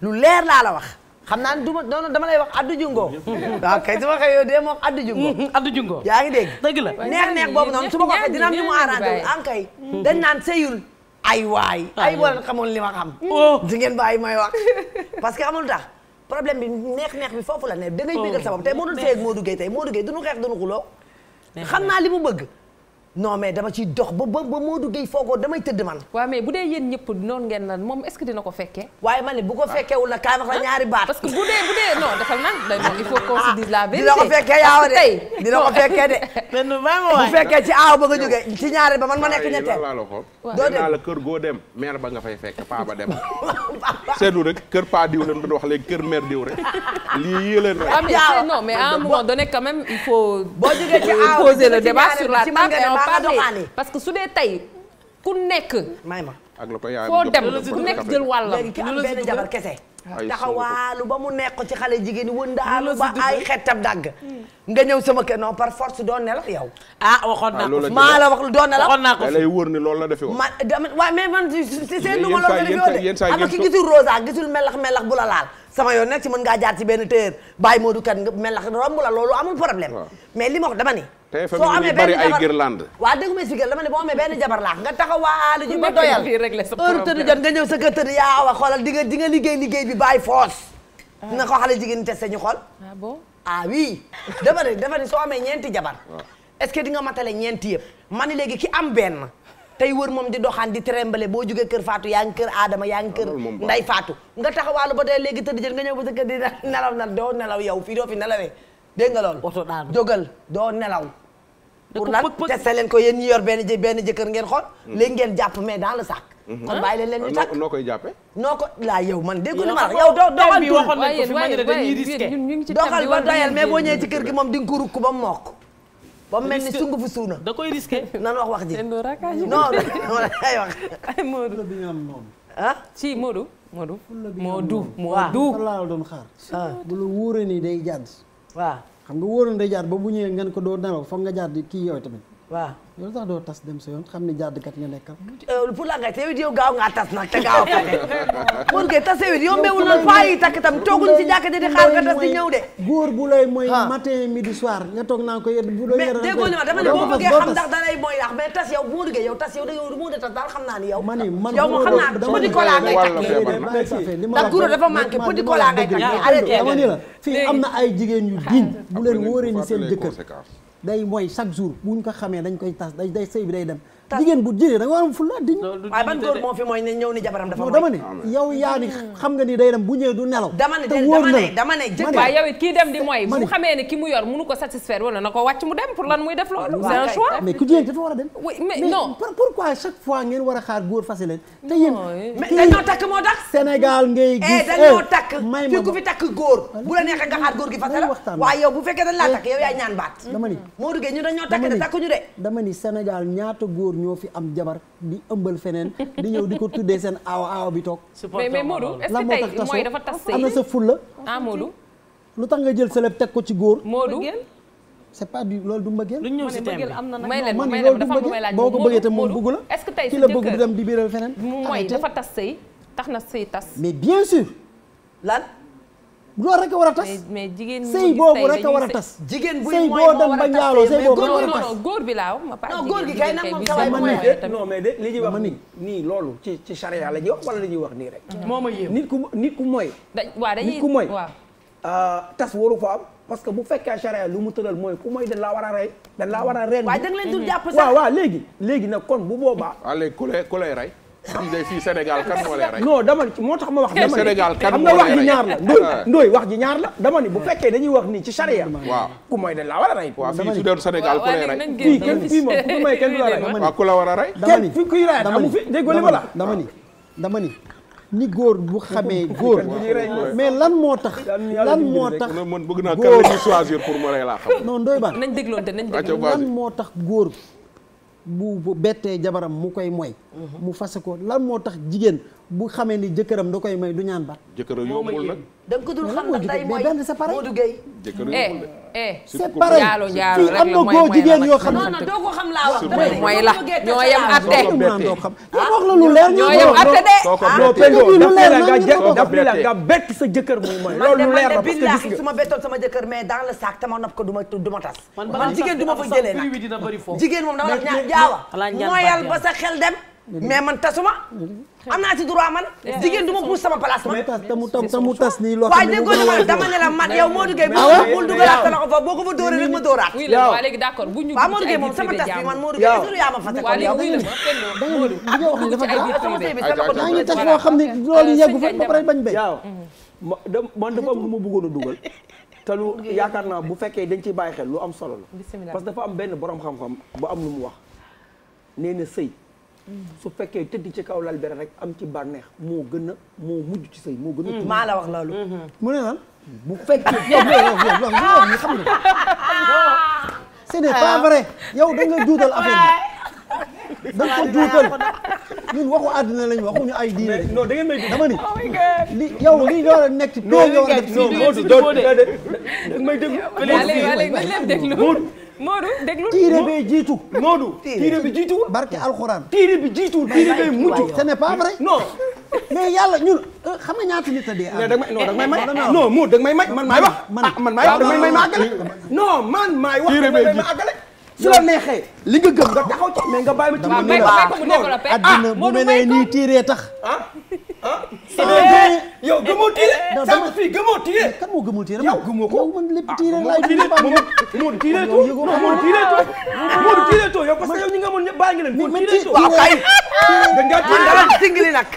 lu leer laa la wax xam naa ne du ma dama lay wax addu jungo waaw kay su ma moom addu jungo yaa ngi dégg dëgg la neex neex boobu noonu su ma ko waxee dina am ñu mu arrangé am kay dañ naan sëyul ay waay ah, ay boo leen xamoon li ma xam di oh. ngeen bàyyi may wax parce que xamul tax problème bi neex neex bi foofu la ne da ngay oh. bégal sa bopp tey moo doon sëy ak Modou Gueye tey Modou Gueye duñu xeex duñu xuloo naa li mu bëgg non mais dama ciy dox ba ba ba Modou Gueye foogoo damay tëdd man. waaw mais bu dee yéen ñëpp noonu ngeen naan moom est-ce que dina ko fekkee. waaye ma ne bu ko fekkeewul nag kaay wax la ah, ñaari baat. parce que bu dee bu dee non defal naan day moom il faut qu'on se dise la ah, vérité. dina ko fekkee yaaw de dina ko fekkee de. mais bu fekkee ci aaw nga jógee ci ñaari ba man ma nekk ñetteel. waaw doo dem la kër goo dem meer ba nga fay fekk paa ba dem. seetlu rek kër paa diw leen doon wax léegi kër meer diw rek lii yii leen rek. am non mais à un moment donné quand même il nga doxaani parce que su dee tey ku nekk. may ma ak la ko yaay foo dem ku nekk jël wàllam. léegi ki am benn jabar kese. taxawaalu ba mu nekk ci xale jigéen ñi wëndaalu ba ay xetam dagg. nga ñëw sama ke non par force doon nelaw yow. ah waxoon ah, naa ko maa wax doon nelaw. waxoon naa ko loolu la defee woon. ma dama waaye mais si seen. lu ma loolu la de am ki gisul rosa gisul melax melax bu la laal. sama yoon nekk ci mën ngaa jaar ci benn téer bàyyi Modou Kane nga mel la romb la loolu amul problème mais li ma wax dama ni soo amee benn jabar waa dégg ma expliqué dama ne boo amee benn jabar laa nga taxawaalu ji ba doyal heure tëdd jot nga ñëw sa kër tëdd yaa awa xoolal di nga liggéey liggéey bi bàyyi foos ah. na ko xale jigéen testé ñu xool ah, ah oui dama ne soo amee ñeenti jabar est-ce que di nga matale ñeenti yëpp ma ni léegi ki am benn tey wër moom di doxaan di bale boo jógee kër Fatou yaa ngi kër Adama yaa ngi kër Nday Fatou nga taxawaalu ba tey léegi tëdd jël nga ñëw ba sa kër di nelaw na doo nelaw yow fii doo fi nelawee dégg nga lool oto daanu doo nelaw pour lan testé ko yéen ñi yor benn jë benn jëkkër ngeen xool léegi ngeen jàpp mais dans le sac kon bàyyi leen leen ñu takk noo koy jàppe noo ko laa yow man déggu ni ma yow doo doxal tuuti ba doyal mais boo ñëwee ci kër gi moom di nga ko ba mook ba mu mel ni sungufu suuna. da koy risqué nan wax wax ji. te loolu rakaaj non non ay wax. ay Modou la bi ñu am noonu. ah ci Modou. Modou Modou Modou. fan laa la doon xaar. Ah. bu la wóoree ni day jàdd. waa xam nga wóoree ni day jàdd ba bu ñëwee nga ne ko doo nelaw foog nga jàdd kii yow tamit. waaw loolu tax doo tas dem sa yoon xam ne jàddkat nga nekkal. Euh, pour la nga sewit yow gaaw ngaa tas nag te gaaw ko bu lay mooy matin midi soir nga toog naa ko yedd bu lay yore. mais déggoo ne boo tas yow bu mu yow tas tas daal xam naa ni yow. man man ngay takk ndax guro dafa la fii am na ay jigéen yu diñ bu leen wóoree ni seen jëkkër day mooy chaque jour bu ñu ko xamee dañ koy tas day day sëy bi day dem tas jigéen bu jigéen da a fulla diñ waaye ban góor moo fi mooy ne ñëw mm. xam nga ni day dem bu du nelaw dama ne dama ne kii dem di mooy bu xamee ne ki mu yor mënu ko satisfaire wala na ko wàcc mu dem pour muy def loolu ah, c'est ku jigéen dafa war a dem mais non pourquoi chaque fois ngeen a eh. ngay eh, gis dañoo eh, takk fii ku la neexee nga xaar góor bu fekkee dañ laa takk yow yaay ñu de takkuñu de ñaata góor ñoo fi am jabar di ëmbal feneen di ñëw di ko tuddee seen aaw aaw bi toog. mais mais Modou est-ce que tey mooy dafa tas sëy am sa fulla ah Modou. lu tax nga jël célèbre teg ko ci góor. Modou c'est pas du loolu du mbëggeel. lu ñëw si thème bi may leen may leen dafa am lu may boo ko bëggee tam moom bëggu la. est-ce que tey ki la bëgg du dem di biiral feneen. mooy dafa tas sëy tax na sëy tas. mais bien sûr lan. loolu rek a war a tas mais jigéen sëy boobu rek war a tas. jigéen buy mooy moo war a tas mais góor non bi laa ma pas góor gi kay ma ne loolu ci ci charia la wala li ñuy wax nii rek. moo ma yéem nit ku nit ku mooy. da waaw dañuy nit ku mooy. Ah, tas waru fa parce que bu fekkee charia lu mu tëral mooy ku mooy dañ laa war a rey. dañ laa war a reen waaw waa nga leen dul jàpp sax waaw waaw léegi. léegi nag kon bu boobaa. waaw léegi ku lay ku lay rey. Sanjay fii Sénégal kan moo lay rey. non dama moo tax ma wax. dama ni Sénégal kan moo lay rey xam nga ah. wax ji ñaar la. ndooy bu ah. fekkee dañuy wax nii ci charia. waaw ku mooy dañ laa a rey. waaw fii su ku la war a rey. dama ni kenn kuy rey amu ni dama góor bu xamee góor mais lan moo tax lan moo tax man bëgg naa kan la ñuy laa xam. nañ dégloonte nañ lan moo tax góor bu bettee jabaram mu koy moy mhm. mu fase ko lan moo tax jigéen bu xamee ni jëkkëram da koy may du ñaan ba jëkkëram yombul nag. da nga ko dul xam ndax day mooy Modou Gueye. jëkkëram yombul de. c'est pareil jaalo jaalo la mooy am na góor jigéen yoo xam ne. non non doo ko xam laa wax. mooy la ñoo yem xam wax la lu leer ñoo yem atte de. soo ko bettee daf la nga bett sa jëkkër muy mooy. loolu leer la su ma bettoon sama jëkkër mais dans le sac nopp ko du ma du ma tas. man jigéen du ma fa jëlee nag jigéen moom dama la ñaan jaawa mooyal ba sa xel dem mais man tasuma. am naa ci droit man. jigéen du ma puus sama place man. tamu tamu tas nii loo xam ne la man ah ma dóoraat. oui sama tas bi man Modou Gueye loolu yaa ma fàtte. waaw léegi wuyu la ma fenn Modou. ah bu ñu ci ay biir privé maa ngi tas foo xam ne mm-hmm. dafa am lu ma bëggoon dugal. te lu yaakaar naa bu fekkee dañ ciy bàyyi xel lu am solo la. parce que dafa am benn borom xam-xam bu am lu mu wax nee na sëy su fekkee tëdd ci kaw lal bi rek am ci bànneex moo gën a moo mujj ci sëy moo gën a. maa wax loolu. mu ne lan bu fekk yow yow yow xam nga. ce n'est pas vrai yow da nga juutal affaire bi da nga ko juutal ñun waxu àddina lañ waxuñu ay diine. non da ngeen may dama ni li yow li nga a nekk ci. non non non non non non non non non non non non non non non non Modou déglu tiire bee jiitu. Modou tiire bi jiituwul. barke alxuraan. tiire bi jiituwul tiire bee mujj. ce n'est pas vrai. non mais yàlla ñun xam nga ñaata nit a dee. mais danga may may may may man maay wax. man ah, man maay wax danga may may ma wax danga may ma su la neexee li nga gëm nga taxaw ci mais nga bàyyi ma ci. adduna ah, bu mel ne nii tiiree tax. ah, ah. Eh. yow gëmoo tiire. Eh, sànq fii gëmoo tiire. kan moo gëmul tiire yow gëmoo ko yow man lépp ah, tiire laay tiire ba moom moom tiire too moom tiire too moom tiire too yow parce que yow ñi nga amoon ñëpp bàyyi nga leen moom tiire too waaw kay da ngaa tiire dara singili nag.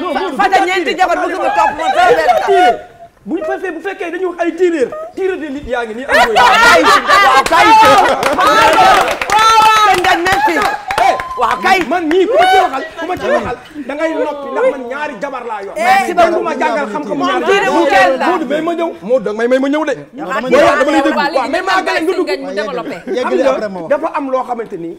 non moom du taa tiire fada ñeenti jabar bëgg nga topp ma bu ñu fekkee bu fekkee dañuy wax ay tireur tireur de lutte yaa ngi nii am. waaw kay waaw kay. waaw waaw. waaw kay man ñii ku ma ci waxal ku ma ci waxal da man ñaari jabar laa yor. Eh, si ba lu ma jàngal xam-xam ñaari jabar Modou may ma ñëw de. a dafa am loo xamante ni.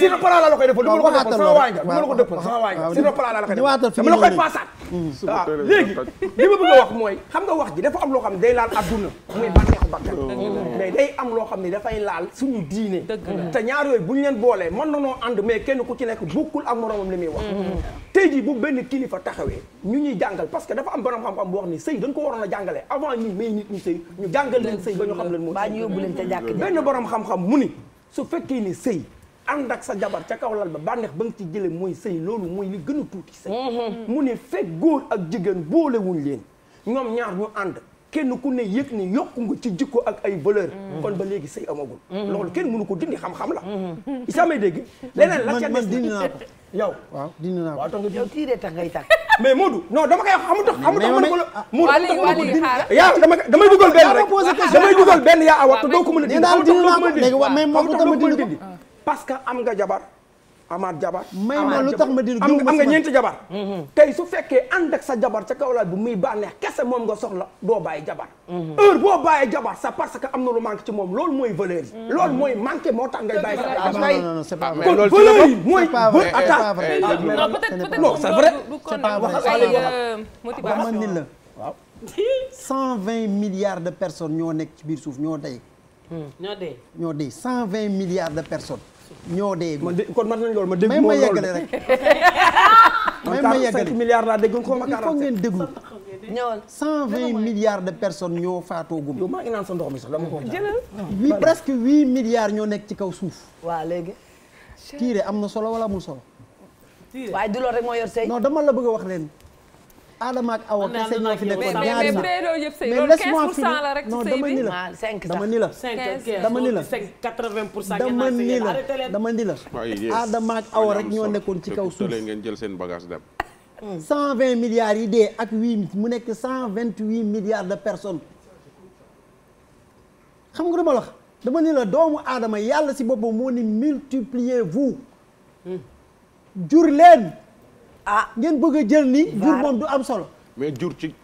si la la koy defal du ma la ko defal sama waay nga du ma la ko defal sama waay nga si le plan la la koy defal dama la koy paasaat waaw mm. ah, léegi li a dafa am loo xam day laal adduna muy bànneexu bakkan oh. mais day am loo xam dafay laal suñu diine te ñaar yooyu ñu leen boolee mën nanoo ànd mais kenn ku ci nekk bokkul ak moroomam li muy wax mm-hmm. tey jii bu benn kilifa taxawee ñu ñuy jàngal parce que dafa am borom xam-xam bu wax ni sëy dañ ko waroon a jàngale avant ñuy may nit ñu ñu jàngal leen sëy ba ñu xam leen moo ñu yóbbu leen ca jàkk benn borom xam-xam mu ni su fekkee ni sëy ànd ak sa jabar ca kaw lal ba bànneex ba nga ci jële mooy sëy loolu mooy li gën a tuuti sëy mm-hmm. mu ni fekk góor ak jigéen boolewuñ leen ñoom ñaar ñu ànd kenn ku ne yëg ni yokku nga ci jikko ak ay valeur mm. kon ba léegi sëy amagul mm. loolu kenn mënu ko dindi xam-xam la mm. isa may dégg leneen la ca des dindi naa ko yow waaw dindi naa ko waaw yow tiiree tax ngay tax mais Modou non dama koy xamu tax xamu tax mënu ko la ah, Modou yaa dama benn ah, rek damay dugal benn yaa a ah, waxtu doo ko mën a dindi léegi mais que am nga jabar amaat jabar. may ma lu tax ma di am nga ñeenti jabar. Mm-hmm. tey su fekkee ànd ak sa jabar ca kaw bu muy bànneex kese moom nga soxla doo bàyyi jabar. Mm-hmm. heure boo bàyyi jabar c'est parce que am na lu manqué ci moom loolu mooy valeur yi. Mm-hmm. loolu mooy manqué moo tax ngay bàyyi sa jabar. non non c'est pas ah, vrai kon valeur mooy. attaque non peut euh, la waaw. 120 milliards de personnes ñoo nekk ci biir suuf ñoo dee. Hmm. ñoo dee ñoo dee 120 milliards de personnes. ñoo dee man de kon man nañ loolu ma dégg moom loolu mais ma yeggale rek. mais ma yeggale 45 milliards laa dégg xaw ma 47 il faut ngeen déglu. ñëwal 120 milliards de personnes ñoo faatoo gum. yow maa ngi naan sa ndox mi sax dama ko jëlal. presque 8 milliards ñoo nekk ci kaw suuf. waaw léegi. tiire am na solo wala amul solo. tiire waaye du loolu rek moo yor sëy. non dama la bëgg a wax leen. Adama ak Awa kese ñoo fi nekkoon ñaari na mais laisse-moi finir non ah, dama ni la dama ni la dama ni la dama ni ak Awa rek ñoo nekkoon ci kaw suuf ngeen jël seen bagage dem hmm. cent vingt milliards yi dee ak huit mu nekk cent vingt huit milliards de personnes xam nga dama la dama ni la doomu aadama yàlla si boppam moo ni multipliez vous hmm. jur leen ah ngeen bëgg a jël ni jur moom du am solo. mais jur ci.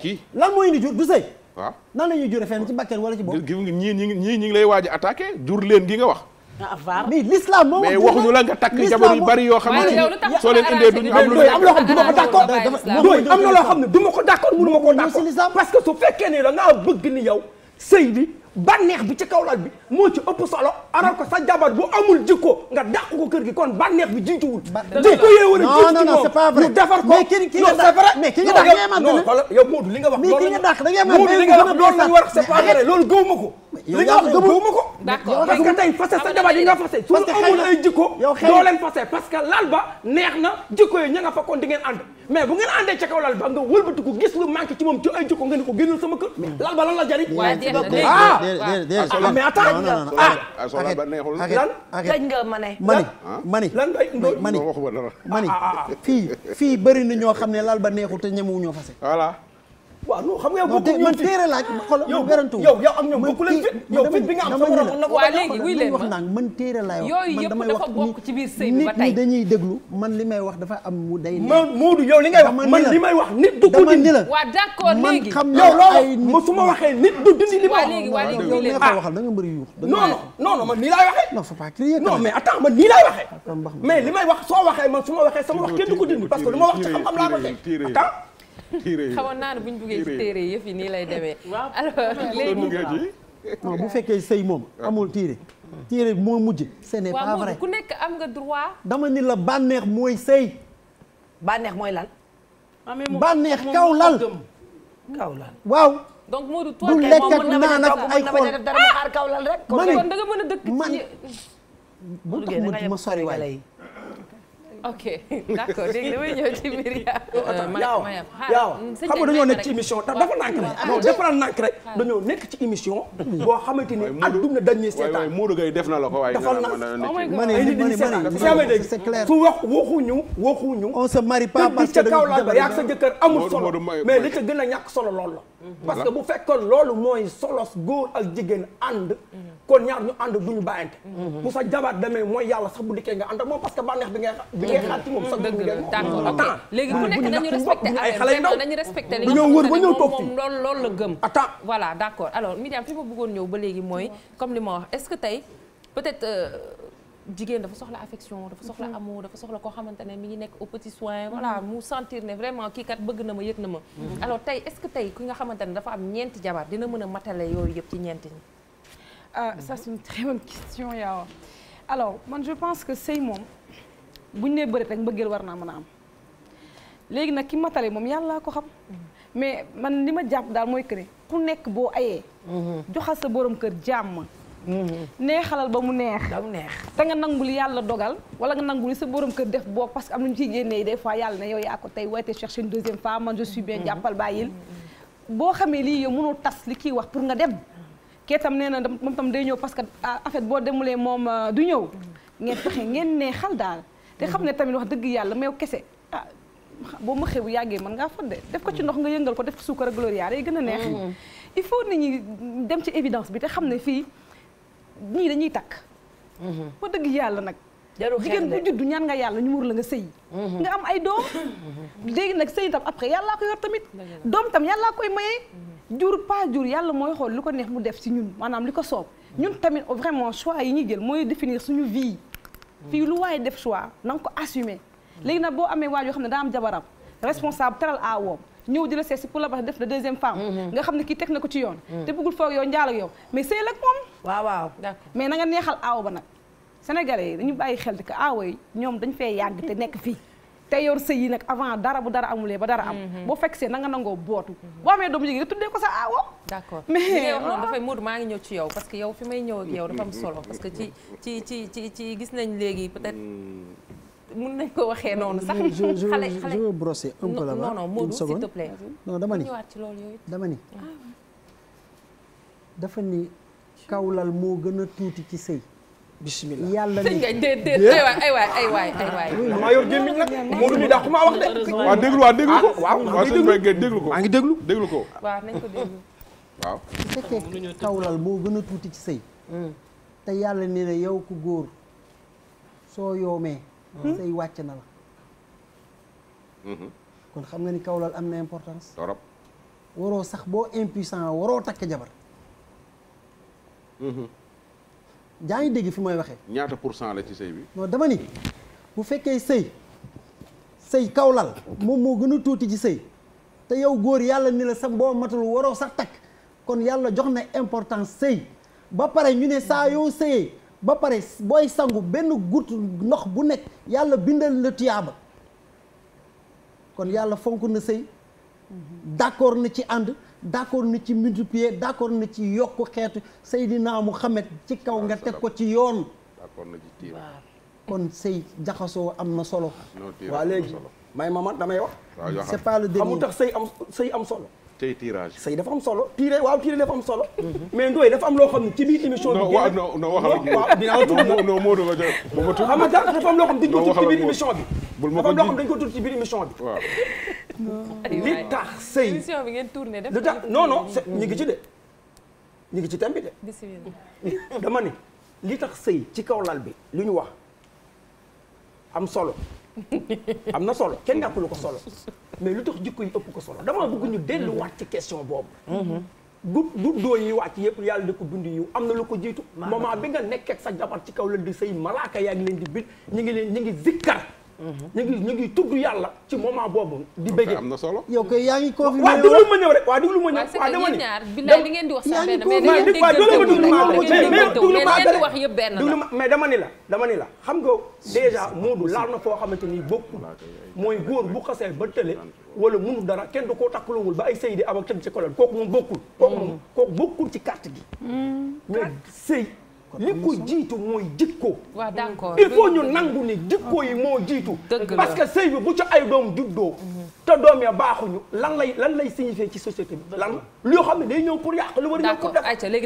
ci lan moo indi jur du sëy. waaw ah. nan la ñuy jure fenn ci bàkkeel wala ci bopp. ñii ñii ñii lay waaj a attaqué jur leen gi nga wax. Ah, mais l'islam moo mais waxuñu la nga takk jabar yu bari yoo xam ne soo leen indee duñu am am loo xam ne du ma ko d'accord dooy am na loo xam ne du ma ko d'accord mënu ma ko d'accord parce que su fekkee ne da ngaa bëgg ni yow sëy bi bànneex bi ci kaw lal bi moo ci ëpp solo aral ko sa jabar bu amul jikko nga dàq ko kër gi kon bànneex bi jiituwul. jikko yee war a jiitu non non c'est pas vrai ñu defar ko mais ki ki nga dàq mais ki nga dàq da ngay non xoolal yow Moodu li nga wax. mais ki nga dàq li nga wax loolu la ñu war gëw ma li nga wax gëw ma ko. d'accord parce nga fase su lal ba neex na jikko yi ña fa kon di ngeen ànd bu ngeen àndee ca kaw ba nga wëlbatiku gis lu manqué ba ah, neexul mais attends ah. ah, mani mani mani fii fii bëri na ñoo xam ne lal ba neexul te ñemewuñoo fase waaw non xam nga yow bokkul man téere laaj xool yow berantu yow yow ak ñoom bokkul fit yow fit bi nga am sama wax dafa bokk ci biir sëy li may wax dafa am mu day li ngay wax man li may wax waa d'accord léegi man xam yow loolu ma wax léegi waa léegi yow li nga waxal da nga bëri yuux non non non non ma waxee sama wax kenn du ko dindi parce que li ma wax ci xam-xam laa ko teg xamoon naa ne bu ñu buggee ci téere yëf yi nii lay demee. alors léegi non bu fekkee sëy moom amul téere tiire moo mujj ce n'est ku nekk am nga droit dama ni la bànneex mooy sëy bànneex mooy lal ah, bànneex kaw lal kaw lal waaw donc moo toi du lekk ak naan ak ay xool dara xaar kaw lal rek ah! kon mën a dëkk man ba tax ma sori waay ok d'accord dégg damay ñëw ci mbir yaaw euh, yaaw xam nga dañoo nekk ci émission dafa nànk rek dafa nànk rek dañoo nekk ci émission boo xamante ni adduna na la ko waaye dafa nànk ma oh ne nit ñi seetaan sama dégg c'est clair su wax waxuñu waxuñu on se marie pas parce que kaw ba yaa sa jëkkër amul solo mais li ca gën a ñàkk solo loolu la mm-hmm. parce que bu fekkoon loolu mooy solos góor ak jigéen ànd mm-hmm. kon ñaar ñu ànd du ñu bàyyante Moussa mhm. jabaat demee mooy yàlla sax bu dikkee nga ànd ak moom parce que bànneex bi ngay bi ngay xaar ci moom sax dëgg la d'accord ok léegi ku nekk xale yu ndaw nañu wër ba ñëw toog moom loolu la gëm attends voilà d'accord alors Myriam fi ma bëggoon ñëw ba léegi mooy comme li ma wax est-ce que tey peut-être euh, jigéen dafa soxla affection dafa soxla mhm. amour dafa soxla koo xamante ne mi ngi nekk au petit soin mhm. voilà mu sentir ne vraiment kii kat bëgg na ma yëg na ma alors tey est-ce que tey ki nga xamante ne dafa am ñeenti jabar dina mën a yooyu yëpp ci ñeenti ah ça c'est une très bonne question man je pense que sëy moom bu ñu nee bari rek mbëggeel war naa mën a am léegi nag ki matale moom yàlla ko xam mais man li ma jàpp daal mooy que ne ku nekk boo ayee. joxal sa borom kër jàmm. neexalal ba mu neex. ba neex te nga nangul yàlla dogal. wala nga nangul sa borom kër def boo parce que am ñu ciy génnee des fois yàlla ne yow yaa ko tey wayte chercher une deuxième femme man je suis bien jàppal bàyyil. boo xamee lii yow mënoo tas li kii wax pour nga dem. kee tam nee na moom tam day ñëw parce que ah, en fait boo demulee moom euh, du ñëw ngeen fexe ngeen ne xal daal te xam ne tamit wax dëgg yàlla meew kese ah boo ma xew yàggee mën ngaa fodde def ko ci ndox nga yëngal ko def ko suukar ak gloria day gën a neex mm. il faut nit ñi dem ci évidence bi te xam ne fii ñii dañuy takk mm-hmm. wax dëgg yàlla nag jigéen bu juddu ñaan nga yàlla ñu muur la nga sëy mm-hmm. nga am ay doom mm-hmm. léegi nag sëy tam après yàllaa ko yor tamit doom tam yàllaa koy jur pas jur yàlla mooy xool lu ko neex mu def ci ñun maanaam li ko soob ñun tamit vraiment choix yi ñuy jël mooy définir suñu vie fii lu waaye def choix na nga ko assumer léegi nag boo amee waajur yoo xam ne daa am jabaram responsable teral a woom ñëw di la seet si pour la ba def la deuxième femme mm-hmm. nga xam ne kii teg na ko ci yoon mm-hmm. te bëggul foog yoo njaal ak yow mais sëyal ak moom waaw waaw mais na nga neexal aaw ba nag sénégalais yi dañu bàyyi xel di ko aawo yi ñoom dañ fee yàgg te nekk fii te yor sëy yi nag avant dara bu dara amulee ba dara am mhm. boo fekk see na nga nangoo bootu boo amee doom jigéen nga tuddee ko sa aawo d'accord mais li ngay maa ngi ñëw ci yow parce yow may ñëw ak yow dafa am solo parce que ci ci ci ci ci gis nañ léegi peut-être mën mm. nañ ko waxee mm. noonu sax xale xale je veux brosser un peu là non non Modou dama ni ñëwaat ci loolu yooyu dama ni ah dafa ni kawlal moo gën a tuuti ci sëy bisimilah yàlla ni aywaay aywaay aywaay. damaa yor gémmiñ nag moo ko ah, waaw waaw ko maa ngi déglu déglu ko. waaw nañ ko déglu. waaw. kawlal moo gën a tuuti ci sëy. Hmm. te yàlla nee na yow ku góor soo yoomee. Hmm. sëy wàcc na la. Hmm. kon xam nga ni kawlal am na importance. torop waroo sax boo impuissant waroo takk jabar. jaa ngi dégg fi may waxee. ñaata pour cent la ci sëy bi. non dama ni bu fekkee sëy sëy kawlal moom moo gën a tuuti ci sëy te yow góor yàlla ni la sax boo matul waroo sax takk kon yàlla jox na importance sëy ba pare ñu ne saa sëyee ba pare booy sangu benn goutte ndox bu nekk yàlla bindal la tiyaaba kon yàlla fonk na sëy d'accord na ci ànd. d'accord na ci multiplier d'accord na ci yokk xeetu Seydina Muhammad ci kaw nga teg ko ci yoon d'accord kon sëy jaxasoo am na solo waa léegi may ma man damay wax c'est pas le dernier xamu tax sëy am sëy am solo tey tirage sëy dafa am solo tiré waaw tiré dafa solo mais ndooy dafa am loo xam ne ci biir émission bi waaw non non waxal waaw dinaa tudd non moo doon ma tudd xam nga dafa am loo xam dañ ci biir émission bi bul ko dafa am loo xam dañ bi li tax sëy ngeen tourné def lu tax non non ñu ngi de ñu ngi ci thème bi de dama ne li tax sëy ci kaw lal bi lu ñu wax am solo am na solo kenn lu ko solo mais lu tax jikko yi ëpp ko solo dama bëgg ñu delluwaat ci question boobu du du doo yi wàcc yëpp yàlla di ko dund yiw am na lu ko jiitu moment bi nga nekk ak sa jabar ci kaw la di say malaaka yaa ngi leen di bit ñu ngi leen ñu ngi zikkar Mm-hmm. ñu ngi ñu ngi yàlla ci moment boobu. di bëggee am na solo. yow kay yaa ngi confirmé waaw déglu ma ñëw rek waaw déglu ma ñëw. waaw dama ni bilaay li ngeen di wax sax benn mais da ngeen di wax yëpp benn la mais dama ni la dama ni la xam nga déjà Moodu laal na foo xamante ni bokkul mooy góor bu xasee ba tële wala munu dara kenn du koo takkalowul ba ay sey di am ak tëdd ci kolon kooku moom bokkul kooku moom mm-hmm. kooku bokkul ci carte gi mm-hmm. mais sëy li ko jiitu mooy jikko. waaw d'accord il faut ñu nangu ni jikko yi moo jiitu. parce que sëy bi bu ci ay doom juddoo. Mhm. te doom ya ñu lan lay lan lay signifier ci société bi lan loo xam ne day ñëw pour yàq lu war a ñëw pour def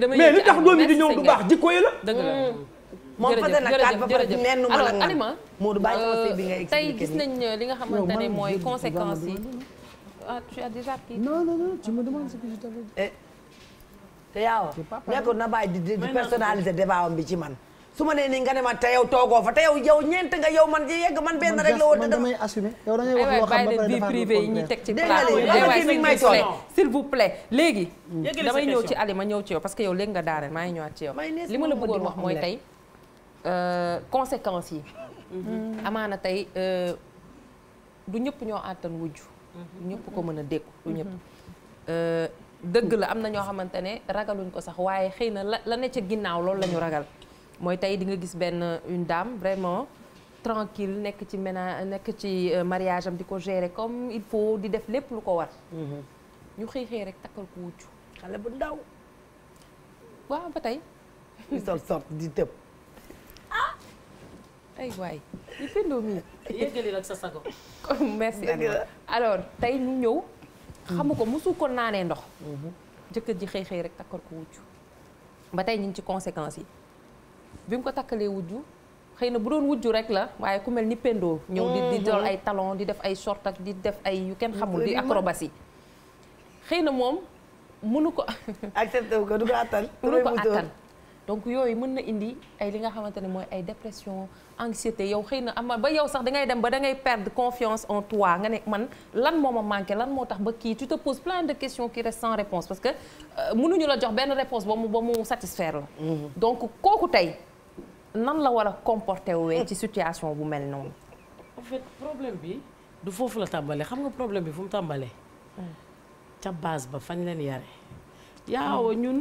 mais li tax doom yi di ñëw du baax jikko yi la. Mm. jërëjëf jërëjëf jërëjëf alors Alima. Euh, bi nga tey gis nañ euh, li nga xam ne mooy conséquences yi. ah tu a déjà pris. non te yaaw nekkul na bàyyi di di personnaliser débat bi ci man. su ma nee nii nga ne ma te yow toogoo fa te yow yow ñeent nga yow man yegg man benn rek la woon. man damay assumer yow da ngay wax xam ba teg ci plateau vous plaît léegi. damay ñëw ci Alima ñëw ci yow parce que yow léegi nga daaneel maa ngi ñëwaat ci yow. li ma la bëggoon wax mooy tey euh, conséquences yi. amaana tey euh, du ñëpp ñoo àttan wujj. du ñëpp ko mën a dékku du ñëpp. Mhm. Euh, dëgg la am na ñoo xamante ne ragaluñ ko sax waaye xëy na la la ne ca ginnaaw loolu lañu ragal mooy tey di nga gis benn une daam vraiment tranquille nekk ci ménage nekk ci euh, mariage am di ko gérer comme il faut di def lépp lu ko war mm-hmm. ñu xëy xëy rek takkal ko wuccu xale bu ndaw waaw ba tey di sol sort di tëb ah ay tey ñëw xamu ko mosu ko naanee ndox. Mhm. jëkkër ji xëy xëy rek takkal ko wujj. ba tey ñu ci conséquences yi bi mu ko takkalee wujju xëy na bu doon wujju rek la waaye ku mel ni Pendo. ñëw di di dool mhm. ay talon di def ay short ak di def ay yu kenn xamul di acrobatie. xëy na moom munu ko. accepté ko du ko attan. mënu ko attan donc yooyu mën na indi ay li nga xamante ne mooy ay dépression. anxiété yow xëy na ama ba yow sax dangay dem ba dangay perdre confiance en toi nga ne man lan moo ma manqué lan moo tax ba kii tu te poses plein de questions qui restent sans réponse parce que euh, mënuñu la jox benn réponse ba mu ba mu satisfaire la mm-hmm. donc kooku tey nan la war a comporter wee ci situation bu mel noonu en fait problème bi du foofu la tàmbalee xam nga problème bi fu mu tàmbalee mm. ca base ba fañ leen yare yaaw mm. ñun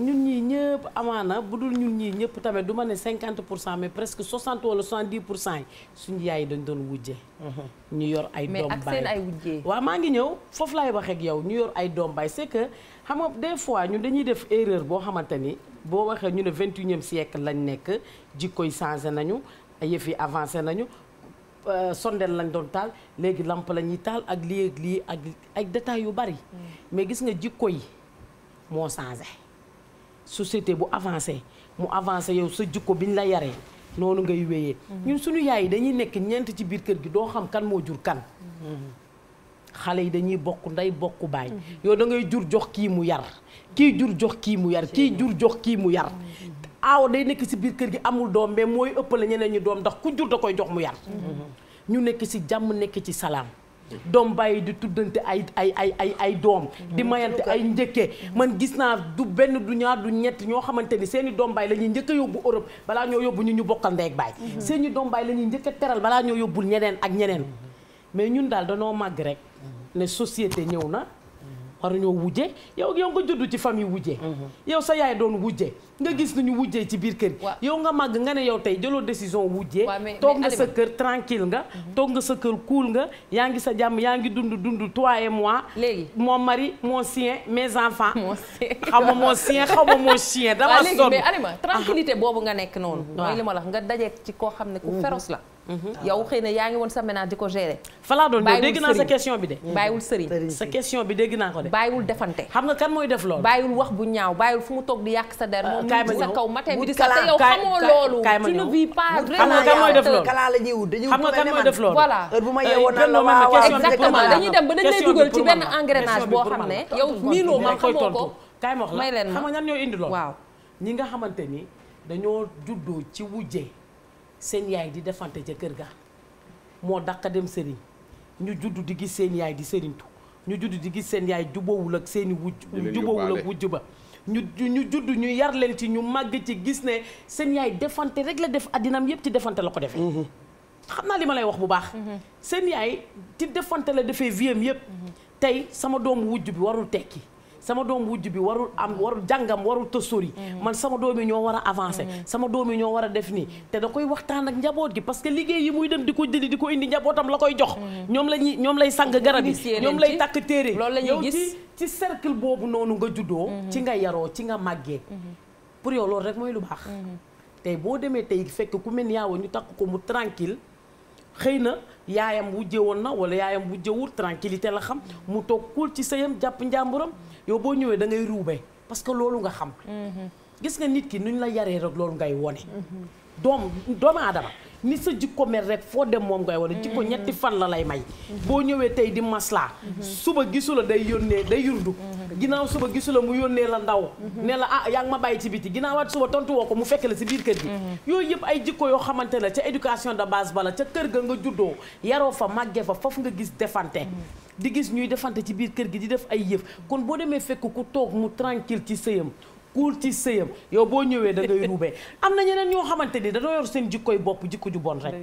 ñun ñii ñëpp amaana bu dul ñun ñii ñëpp tamit du ma ne cinquante pour cent mais presque soixante wala soixante dix pour cent yi suñ yaay yi dañ doon wujje mhm. ñu yor ay doom baay mais ak seen ay maa ngi ñëw foofu laay wax yow ñu yor ay doom baay c'est que xam nga des fois ñun dañuy def erreur boo xamante ni boo waxee ñu ne vingt et unième siècle lañ nekk jikko yi changé nañu yëf yi avancé nañu euh, sondeel lañ doon taal léegi lamp la ñuy taal ak lii ak ak ay détails yu bari mm. mais gis nga jikko yi moo changé société bu avancer mu avancé yow sa jikko biñ la yaree noonu ngay wéyee. Mm-hmm. ñun suñu yaay yi dañuy nekk ñeent ci biir kër gi doo xam kan moo jur kan. Mm-hmm. xale yi dañuy bokk nday bokk baay. Mm-hmm. yow da ngay jur jox kii mu yar kii jur jox kii mu yar kii jur jox kii mu yar. aaw day nekk si biir kër gi amul doom mais mooy la ñeneen ñu doom ndax ku jur da koy jox mu yar. ñu nekk si jàmm nekk ci salaam. doom bàyyi di tuddante ay ay ay ay doom di mm-hmm. mayante ay njëkke mm-hmm. man gis naa du benn du ñaar du ñett ñoo xamante ni seen i doom bàyyi la ñuy njëkk yóbbu Europe balaa ñoo yóbbu ñu ñu bokkal ndey ak baay mm-hmm. seeni doom bàyyi la ñuy njëkk a teral balaa ñoo yóbbul ñeneen ak ñeneen mais ñun daal danoo màgg rek ne société ñëw na war waruñoo wujje yow yow nga juddu ci famille wujje yow sa yaay doon wujje nga gis nga ñu wujjee ci biir kër gi yow nga màgg nga ne yow tey jëloo décision wujjee toog nga sa kër tranquille nga toog nga sa kër cool nga yaa ngi sa jàmm yaa ngi dund dund toi et moi léegi mon mari mon chien mes enfants xaw ma mon chien xaw ma mon chien dama sonn mais Alima tranquillité ah. boobu nga nekk noonu mooy li ma la nga dajee ci koo xam ne ku mhm. féroce la mhm. yow xëy na yaa ngi woon sa ménage di ko gérer. falaa doon ñëw dégg naa sa question bi de. Mhm. bàyyiwul sëriñ sa question bi dégg naa ko de. bàyyiwul defante. xam nga kan mooy def loolu. bàyyiwul wax bu ñaaw bàyyiwul fu toog di yàq sa der. Ah, kaay ma ñëw wut kala kaay kaay ma ñëw xam nga kan mooy def loolu xam nga kan mooy def loolu. voilà exactement euh, dañuy dem ba dañ lay dugal ci benn engrenage boo xam ne. yow miinoo xam nga ñan ñoo indi loolu. waaw ñi nga xamante ni dañoo juddoo ci wujje seen yaay di defante ca kër ga moo dàq dem sëriñ ñu juddu di gis seen yaay di sëriñtu ñu juddu di gis seen yaay jubawul ak seeni i wujj jubawul ak wujj ba ñu ñu juddu ñu yar leen ci ñu màgg ci gis ne seen yaay defante rek la def addinaam yëpp ci defante la ko defee. Mm-hmm. xam naa li ma lay wax bu baax. Mm-hmm. seen yaay ci defante la defee viem am yëpp. Mm-hmm. tey sama doomu wujj bi warul tekki. sama doom wujj bi warul am warul jàngam warul te sori mm-hmm. man sama doom yi ñoo war a avancer mm-hmm. sama doom yi ñoo war a def nii te da koy waxtaan ak njaboot gi parce que liggéey yi muy dem di ko jëli di ko indi njabootam la koy jox mm-hmm. ñoom lañuy ñoom lay sang garab yi ñoom lay takk téere loolu la ñuy gis ci cercle boobu noonu nga juddoo ci nga yaroo ci nga màggee pour yow loolu rek mooy lu baax tey boo demee tey fekk ku mel ni ñu takk ko mu tranquille xëy na yaayam wujje woon na wala yaayam wujje wul tranquillité la xam mu toog kuul ci sëyam jàpp njàmburam yow boo ñëwee da ngay ruube parce que loolu nga xam. Mm-hmm. gis nga nit ki nuñ la yaree rek loolu ngay wone. Mm-hmm. doom doomu aadama ni sa jikko mel rek foo dem moom ngay wane jikko ñetti fan la lay may boo ñëwee tey di maslaa suba gisu la day yónnee day yurdu ginnaaw suba gisu la mu yónnee la ndaw ne la ah yaa ngi ma bàyyi ci biti ginnaawaat suba tontu woo ko mu fekk la si biir kër gi mhm. yooyu yëpp ay jikko yoo xamante la ca éducation de base bala ca kër ga nga juddoo yaroo fa màggee fa foofu nga gis defante mhm. di gis ñuy defante ci biir kër gi di def ay yëf kon boo demee fekk ku toog mu tranquille ci sëyam kuul ci sëyam yow boo ñëwee da ngay ruubee am na ñeneen ñoo xamante ni danoo yor seen jikkoy bopp jikko ju bon rek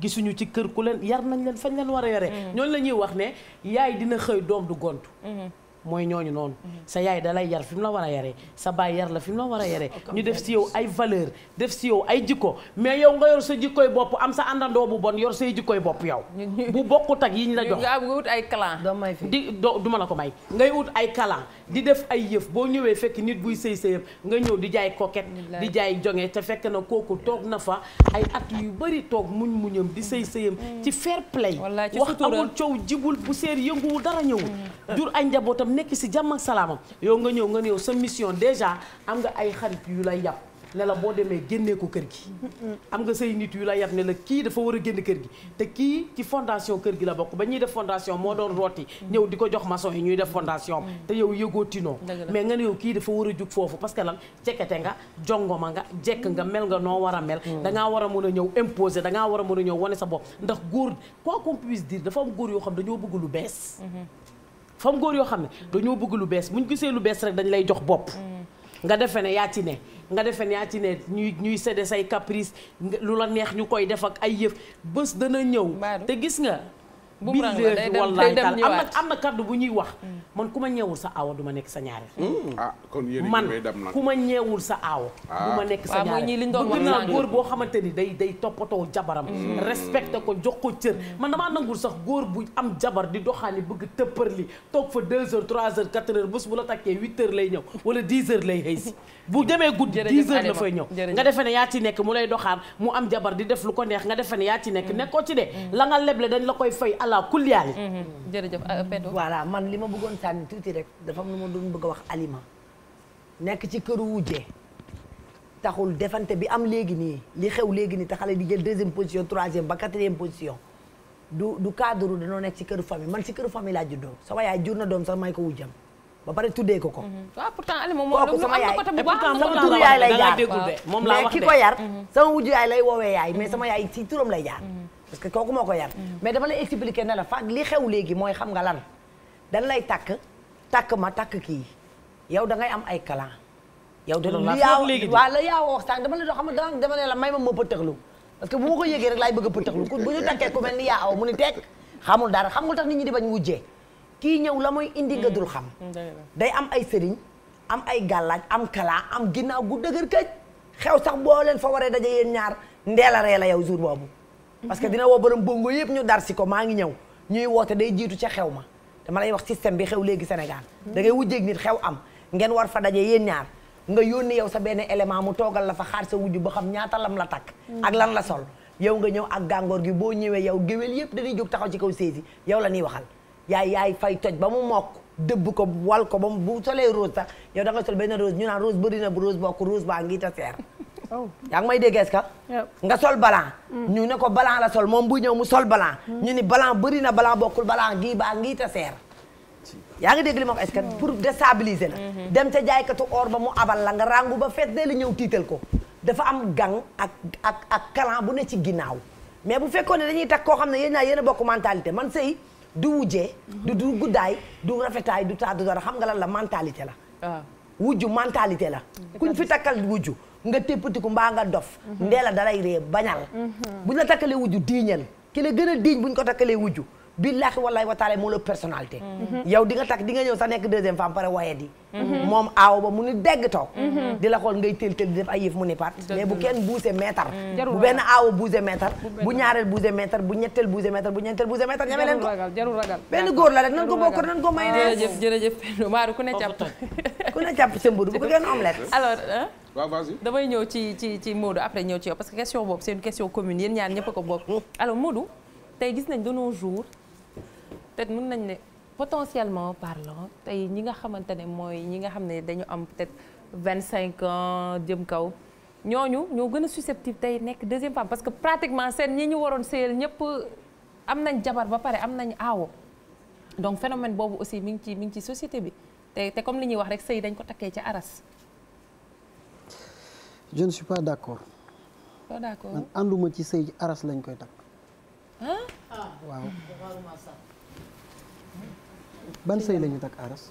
gisuñu ci kër ku leen yar nañ leen fañ leen war a yore mm-hmm. ñooñu la ñuy wax ne yaay dina xëy doom du gont mm-hmm. mooy ñooñu noonu mhm. sa yaay dalay lay yar fi mu la war a yaree sa baay yar la fi mu la war a yaree ñu def si yow ay valeur def si yow ay jikko mais yow nga yor sa jikkoy bopp am sa àndandoo bu bon yor say jikkoy bopp yow bu bokkut ak yi ñu la jox nga wut ay clan di do du la ko may ngay wut ay clan di def ay yëf boo ñëwee fekk nit buy sëy sëyam nga ñëw di jaay coquette di jaay jonge te fekk na kooku toog na fa ay at yu bari toog muñ muñam di sëy sëyam mm. ci fair play wax amul coow jibul bu seer yënguwul dara ñëwul mm. jur ay njabootam nekk si jàmm ak salaamam yow nga ñëw nga ñëw sa mission déjà am nga ay xarit yu lay yàpp ne la boo demee génnee ko kër gi am nga say nit yu la yab ne la kii dafa war a génn kër gi te kii ci fondation kër gi la bokk ba ñuy def fondation moo doon rooti ñëw di ko jox maçon yi ñuy def fondation mm. te yow yëgootinoo tinoo mais nga ne yow kii dafa war a jug foofu parce que lan jekkete nga jongoma nga jekk nga mel nga noo war a mel mm. dangaa war a mën a ñëw imposer dangaa war a mën a ñëw wane sa bopp ndax góor quoi qu'on puisse dafa am góor yoo xam dañoo bëgg lu bees mm-hmm. fam góor yoo xam ne dañoo bëgg lu bees bu ñu lu bees rek dañ lay jox bopp. nga defe ne yaa ci ne nga defe ne yaa ci ne ñuy ñuy séddee say caprice lu la neex ñu koy def ak ay yëf bés dana ñëw. te gis nga billahi wallahi na am na kaddu bu ñuy wax hmm. man ku ma ñeewul sa aawo du ma nekk sa ñaareel hmm. ah kon yéen man ku ma sa aawo ah. du ma nekk sa ñaareel bëgg boo xamante ni day day toppatoo jabaram hmm. respecté ko jox ko cër man damaa nangul bu am jabar di doxaani bëgg tëppërli toog fa deux heures trois la takkee huit heures lay ñëw wala dix heures lay xëy bu demee guddi dix la fay ñëw nga defee ne yaa ci nekk mu lay doxaan mu am jabar di def lu ko neex nga defee ne yaa ci nekk nekkoo ci de la nga leble dañ la koy fay allah kulli aali. Mm-hmm. jërëjëf euh, Pedro. man li ma bëggoon sànni tuuti rek dafa am lu ma doon bëgg a wax aliment nekk ci kër wujje taxul defante bi am léegi nii li xew léegi nii te xale di jël deuxième position troisième ba quatrième position du du cadre noo nekk ci këru famille man ci këru famille laa juddoo sama yaay jur na doom sax may ko wujjam ba pare tuddee ko ko. Mm-hmm. waaw pourtant Alima moom am na côté bu baax sama turu yaay lay jaar moom ki ko yar. sama wujju yaay lay woowee yaay parce que kooku moo ko yar. Mm. mais dama lay expliquer la fa li xew léegi mooy xam nga lan dan lay takk takk ma takk kii yow da ngay am ay kalan yow de lu yaa waaw la yaa wax sànq dama la doo xam ne dama ne la may ma ma parce que bu ma ko yëgee rek laay bëgg a pëtëxlu ku bu ñu takkee ku mel ni yaa aw mu ni teg xamul dara xam nga tax ñi di bañ wujjee kii ñëw la mooy indi mm. nga dul xam mm, day am ay sëriñ am ay gàllaaj am kalaa am ginnaaw gu dëgër këj xew sax booleen leen fa waree daje yéen ñaar ndeela la yow jour boobu parce que dina woo bara bongo yëpp ñu dar si ko maa ngi ñëw ñuy woote day jiitu ca xew ma dama lay wax système bi xew léegi Sénégal da ngay wujjeeg nit xew am ngeen war fa daje yéen ñaar nga yónni yow sa benn élément mu toogal la fa xaar sa wujj ba xam ñaata lam la takk ak lan la sol yow nga ñëw ak gàngoor gi boo ñëwee yow géwél yëpp dañuy jóg taxaw ci kaw séesi yow la ñuy waxal yaay yaay fay toj ba mu mokk dëbb ko wal ko ba mu bu solee rose sax yow da nga sol benn rose ñu bëri na bu rose bokk rose baa ngi ta seer Oh. yaa ngi may dégg est nga sol balan mm. ñu ne ko balan la sol moom buy ñëw mu sol balan mm. ñu ni balan bëri na balan bokkul balan gii baa ngii ta seer yaa ngi dégg li ma ko est mm. pour déstabiliser la mm-hmm. dem ca jaaykatu or ba mu abal la nga ràngu ba feet dee la ñëw tiital ko dafa am gang ak ak ak kalan bu ne ci ginnaaw mais bu fekkoon ne dañuy takk koo xam ne yéen ñaa yéen a bokk mentalité man sëy du wujjee mm-hmm. du du guddaay du rafetaay du taat du dara xam nga lan la mentalité la ah. wujju mentalité la fi takkal wujju nga téppatiku mbaa nga dof mhm. ndee la dalay ree bañal mhm. buñ la takkalee wujju diiñal ki la gën a diiñ ñu ko takkalee wujju billaahi wallaahi wa taala moo la personnalité. Mm-hmm. Mm-hmm. yow di nga takk di nga ñëw sax nekk deuxième femme pare waaye di. Mm-hmm. moom aaw ba mu ni dégg toog. di la xool ngay tël tël di def mu ni pat. mais bu kenn buuse meetar. Mm. bu benn aaw buuse meetar. bu ñaareel buuse meetar bu ñetteel buuse meetar bu ñeenteel buuse meetar ñeme leen ko. jarul benn góor la rek nan ko bokk nan ko may. jërëjëf damay ñëw ci ci ci Maodo après ñëw ci yow parce que question boobu seen une question commune yéen ñaar ñëpp ko bokk peut-être nañ ne potentiellement parlant tey ñi nga xamante ne mooy ñi nga xam ne dañu am peut vingt cinq ans jëm kaw ñooñu ñoo gën a susceptible tey nekk deuxième femme parce que pratiquement seen ñi ñu waroon sëyal ñëpp am nañ jabar ba pare am nañ aawo donc phénomène boobu aussi mi ngi ci mi ngi ci société bi te te comme li ñuy wax rek sëy dañ ko takkee ci aras je ne suis pas d'accord pas ci sëy ci aras lañ koy takk ban sëy lañu takk aras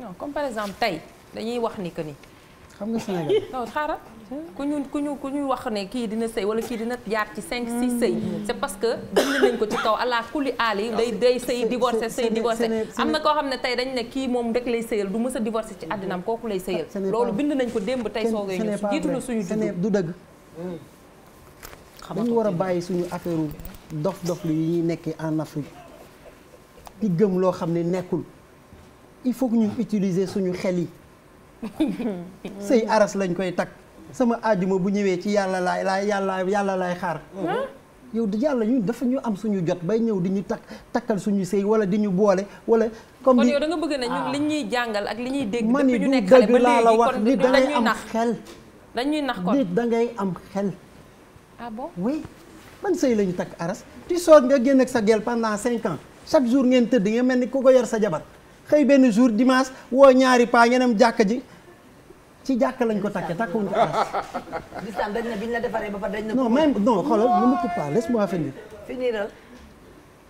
non comme par exemple tey dañuy wax ni que ni. xam nga Sénégal non xaaral ku ñu ku ñu ku ñu wax ne kii dina sëy wala kii dina jaar ci 5 6 sëy. Hmm. c' est que nañ ko ci kaw allah kulli aali ah, day day sëy divorcé sëy divorcé am na koo xam ne tey dañ ne kii moom rek lay sëyal du mës a divorcé ci hmm. àddinaam kooku lay ah, sëyal. loolu bind nañ ko démb tey soogay ñu jiitu na suñu du dëgg. xam hmm. dañu war a bàyyi suñu affaire dof-dof yi ñuy nekki en Afrique. di gëm loo xam ne nekkul il faut ñu utiliser suñu xel yi sëy aras lañ koy takk sama àjjuma bu ñëwee ci yàlla laay laay yàlla yàlla laay xaar yow di yàlla ñun dafa ñu am suñu jot bay ñëw di ñu takk takkal suñu sëy wala di ñu boole wala comme kon yow da nga bëgg ne ñun ah. li ñuy jàngal ak li ñuy dégg man ni du dëgg laa la wax nit da ngay am xel dañuy nax kon nit am xel ah bon oui man sëy la ñu aras tu soog nga génn ak sa gel pendant cinq chaque jour ngeen tëdd ngeen mel ni ku ko yor sa jabar xëy benn jour dimas woo ñaari paa ngeenam jàkk ji ci jàkk lañ ko takke takkuñ ko aras. lislaam dañ na biñ la defaree ba pare dañ na. non même non xoolal ne me coupe pas laisse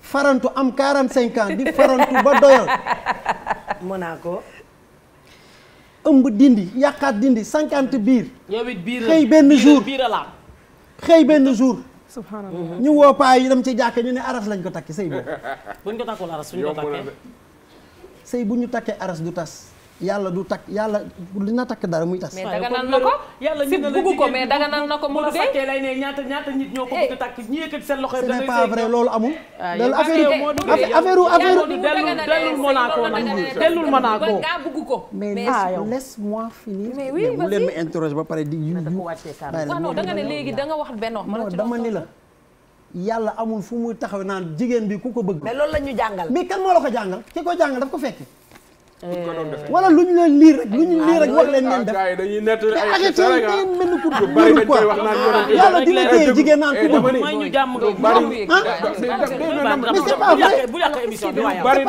farantu am 45 ans di farantu ba doyal. Monaco. ëmb dindi yàqaat dindi cinquante biir. yow it xëy benn jour biir xëy benn jour. subhanallah mhm. ñu woo paa yi dem ci jàkk ñu ne aras lañ ko takki sëy boobu buñ ko takkul aras suñ ko takkee sëy bu ñu takkee aras du tas yàlla du takk yàlla dina takk dara muy tas. mais daganal na ko yàlla ñu na ko mu dee. bu la lay ne ñaata ñaata nit ñoo ko eh. bëgg a takk ñi yëkkati loxo. ce n'est pas vrai loolu amul. Ah, loolu affaire affaire affaire. dellul Monaco nag dellul Monaco. bugg ko mais ah, laisse-moi finir. mais oui leen ma interroger ba pare di. Ah, non danga ne léegi danga wax benn wax. non dama ni la. yàlla amul fu muy taxaw naan jigéen bi ku ko bëgg. mais loolu la ñu jàngal. mais kan moo la ko jàngal ki ko jàngal daf ko fekk wala lu ñu leen lii rek lu ñu ah, lii rek wax leen neen def te arrêté ngeen mel ni ku bëgg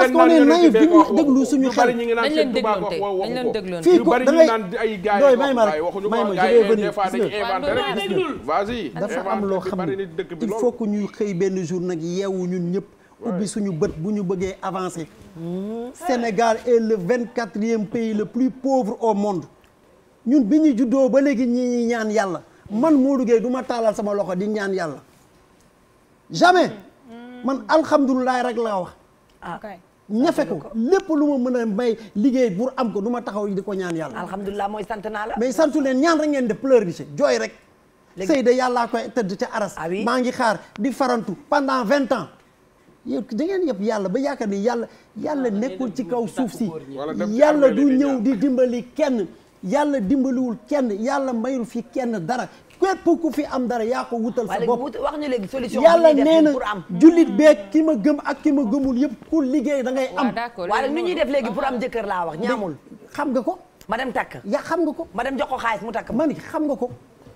eh, ñu ah? déglu suñu xel fii ko da ngay dooy may ma rek may ma dafa am loo xam ne il faut que ñuy xëy benn jour nag yeewu ñun ñëpp ubbi suñu bët bu ñu bëggee avancer. Hmm. Sénégal est le vingt quatrième pays le plus pauvre au monde ñun bi ñu juddoo ba léegi ñi ñaan yàlla man moo Gueye duma ma taalal sama loxo di ñaan yàlla jamais hmm. man alhamdulilah rek laa wax. Ah. ñafe ko lépp lu ma mën a may liggéey pour am ko du ma taxaw di ko ñaan yàlla. alhamdulilah mooy sant naa la. santu leen ñaan rek ngeen def pleur bi ci jooy rek. léegi Seyda yàllaa koy tëdd ca aras. Ah maa ngi xaar di farantu pendant vingt ans. yow da ngeen yëpp yàlla ba yaakaar ni yàlla yàlla ah, nekkul ci kaw suuf si yàlla du ñëw di dimbali kenn yàlla dimbaliwul kenn yàlla mayul fi kenn dara képp ku fi am dara yaa ko wutal sa bopp wax ñu léegi solution yàlla nee na jullit beeg ki ma gëm ak ki ma gëmul yëpp ku liggéey da ngay am waaye nu ñuy def léegi pour am jëkkër laa wax ñaamul xam nga ko ma madame takk yaa xam nga ko madame jox ko xaalis mu takk ma ni xam nga ko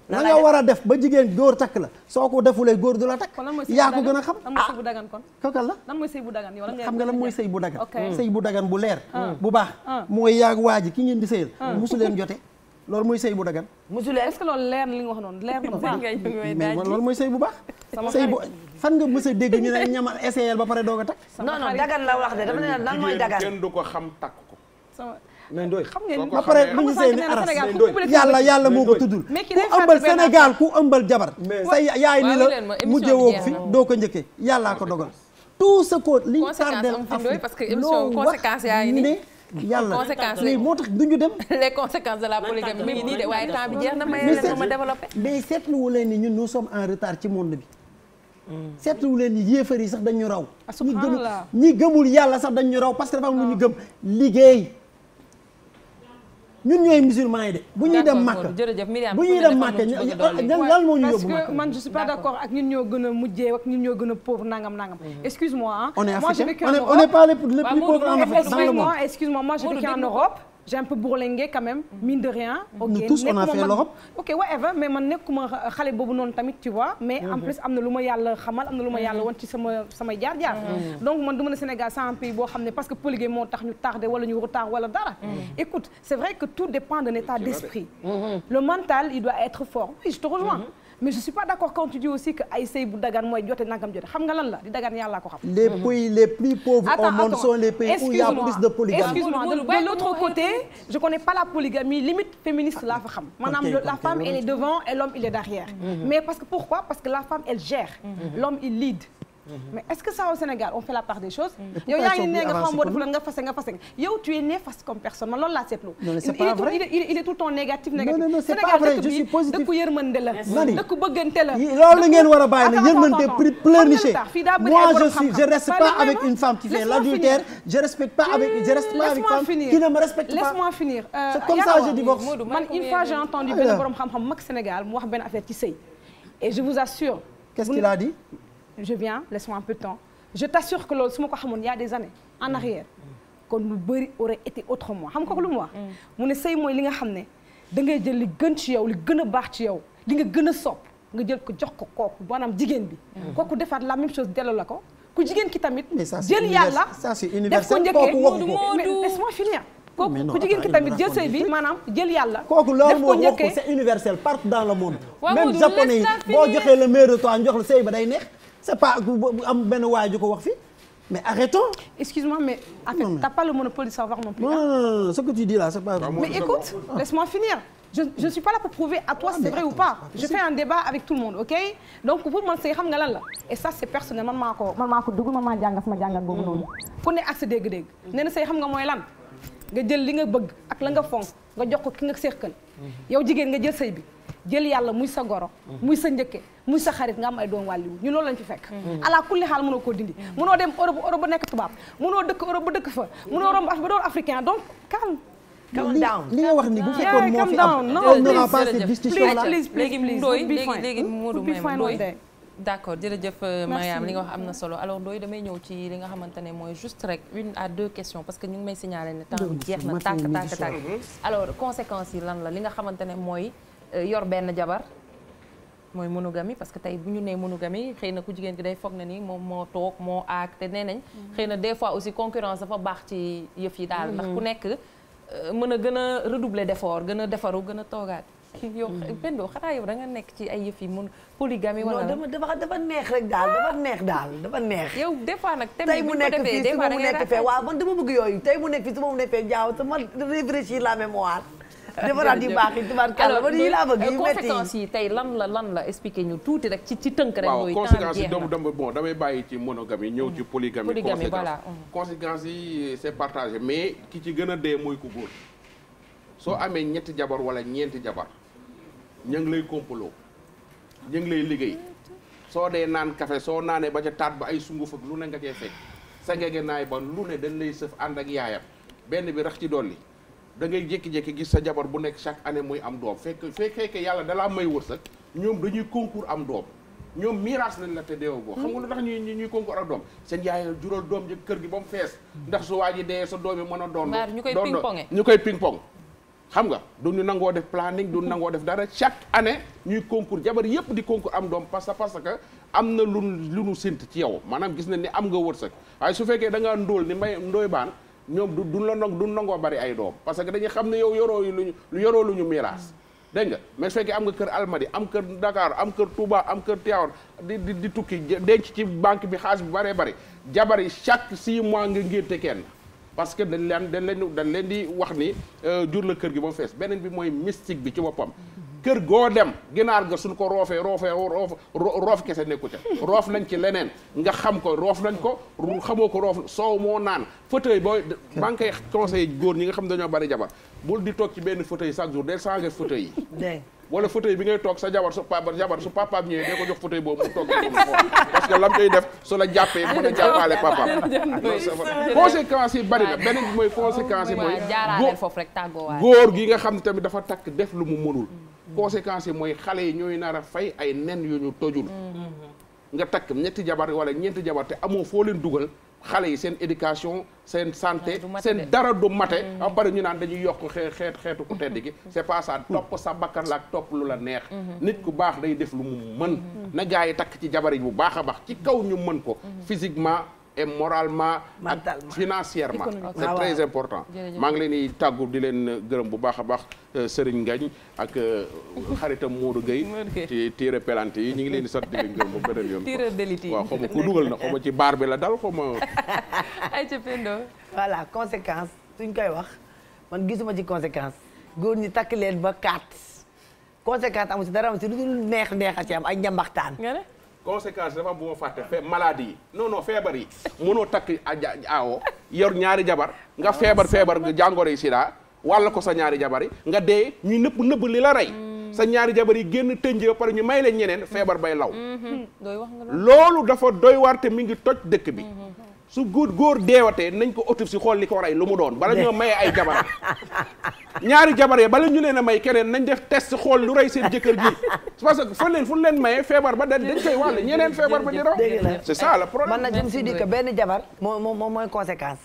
na nga war a def ba jigéen góor takk la soo ko defulee góor du la takk yaa ko gën a xam lan mooy sëy bu dagan kon ah, kokal la lan mooy sëy xam nga lan mooy sëy bu dagan mm. sëy bu dagan bu leer ah. bu baax ah. mooy yaag waa ji ki ngeen di sëyal musu leen jote loolu mooy sëy bu dagan musu leen est-ce loolu wax noonu leer na mooy sëy bu baax sëy bu fan nga mës a dégg ñu ne ñamal essayel ba pare doog a takk dagan la wax de dama ne lan mooy dagan ko xam takk ko mais Ndoye xam ngeen ba pare bu ñu seen aras yàlla moo ko tuddul ku ëmbal Sénégal ku ëmbal jabar sa yaay ni la mujjee woo fi doo ko njëkkee yàllaa ko dogal tout ce que liñ tardel Afrique parce que émission conséquence yaa ngi nii yàlla conséquences tax dem. les conséquences de la polygamie mi ngi nii de waaye may seetluwu leen ni ñun nous sommes en retard ci monde bi. seetluwu leen yéefar yi sax dañu raw. ñi gëmul yàlla sax dañu raw parce que dafa am ñu gëm liggéey. ñun ñooy musulman yi de bu ñuy dem màkk bu ñuy dem màkk ñan lan moo ñu yóbbu parce que man je suis pas d'accord ak ñun ñoo gën a mujjee ak ñun ñoo gën a pauvre nangam nangam mm-hmm. excuse-moi on est africain on est plus pauvres dans le monde excuse-moi moi j'ai vécu en Europe j'ai un peu bourlingué quand même mm. mine de rien mm. tous on a fait l'Europe ok whatever mais man nekkuma xale boobu noonu tamit tu vois mais mm-hmm. en plus am na lu ma yàlla am na lu ma yàlla mm-hmm. woon sama samay mm-hmm. mm. donc ma ne Sénégal c'est un pays boo xam ne parce que polygé moo tax ñu tardé wala ñu retard wala dara écoute c'est vrai que tout dépend d'un état d'esprit le mental il doit être fort oui je te rejoins ma je suis pas d'accord quand tu dis aussi que ay sëy bu dagan mooy jote nangam jote la di dagan yàllaa ko xam. les mhm. plus pauvres au monde sont les de l'autre côté je connais pas la polygamie limite féministe laa fa xam. la femme est devant et l'homme est derrière. Mhm. mais parce que pourquoi parce que la femme elle gère. Mhm. l'homme il lead. Mm-hmm. mais est la part des choses. Mm. yow yaa ngi nga xam nga fase nga fase tu es néfaste comme personne man loolu laa seetlu. non il est tout le négatif négatif. non non c'est pas vrai je suis positif la. la. ngeen war a bàyyi nag yërmande pleurnicher. moi je suis je reste pas avec respecte pas avec je reste qui ne me respecte pas. laisse-moi finir euh, man une fois j'ai entendu benn borom xam-xam mag Sénégal mu wax benn affaire ci sëy et je vous assure. qu'est-ce qu'il je viens laisse-moi un peu de temps je t'assure que loolu su ma ko xamoon y a des années en mm. arrière kon xam nga ko lu mu wax mm. mu ne sëy mooy li nga xam ne da ngay jël li gën ci gën a baax ci yow li nga gën a sopp nga jël ko jox ko kooku maanaam jigéen bi mm. kooku defaat la même chose la ko ku jigéen ki tamit jël yàlla def ko njëkkee laisse-moi finir kooku ku jigéen jël sëy bi maanaam jël yàlla. kooku loolu moo wax c'est universel partout dans le monde. même japonais yi boo joxee le meilleur de toi ñu jox ba day neex. c'est pas am benn waay ju ko wax fii mais arrêtons. excuse-moi mais en fait t'as pas le monopole du savoir non plus. non non non ce que tu dis là c'est pas. mais écoute ah. laisse finir. je je suis pas là pour prouver à toi ah, c'est vrai ou pas. je fais un débat avec tout le monde ok. donc pour man sëy xam nga lan la. et ça c'est personnel man maa ko man maa ko dugg man maa jàngat ma jàngat boobu noonu. ku ne ak sa dégg-dégg. nee na sëy xam nga mooy lan. nga jël li nga bëgg ak la nga fonk nga jox ko ki nga mm-hmm. yow jigéen nga jël sëy bi. jël yàlla muy sa goro muy sa njëkke muy sa xarit nga am ay doom wàlliwu ñu loolu lañ fi fekk mm-hmm. ala kulli xaal mënoo koo dindi mm-hmm. mënoo dem Europe Europe ba nekk tubaab mënoo dëkk Europe ba dëkk fa mënoo romb af ba doon africain donc calme li nga wax ni bu fekkoon moo fi am on n'aura pas cette discussion là léegi léegi Modou Maïma Ndoye d'accord jërëjëf euh, li nga wax am na solo alors Ndoye damay ñëw ci li nga xamante ne mooy juste rek une à deux questions parce que ñu ngi may signaler ne temps jeex na tàkk tàkk tàkk alors yi lan la li nga xamante ne mooy Euh, yor benn jabar mooy monogamie parce que tey bu ñu nee mënu monogamie xëy na ku jigéen ki day foog na ni moom moo toog moo aak te nee nañ. Mhm. xëy na des fois aussi concurrence dafa baax ci yëf yi daal. ndax ku mhm. nekk euh, mën a gën a redoubler d'effort gën a defaru gën a toogaat. yow mhm. Pendo xanaa yow da nga nekk ci ay yëf yi mun polygamie. wala non dafa dafa neex rek daal dafa neex daal dafa neex. Ah! yow des fois nag tey mu nekk fii su ma mu nekk fee waaw man dama bëgg yooyu tey mu nekk fii su ma mu nekk fee jaaw sama réfléchir la mémoire. defaraat yu baax yi tubaarkàlla ba nii laa bëgg euh, yu métti yi tey lan la lan la expliqué ñu tuuti rek ci ci tënk rek. mooy temps jeex na waaw conséquences yi doomu doomu bon damay bàyyi ci monogamie ñëw ci mm. polygamie. polygamie voilà mm. conséquences yi c'est mais ki ci gën a dee mooy ku góor soo amee ñetti jabar walla ñeenti jabar ñu ngi lay kompaloo ñu ngi lay liggéey soo dee naan café soo naanee ba ca taat ba ay sunguf ak lu ne nga cee fekk sa ngege naay ba lu ne dañ lay sëf ànd ak yaayam benn bi rax ci dolli da ngay jékki gis sa jabar bu nekk chaque année muy am doom fekk fekkee que yàlla dalaa may wërsëg ñoom dañuy concours am doom ñoom miraas lañ la te deewu boo xam nga lu tax ñuy ñuy concours ak doom seen yaay jural doom ji kër gi ba mu fees ndax su waa ji dee sa doom yi mën a doon doon ñu koy ping pong xam nga du nangoo def planning du nangoo def dara chaque année ñuy concours jabar yëpp di concours am doom parce que parce que am na lu lu nu sint ci yow maanaam gis nañ ni am nga wërsëg waaye su fekkee da ngaa ndóol ni mbay ndooy baan ñoom du duñ la nong du nangoo bari ay doom parce que dañuy xam ne yow yoroo luñu yoroo lu ñu miiraas dégg nga mais su am nga kër Almadi am kër Dakar am kër Touba am kër Tivaouane di di di tukki denc ci banque bi xaalis bu baree bari jabar yi chaque six mois nga ngénte kenn parce que dañ leen dañ leen dañ leen di wax ni euh, jur la kër gi moom mu fees beneen bi mooy mystique bi ci boppam kër goo dem ginaar ga suñ ko roofee roofee roof roof kese nekku ca roof nañ ci leneen nga xam ko roof nañ ko xamoo ko roof soow moo naan fauteuil booy maa ngi koy conseillé góor ñi nga xam dañoo bari jabar bul di toog ci benn fauteuil chaque jour del changer fauteuil yi wala fauteuil bi toog sa jabar su papa jabar su papaam ñëwee dee ko jox fauteuil boobu mu toog parce que lam def su la jàppee mën a jàppaale papaam conséquences yi bari na beneen bi mooy conséquences yi oh, mooy góor gi nga xam ne tamit dafa takk def lu mu mënul Mm-hmm. conséquence yi mooy xale yi ñooy nar a fay ay nen yu ñu tojul mm-hmm. nga takk ñetti jabar wala ñeenti jabar te amoo foo leen dugal xale yi seen éducation seen santé seen dara du mate am mm-hmm. bari ñu naan dañuy yokk xeet xeetu ku tedd gi c'est pas ça topp sa bakkan la topp lu la neex nit ku baax day def lu mu mën na gaa yi takk ci jabar yi bu baax a baax ci kaw ñu mën ko physiquement e moralement ak financièrement c'est ah, très important maa ngi leen di tàggu di leen gërëm bu baax a baax euh, Serigne Ngagne ak euh, xaritam Modou Gueye ci tiire pelante yi ñu ngi leen di sant di leen gërëm ba beneen yoon tiire d'élite yi waaw xaw ku dugal na xaw ci baar bi la dal xaw ma ay ca Pendo voilà conséquence suñ koy wax man gisuma ci conséquence góor ñi takk leen ba kaat conséquence amu ci dara amu ci lu dul neex neex a am ay njambaxtaan conséquence dafa am bu ma fàtte fe maladie yi non non feebar yi mënoo takk aawo yor ñaari jabar nga feebar feebar jàngoro yi sida walla ko sa ñaari jabar yi nga dee ñu nëbb nëbb li la rey mm. sa ñaari jabar yi génn tënjee ba pare ñu may leen ñeneen feebar bay law mm-hmm. loolu dafa doy warte te mi ngi toj dëkk bi mm-hmm. su góor góor deewatee nañ ko si xool li ko rey lu mu doon bala ñoo maye ay jabar ñaari jabar ya bala ñu leen a may keneen nañ def test xool lu rey seen jëkkër ji parce que fa leen fu leen maye feebar ba dañ koy wàll ñeneen feebar ba di raw c'est ça le problème man nag je me suis dit que benn moo moo mooy conséquence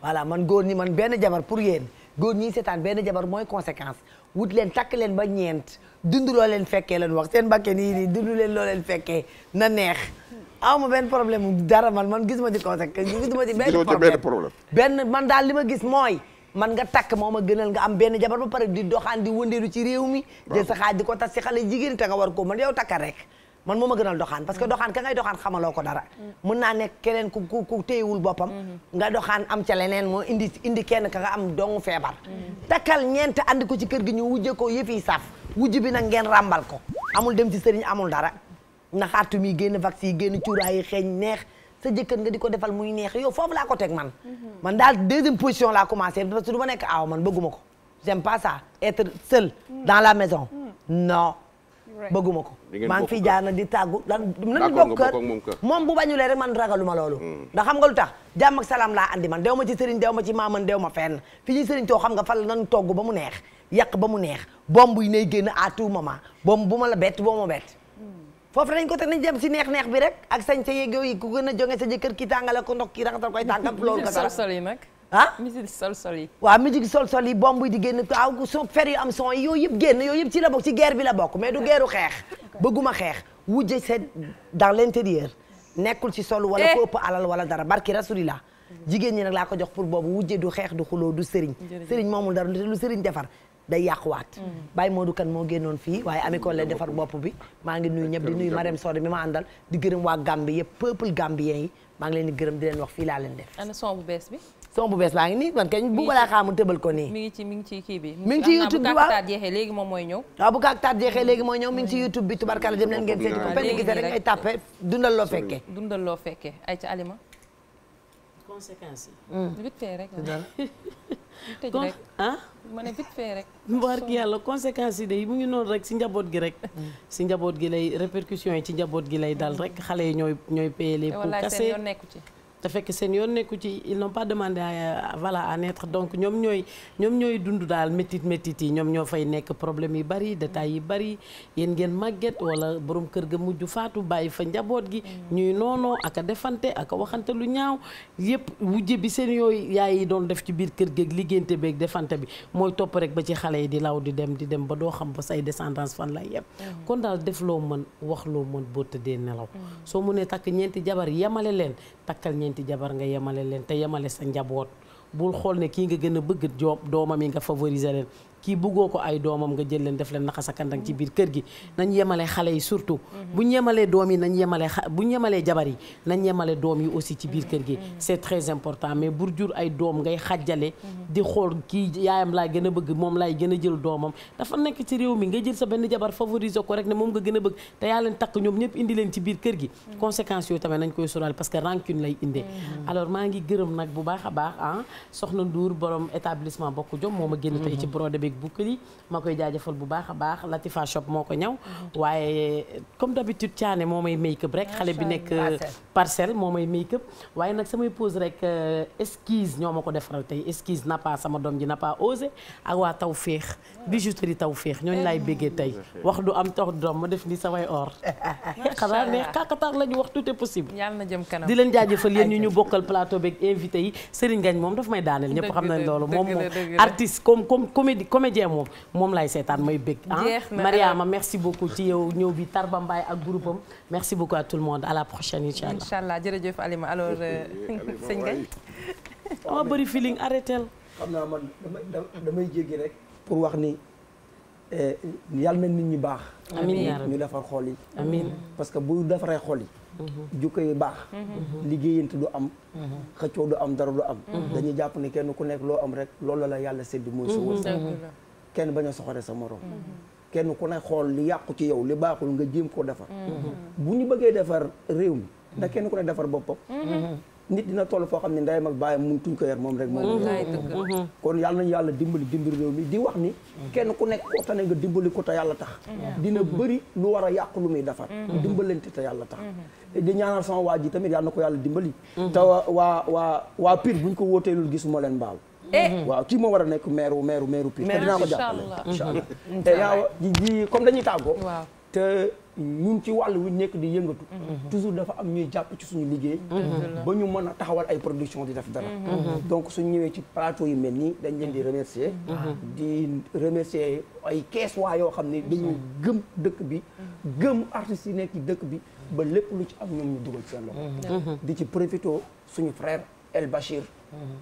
voilà man góor ñi man benn jabar pour yéen góor ñi seetaan benn jabar mooy conséquence wut leen takk leen ba ñeent dund loo leen fekkee leen wax seen mbàkkee nii nii dund leen loo leen fekkee na neex aw ma benn problèm dara man man gisuma ci conséquence gisuma ci benn problème benn man daal li ma gis mooy man nga tak moo ma gënal nga am benn jabar ba pare di doxaan di wëndeelu ci réew mi jël sa xaaj ko tas si xale jigéen te nga war ko man yow takkal rek man moo ma gënal doxaan parce que mm-hmm. doxaan ka ngay doxaan xamaloo ko dara mm-hmm. mën naa nekk keneen ku ku ku téyewul boppam mm-hmm. nga doxaan am ca leneen moo indi indi kenn ka nga am dong feebar takkal ñeent andi ko ci kër gi ñu wujje ko yëf yi saf wujj bi nag ngeen ràmbal ko amul dem ci sëriñ amul dara naxaatu mi génn vaccin yi génn cuuraay yi xeeñ neex sa jëkkën nga di ko defal muy neex yow foofu laa ko teg man. Mhm. man daal deuxième position laa commencé parce que du ma nekk aaw ah, man bëgguma ko. j'aime pas ça être mhm. dans la maison. Mhm. non bëgguma ko. maa ngi fi jaar na di tàggu lan. nan bokk kër moom bu bañulee rek man ragaluma loolu. Mm. ndax xam nga lu tax jàmm ak salaam laa andi man dew ma ci sëriñ dew ma ci maaman dew ma fenn fi ñuy sëriñ too xam nga fan la nan togg ba mu neex yàq ba mu neex bomb yi nay génn à tout moment bomb bu ma la boo ma bett. foofu lañ ko te nañ dem si neex neex bi rek ak sañ sa yeeg yi ku jonge sa jëkkër ki tàngale ko ndox ki raxasal koy tànkam loolu ka dara sol yi nag ah musique sol sol yi waaw sol sol yi bomb di génn aw son fer yu am son yi yëpp génn yooyu yëpp ci la bokk ci guerre bi la bokk mais du guerru xeex bëgguma xeex wujje c'est dans l'intérieur nekkul ci sol wala eh! ko alal wala dara barki rasulillah jigéen ñi nag laa ko jox pour boobu wujje du xeex du xuloo du sëriñ sëriñ moomul dara lu sëriñ defar day yàquwaat Baye Modou kan moo génnoon fii waaye amicoo lay defar bopp bi maa ngi nuyu ñëpp di nuyu Marème Sode mi ma àndal di gërëm waa Gambie yëpp peuple gambien yi maa ngi leen di gërëm di leen wax fii laa leen def ana bees bi son bu bees baa ngi nii man kañ bu balaa xaamu tëbal ko nii mi ngi ci mi ngi ci kii bi mi ngi ci youtube bi waaw bu kaak mooy ñëw waaw bu kaak taat jeexee léegi mooy ñëw ngi ci youtube bi tubarkala dem leen ngeen seeti ko ah, pen gisee rek ay tàppe dundal loo fekkee dundal loo fekkee ay ca alima conséquences yi. Mm. vite fait rek rek ah. ma ne vite fait rek. yàlla conséquences yi de mu ngi noonu rek si njaboot gi rek. Mm. si njaboot gi lay répercussions yi ci njaboot gi lay dal rek xale yi ñooy ñooy payer les pots cassés. te fekk seen yoon nekku ci ils n'ont pas demandé à donc ñoom ñooy ñoom ñooy dund daal métit métit yi ñoom ñoo fay nekk problème yi bari détails yi bari yéen ngeen màgget wala boroom kër ga mujj faatu bàyyi fa njaboot gi mm. ñuy noonoo ak defante ak waxante lu ñaaw yépp wujje bi seen yooyu yaay yi doon def ci biir kër géeg liggéente beeg defante bi mooy topp rek ba ci xale yi di law di dem di dem ba doo xam ba say descendance fan lay yem mm. kon daal def loo mën wax loo mën boo tëddee nelaw mm. takkal ñeenti jabar nga yemale leen te yemale sa njaboot bul xool ne kii nga gën a bëgg doomam yi nga favoriser leen kii buggoo ko ay doomam nga jël leen def leen naxa a kandang ci biir kër gi nañ yemale xale yi surtout mhm. buñ yemalee doom yi nañ yemalee xa buñ jabar yi nañ yemale doom yi aussi ci biir kër gi mhm. c'est très important mais bur jur ay doom ngay xajjale mhm. di xool kii yaayam laa gën a bëgg moom laay gën a jël doomam dafa nekk ci réew mi nga jël sa benn jabar favoriser ko rek ne moom nga gën a bëgg te yaa leen takk ñoom ñëpp indi leen ci biir kër gi conséquences yooyu tamit nañ koy sural parce que rancune lay indee alors maa ngi gërëm nag bu baax a baax ah soxna Ndour borom établissement bokk jom moo ma génn avec boucle ma koy jaajëfal bu baax a baax Latifa Shop moo ko ñaw waaye comme d'habitude Thiané moo may make up rek xale bi nekk parcelle moo may make up waaye nag samay pose rek euh, esquisse ñoo ma ko defaral tey esquisse Napa sama doom ji Napa osé ak waa taw féex bijouterie taw féex ñooñu laay béggee tey wax du am tax doom ma def ni samay or xanaa ne xàqataar la ñu wax tout est possible yàlla na jëm kanam di leen jaajëfal yéen ñu ñu bokkal plateau beeg invité yi Serigne Gagne moom daf may daaneel ñëpp xam nañ loolu comédien moom moom lay seetaan may bëgg ah. Mariama merci beaucoup ci yow ñëw bi Tarba Mbaye ak groupe am merci beaucoup à tout le monde à la prochaine incha allah incha allah jërëjëf Alima alors euh, sëñ Gaye dama bëri feeling arrêtel xam naa man damay jéggi rek pour wax ni eh, yàlla na nit ñi baax amiin ñu defar xol yi amiin parce que bu defaree xol yi jukko yu baax liggéeyante du am xëccoo du am dara du am dañuy jàpp ni kenn ku nekk loo am rek loolu la yàlla sédd mooy sa wërsëg kenn bañ a soxore sa morom kenn ku ne xool li yàqu ci yow li baaxul nga jéem koo defar mm-hmm. bu ñu bëggee defar réew mi ndax kenn ku ne defar boppam nit dina toll foo xam ne ndeyam ak baayam mun tuñ ko yar moom rek moom mhm. mhm. kon yàlla nañu yàlla dimbali dimbali réew mi di wax ni kenn ku nekk koo tane nga dimbali ko te yàlla tax mhm. dina bëri lu war a yàqu lu muy defar dimbalante te yàlla tax di ñaanal sama waa ji tamit yàlla na ko yàlla dimbali te waa waa waa Pire buñ ko wóoteelul gisuma leen baal eh. waaw kii moo war a nekk maire maire maire ko te ñun ci wàll wi nekk di yëngatu. Mhm. toujours dafa am ñuy jàpp ci suñu liggéey. Mhm. ba ñu mën a taxawal ay production di def dara. Mhm. donc suñu ñëwee ci plateau yi mel nii dañ leen di remercier. di remercier ay kees waa yoo xam ne dañu gëm dëkk bi. gëm artistes yi nekk dëkk bi ba lépp lu ci am ñoom ñu ci seen loxo. di ci profito suñu frère El Bachir.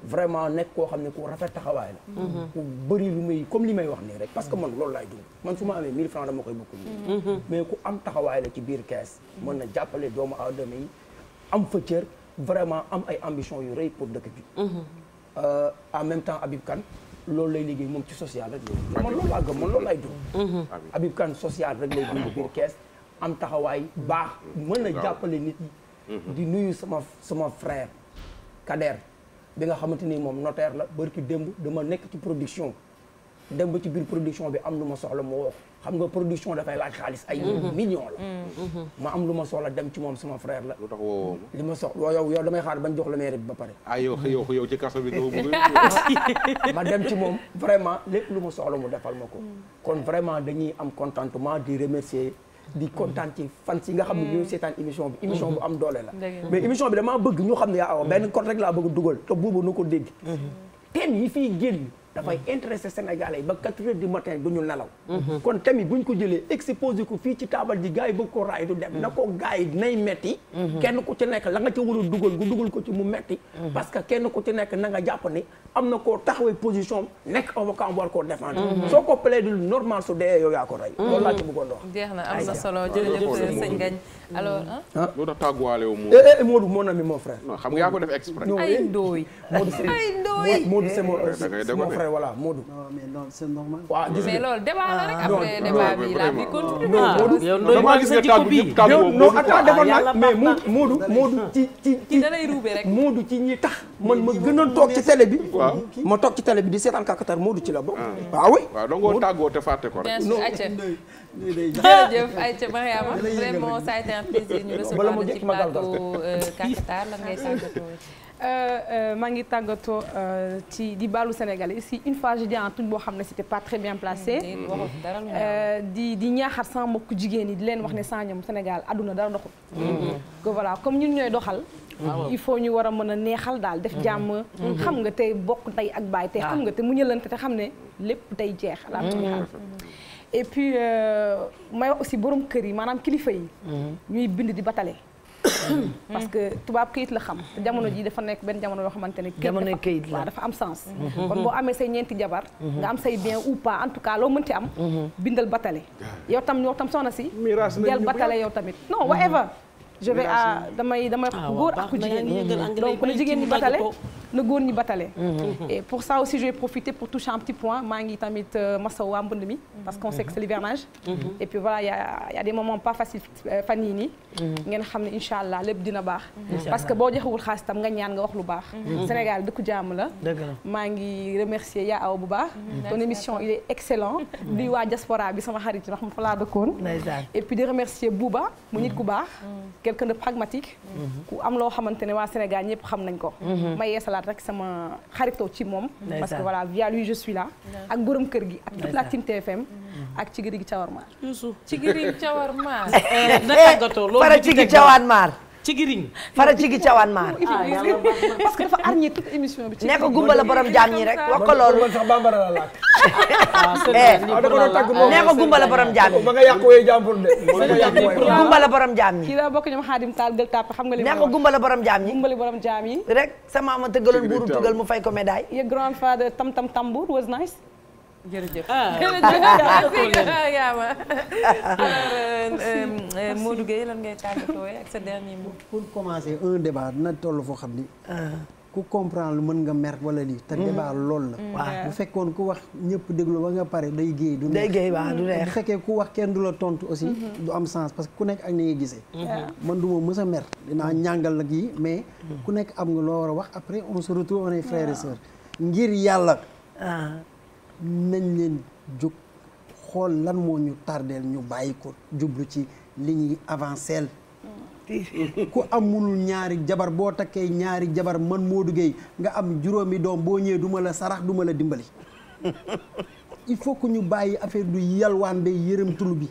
vraiment nekk koo xam ne ku rafet taxawaay la mhm. ku bëri lu muy comme li may wax nii rek parce que man loolu laay dund man su ma amee 1000 francs dama koy bokk mhm. mais ku am taxawaay la ci biir kees mën na jàppale doomu a yi am fa cër vraiment am ay ambition yu rëy pour dëkk bi mhm. euh, en même temps Habib Kane loolu lay liggéey moom ci social rek la man loolu laa gëm man social rek lay dund biir kees am taxawaay baax mën na jàppale nit di nuyu sama sama frère bi nga xamante ni moom notaire la barki démb dama nekk ci production dem ba ci biir production bi am lu ma soxla moo wax xam nga production dafay laaj xaalis ay mm-hmm. Mm-hmm. millions la mm-hmm. ma am lu ma soxla dem ci moom suma frère la lu tax li ma soxla yow yow damay xaar bañ jox la mairie bi ba pare ah yow yow yow ci kaso bi ma dem ci moom vraiment lépp lu ma soxla mu defal ma ko mm. kon vraiment dañuy am contentement di remercier di kontaan ci fan si nga xam ne ñooy mm. seetaan émission bi émission bu am doole la mais émission bi damaa bëgg ñu xam ne yaa ah, awa benn kon rek laa bëgg dugal te buubu nu ko dégg mm-hmm. thème yi fii génn dafay mm-hmm. intéressé Sénégalais yi ba quatre heures du matin du ñu nelaw mm-hmm. kon tamit bu ñu ko jëlee exposé ko fii ci taabal ji gars yi ko raay du dem na mm-hmm. ko gars nay metti kenn ku ci nekk la nga ci war a dugal ko ci mu metti parce que kenn ku ci nekk na nga jàpp ne am na koo taxawee position nekk avocat am war koo défendre soo ko plaidul normal su dee yow yaa ko rey loolu laa ci bëggoon wax jeex na am na solo jërëjëf sëñ Gagne alors ah loolu tax tàgguwaale wu mu eh, eh, eh Modou mon ami après voilà Modou. non mais non c'est normal. waaw gis mais loolu débat la rek après débat bi la bi continue. non ah, Modou damaa gis ne tàggu bi tàggu non attends defoon ci ci ci da lay ruube rek. Modou ci ñi tax man ma gënoon toog ci télé bi. waaw ma toog ci télé bi di seetaan kakatar du ci la bokk. waaw ah. ah oui waaw tàggoo te fàtte ko rek. non jërëjëf a été un plaisir ñu recevoir ci plateau euh, Kakatar lan Euh, euh, maa ngi tàggatoo euh, ci di baalu Sénégalais si une fois je dis boo xam ne c'était pas très bien placé. Mm, di di ñaaxaat sama mbokku jigéen yi di leen wax ne saa ñoom Sénégal àdduna dara doxul. Mm-hmm. que voilà comme ñun ñooy doxal. Ah il faut ñu war a mën a neexal daal def mm-hmm. jàmm. Mm-hmm. xam nga tey bokk tey ak baay tey ah. xam nga te muñalante te xam ne lépp tey jeex. et puis may aussi borom kër yi maanaam kilifa yi. ñuy bind di batale. parce que tubaab kayit la xam te jamono ji dafa nekk benn jamono loo xamante ne jamono kayit la dafa am sens mm-hmm. Mm-hmm. kon boo amee say ñeenti jabar mm-hmm. nga am say bien ou pas en tout cas loo mënti am bindal batale yow tam yow tam soxna si del batale yow tamit non whatever je vais à damay damay ah, góor ak jigéen ñi donc na jigéen ñi batale na góor ñi batale mhm. pour ça aussi je profiter pour toucher un point maa ngi tamit euh, masaw waa mbënd mi parce qu'on sait que c'est mhm. l'hivernage mhm. et puis voilà y a y a des pas faciles euh, fan yii nii ngeen xam ne incha allah lépp dina baax parce que boo joxewul xaalis tam nga ñaan nga wax lu baax Sénégal dëkku jàmm la maa ngi remercier yaa aw bu baax ton émission il est excellent di waa diaspora bi sama xarit yi ndax mu fa laa dëkkoon et puis di quelqu'un de pragmatique. ku am loo xamante ne waa Sénégal ñëpp xam nañ ko. Mhm. ma yeesalaat rek sama xaritoo ci moom. parce que voilà via lui je suis là. ak borom kër gi ak toute la team TFM. Mhm. ak Cigiri gi Cawar Maar. Youssou Cigiri Cawar Maar. Eh, eh, na tàggatoo loolu ci Cigiri Cawar Maar. cigiriñ fara cigi cawaan maar ah, parce que dafa arñi émission bi ci nekk gumba la borom jaam ñi rek wax ko loolu man sax bambara la laaj nee ah, eh, ah, ko gumba la borom jaam ñi ba nga yàq wee jàmbur de bokk ñoom xaadim taal gël xam nga li nee ko gumba ñi gumba la borom jaam yi rek sama maama tëggaloon buuru tugal mu fay ko jërëjëf ah. ah, ah, yaama alors euh, euh, euh, Modou Gueye lan ngay tàggatoo ak sa dernier mot pour commencer un débat dina toll foo xam ni ku comprendre lu mën nga mer wala lii te mm. débat loolu la waaw mm. bu fekkoon ku wax ñëpp déglu ba nga pare day géey du neex day fekkee ku wax kenn du la tontu aussi mm-hmm. du am sens parce que ku nekk ak ni ngay gisee mm-hmm. man du ma mës a mer dinaa mm-hmm. ñàngal nag yi mais ku nekk am nga loo war a wax après on se retrouve on est ngir yàlla nañ leen jóg xool lan moo ñu tardeel ñu bàyyi ko jublu ci li ñuy avancel ku amul ñaari jabar boo takkee ñaari jabar man moo Gueye nga am juróomi doom boo ñëwee duma la sarax duma la dimbali il faut que ñu bàyyi affaire du yalwaan be yërëmtulu bi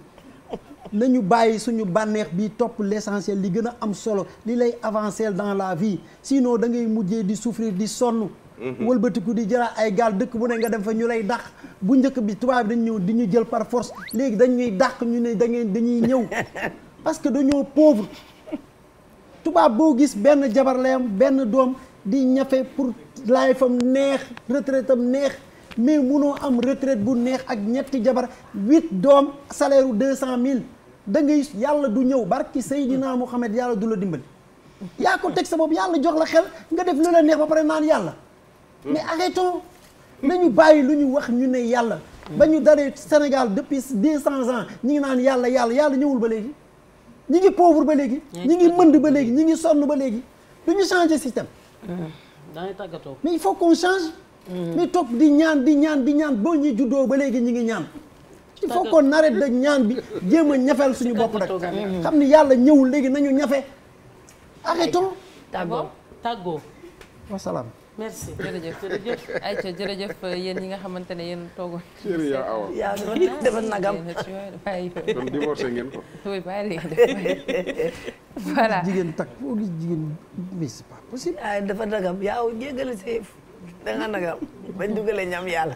nañu bàyyi suñu bànneex bi topp l'essentiel li gën a am solo li lay avancer dans la vie sinon da ngay mujjee di souffrir di sonn Mhm. wëlbatiku di jëlaat ay gaal dëkk bu ne nga dem fa ñu lay dàq bu njëkk bi tubaab bi dañ ñëw di ñu jël par force léegi dañ ñuy dàq ñu ne da ngeen dañuy ñëw parce que dañoo pauvre tubaab boo gis benn jabar lay am benn doom di ñafe pour laay fam neex retraite am neex mais munoo am retraite bu neex ak ñetti jabar huit doom salaire u deux cent mille da ngay yàlla du ñëw barki Seydina Mouhamed yàlla du la dimbali yaa ko teg sa bopp yàlla jox la xel nga def lu leen neex ba pare naan yàlla mais arrêtons nañu bàyyi lu ñu wax ñu ne yàlla ba ñu daree Sénégal depuis deux cent ans ñi ngi naan yàlla yàlla yàlla ñëwul ba léegi ñi ngi pauvre ba léegi ñi ngi mënd ba léegi ñi ngi sonn ba léegi du ñu changer système dañuy tàggatoo mais il faut qu'on change hmm. mais toog di ñaan di ñaan di ñaan boo ñuy juddoo ba léegi ñi ngi ñaan il faut qu'on arrête de ñaan bi jéem a ñafeel suñu bopp rek xam ni yàlla ñëwul léegi nañu ñafe arrêtons tàggoo merci jërëjëf jërëjëf Aïcha yéen ñi nga xamante ne yéen toogoon. chéri yaa awa yaa dafa jigéen takk foo gis jigéen mais c'est pas possible. ah dafa nagam yaa aw jéggale seef da nga nagam bañ dugalee ñam yàlla.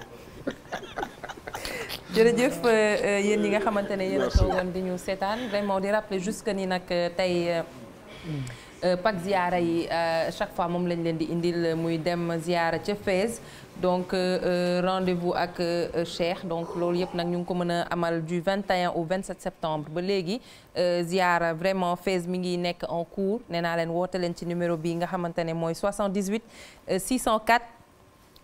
jërëjëf euh, euh, yéen ñi nga xamante ne yéen a toogoon di ñu seetaan vraiment di rappeler juste que nii nag euh, tey. Euh, pak ziyaara yi euh, chaque fois moom lañ leen di indil euh, muy dem ziyaara ca Fès donc rendez-vous ak Cheikh donc loolu yëpp nag ñu ngi ko mën a amal du 21 au 27 septembre ba léegi ziyaara vraiment Fès mi ngi nekk en cours nee naa leen woote leen ci numéro bi nga xamante ne mooy 78 604.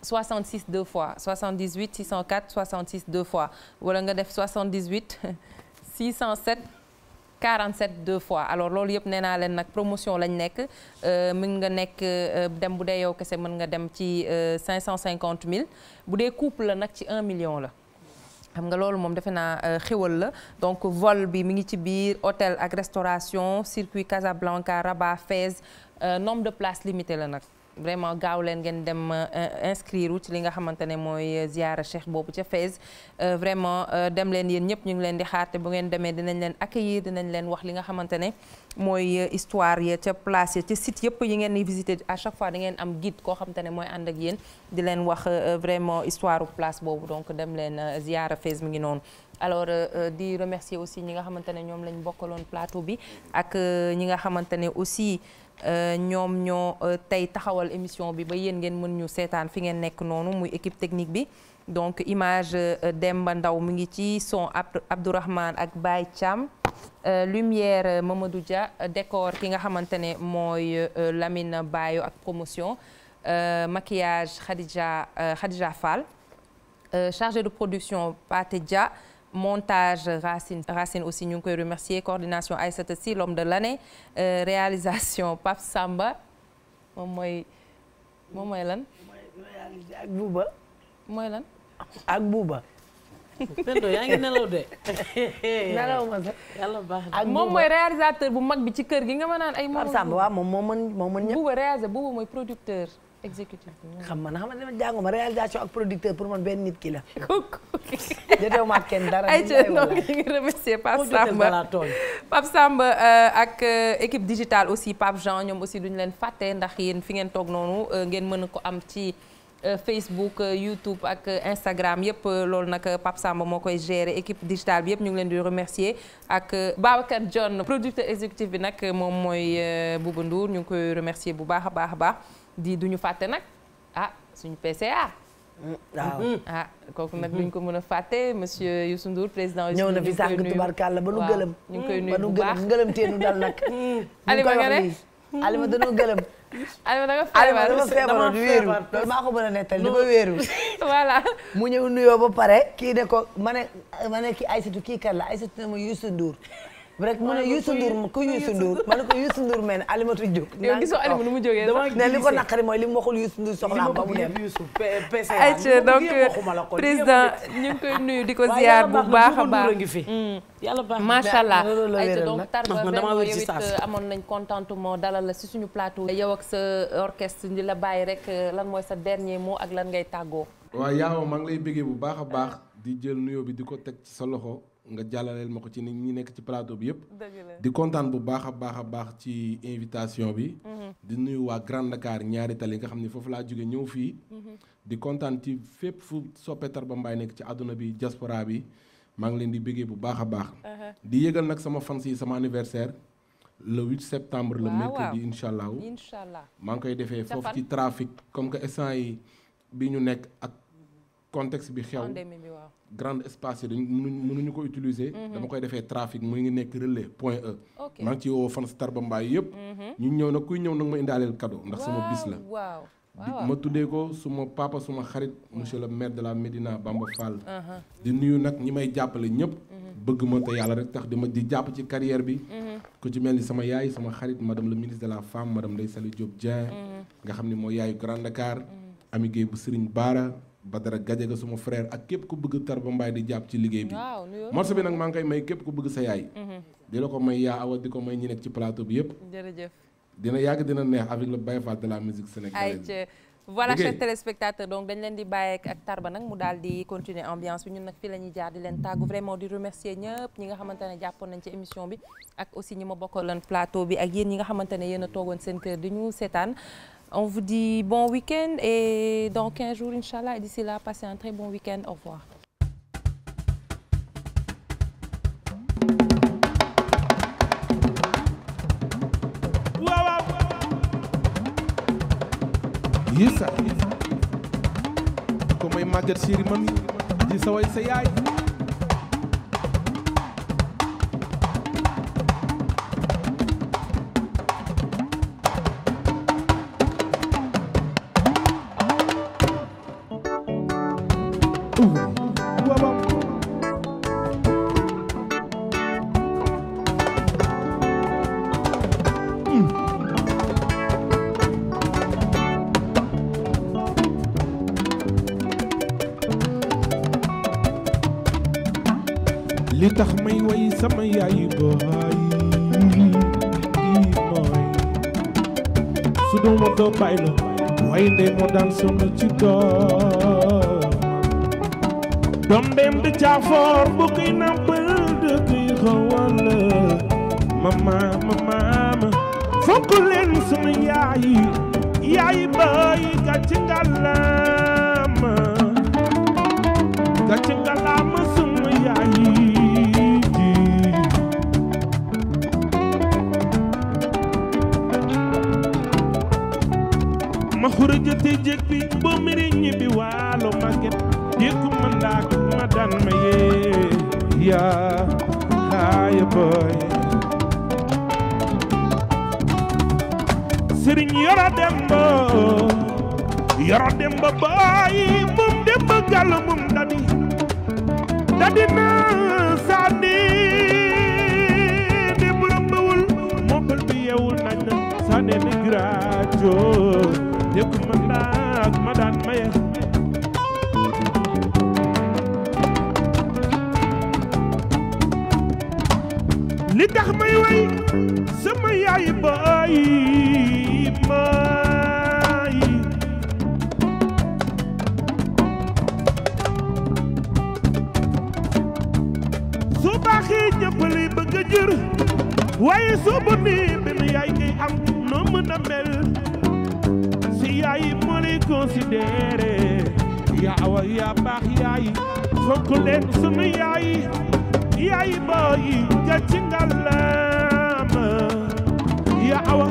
66 deux fois 78 604 66 deux fois wala nga def 78 607 47 deux fois alors loolu yëpp nee naa leen nag promotion lañ nekk euh, mën nga nekk euh, dem bu dee yow kese mën nga dem ci 550 euh, 000 bu dee couple la nag ci un million la. xam nga loolu moom defe naa xéwal la donc vol bi mi ngi ci biir hôtel ak restauration circuit Casablanca Rabat Fès nombre de place limité la nag. vraiment gaaw leen ngeen dem euh, inscrire ci li nga xamante ne mooy ziara cheikh boobu ca Fès euh, vraiment euh, dem leen yéen ñëpp ñu ngi leen di xaar te bu ngeen demee dinañ leen accueillir dinañ leen wax li nga xamante ne mooy histoire ya ca place ya ca site yëpp yi ngeen di visiter à chaque fois da ngeen am guide koo xamante ne mooy ànd ak yéen di leen wax vraiment histoire place boobu donc dem leen ziara Fès mi ngi noonu. alors di remercier aussi ñi nga xamante ne ñoom lañ bokkaloon plateau bi ak ñi nga xamante ne aussi. Euh, ñoom ñoo euh, tey taxawal émission bi ba yéen ngeen mën ñu seetaan fi ngeen nekk noonu muy équipe technique bi donc image euh, dem ba Ndaw mu ngi ci son Abdourahmane ak Baye Thiam lumière Mamadou Dia décor ki nga xamante ne mooy Lamine Bayo ak promotion maquillage Khadija Khadija Fall chargé de production Paté Dia montage Racine Racine aussi ñu ngi koy remercier coordination Aïssata Sy l'homme de l'année euh, réalisation Pape Samba moom mooy moom mooy lan. ak Bouba. mooy lan. ak Bouba. Pendo yaa ngi nelaw de. nelaw ma sax. yàlla baax na moom mooy réalisateur bu mag bi ci kër gi nga ma naan ay. Pape Samba waaw moom moo mën moo mën ñëpp. Bouba réalisateur Bouba mooy producteur. exécutif xam a xam ne jànguma réalisation ak producteur pour man benn nit ki la. jotee ma ak kenn dara. ay jërëjëf donc ñu ngi remercier Samba Pape Samba euh, ak euh, équipe aussi Pape Jean ñoom aussi duñu leen fàtte ndax yéen fi ngeen toog noonu euh, ngeen mën ko am ci. Facebook YouTube ak Instagram yëpp loolu nag Pape Samba moo koy gérer équipe digitale bi yëpp ñu ngi leen di remercier ak Babacar John producteur exécutif bi nag moom mooy Bouba Ndour ñu ngi koy remercier bu baax a baax a baax. di ñu fàtte nag ah suñu PCA. Mm, waaw mm-hmm. ah kooku nag duñ ko mën a fàtte mosieur Youssou Ndour président. ñëw na fi sànq tubarkalla ba nu gëlëm. ñu ngi koy mm, nuyu bu baax ba nu gëlëm teenu dal nag. Mm, Alima nga ne Alima danoo gëlëm. Alima da nga feebar Alima dama feebaroon wéeru maa ko mën a nettali dama wéeru. voilà mu ñëw nuyoo ba pare. kii ne ko ma ne ma ne kii Aïssatou kii kan la Aïssatou ne ma Youssou Ndour. rek mu ne Youssou Ndour ku Youssou Ndour ma ne ko Youssou Ndour mel ne Alimatou Diop. yow gisoo Alima nu mu jógee ne li ko naqari mooy li mu waxul Youssou Ndour soxlaa ba mu dem. ayca donc président ñu ngi koy nuyu di ko ziar bu baax a baax. Mm. yàlla baax macha allah ayca donc Tarba vraiment yow it euh, amoon nañ contentement dalal la si suñu plateau. yow ak sa orchestre di la bàyyi rek euh, lan mooy sa dernier mot ak lan ngay tàggoo. waaw yaaw maa ngi lay bëggee bu baax a baax di jël nuyoo bi di ko teg ci sa loxo. nga jàllaleel ma ko ci ni ñi nekk ci plateau bi yëpp. di kontaan bu baax a baax a baax ci invitation bi. Mm-hmm. di nuyu waa Grand Dakar ñaari tali nga xam ni foofu laa jóge ñëw fii. Mm-hmm. di kontaan ci fépp fu soppe Tarba Mbaye nekk ci àdduna bi diaspora bi maa ngi leen di bëggee bu baax a baax. Uh-huh. di yëgal nag sama fans yi sama anniversaire. le 8 septembre. le mercredi incha allah incha allah maa ngi koy defee foofu ci trafic comme que instant yi bi ñu nekk ak contexte bi xew. grande espace yi dañ mënuñu ko utiliser. Mhm. dama koy defee trafic mu ngi nekk relais point E. ok maa ngi ci woo fan Tarba Mbaye yëpp. Mhm. ñu ñëw nag kuy ñëw nag ma indaaleel cadeau ndax sama bis la. ma tuddee ko suma papa suma xarit monsieur le maire de la Médina Bamba Fall. Uh-huh. di nuyu nag ñi may jàppale ñëpp. Mhm. bëgg ma te yàlla rek tax di ma di jàpp ci carrière bi. ku ci mel ni sama yaay sama xarit madame le ministre de la femme madame Ndeye Saly Diop Dieng. nga xam ni moo yaayu Grand Dakar. ami Guèye bu Serigne Badara Gadiaga suma frère ak képp ku bëgg Tarba Mbaye di jàpp ci liggéey bi morceau bi nag maa ngi may képp ku bëgg sa yaay mhm. di ko may yaa awa di ko may ñi nekk ci plateau bi yëpp dina yàgg dina neex avec le Baye Fall de la musique sénégalaise voilà chers téléspectateurs donc dañ leen di bàyyeek ak Tarba nag mu daal di continuer ambiance bi ñun nag fii la jaar di leen tàggu vraiment di remercier ñëpp ñi nga xamante jàppoon nañ ci émission bi a On vous dit bon week-end et dans 15 jours, Inch'Allah, et d'ici là, passez un très bon week-end. Au revoir. Yes, sir. Como é magra, siri, mami. Diz a oi, say, ai. to baylo waynde mo dan sono cutto dombem de jafor buki nampel de ki fokk leen sunu yaay yaay bay gàcce ngàlla te jëg bi boo mere ñibbi waalo màgget yëkku ma ndaak ma daan ma yee yaa kaaya boy sëriñ yoro demba yoro demba boy moom demba gàllu moom dadi dadi di bu rëmbawul mokkal bi yeewul nañ na sànni ni graajoo waaye li tax may way sama yaay baay maay su baaxee ñëpp lay bëgg a jur waaye soo yaay ngay am noo mën a mel considéré yaa awa yaa baax yaay fonk leen sunu yaay yaay booy jàcc ngalam yaa awa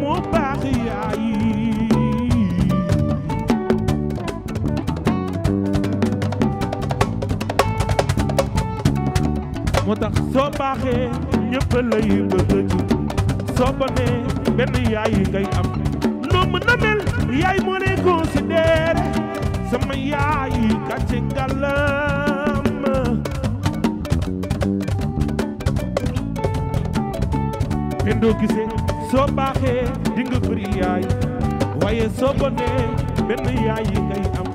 moo baax yaay moo tax soo baaxee ñëpp lay bëgg soo bonee benn yaay ngay am noo mën a mel yaay moo sama yaay gàcce gàllam bendoo gisee soo baaxee di nga bëri yaay soo bonee benn yaay yi am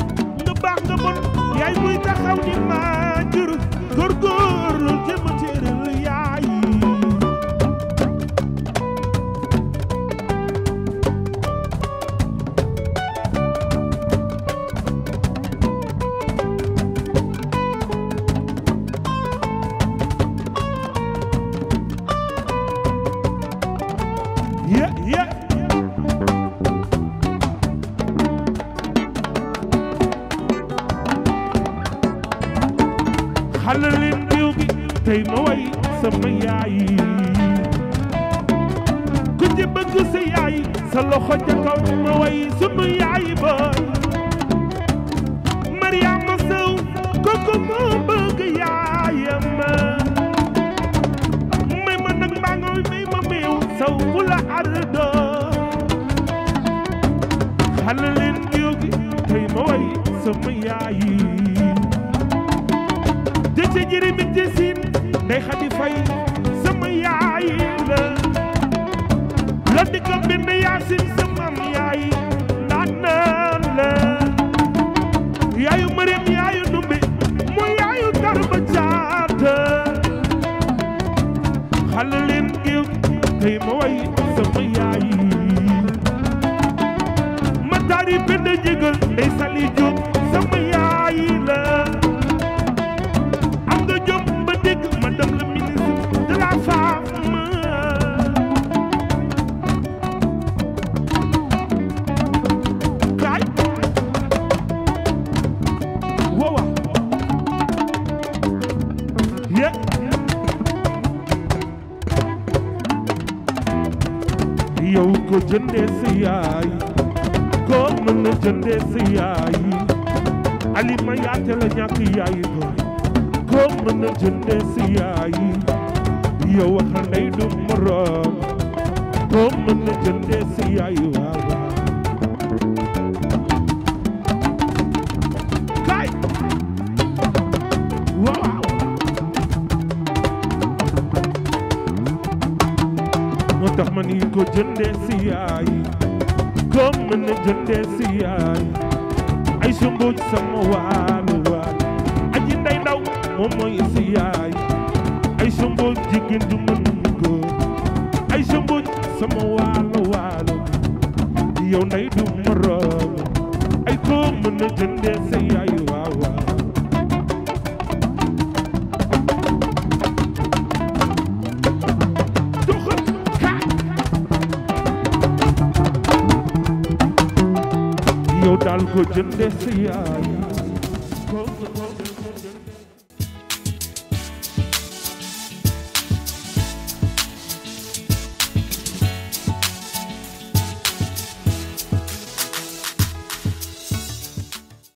nga baax nga bon yaay muy taxaw ni maa jur góorgóorlu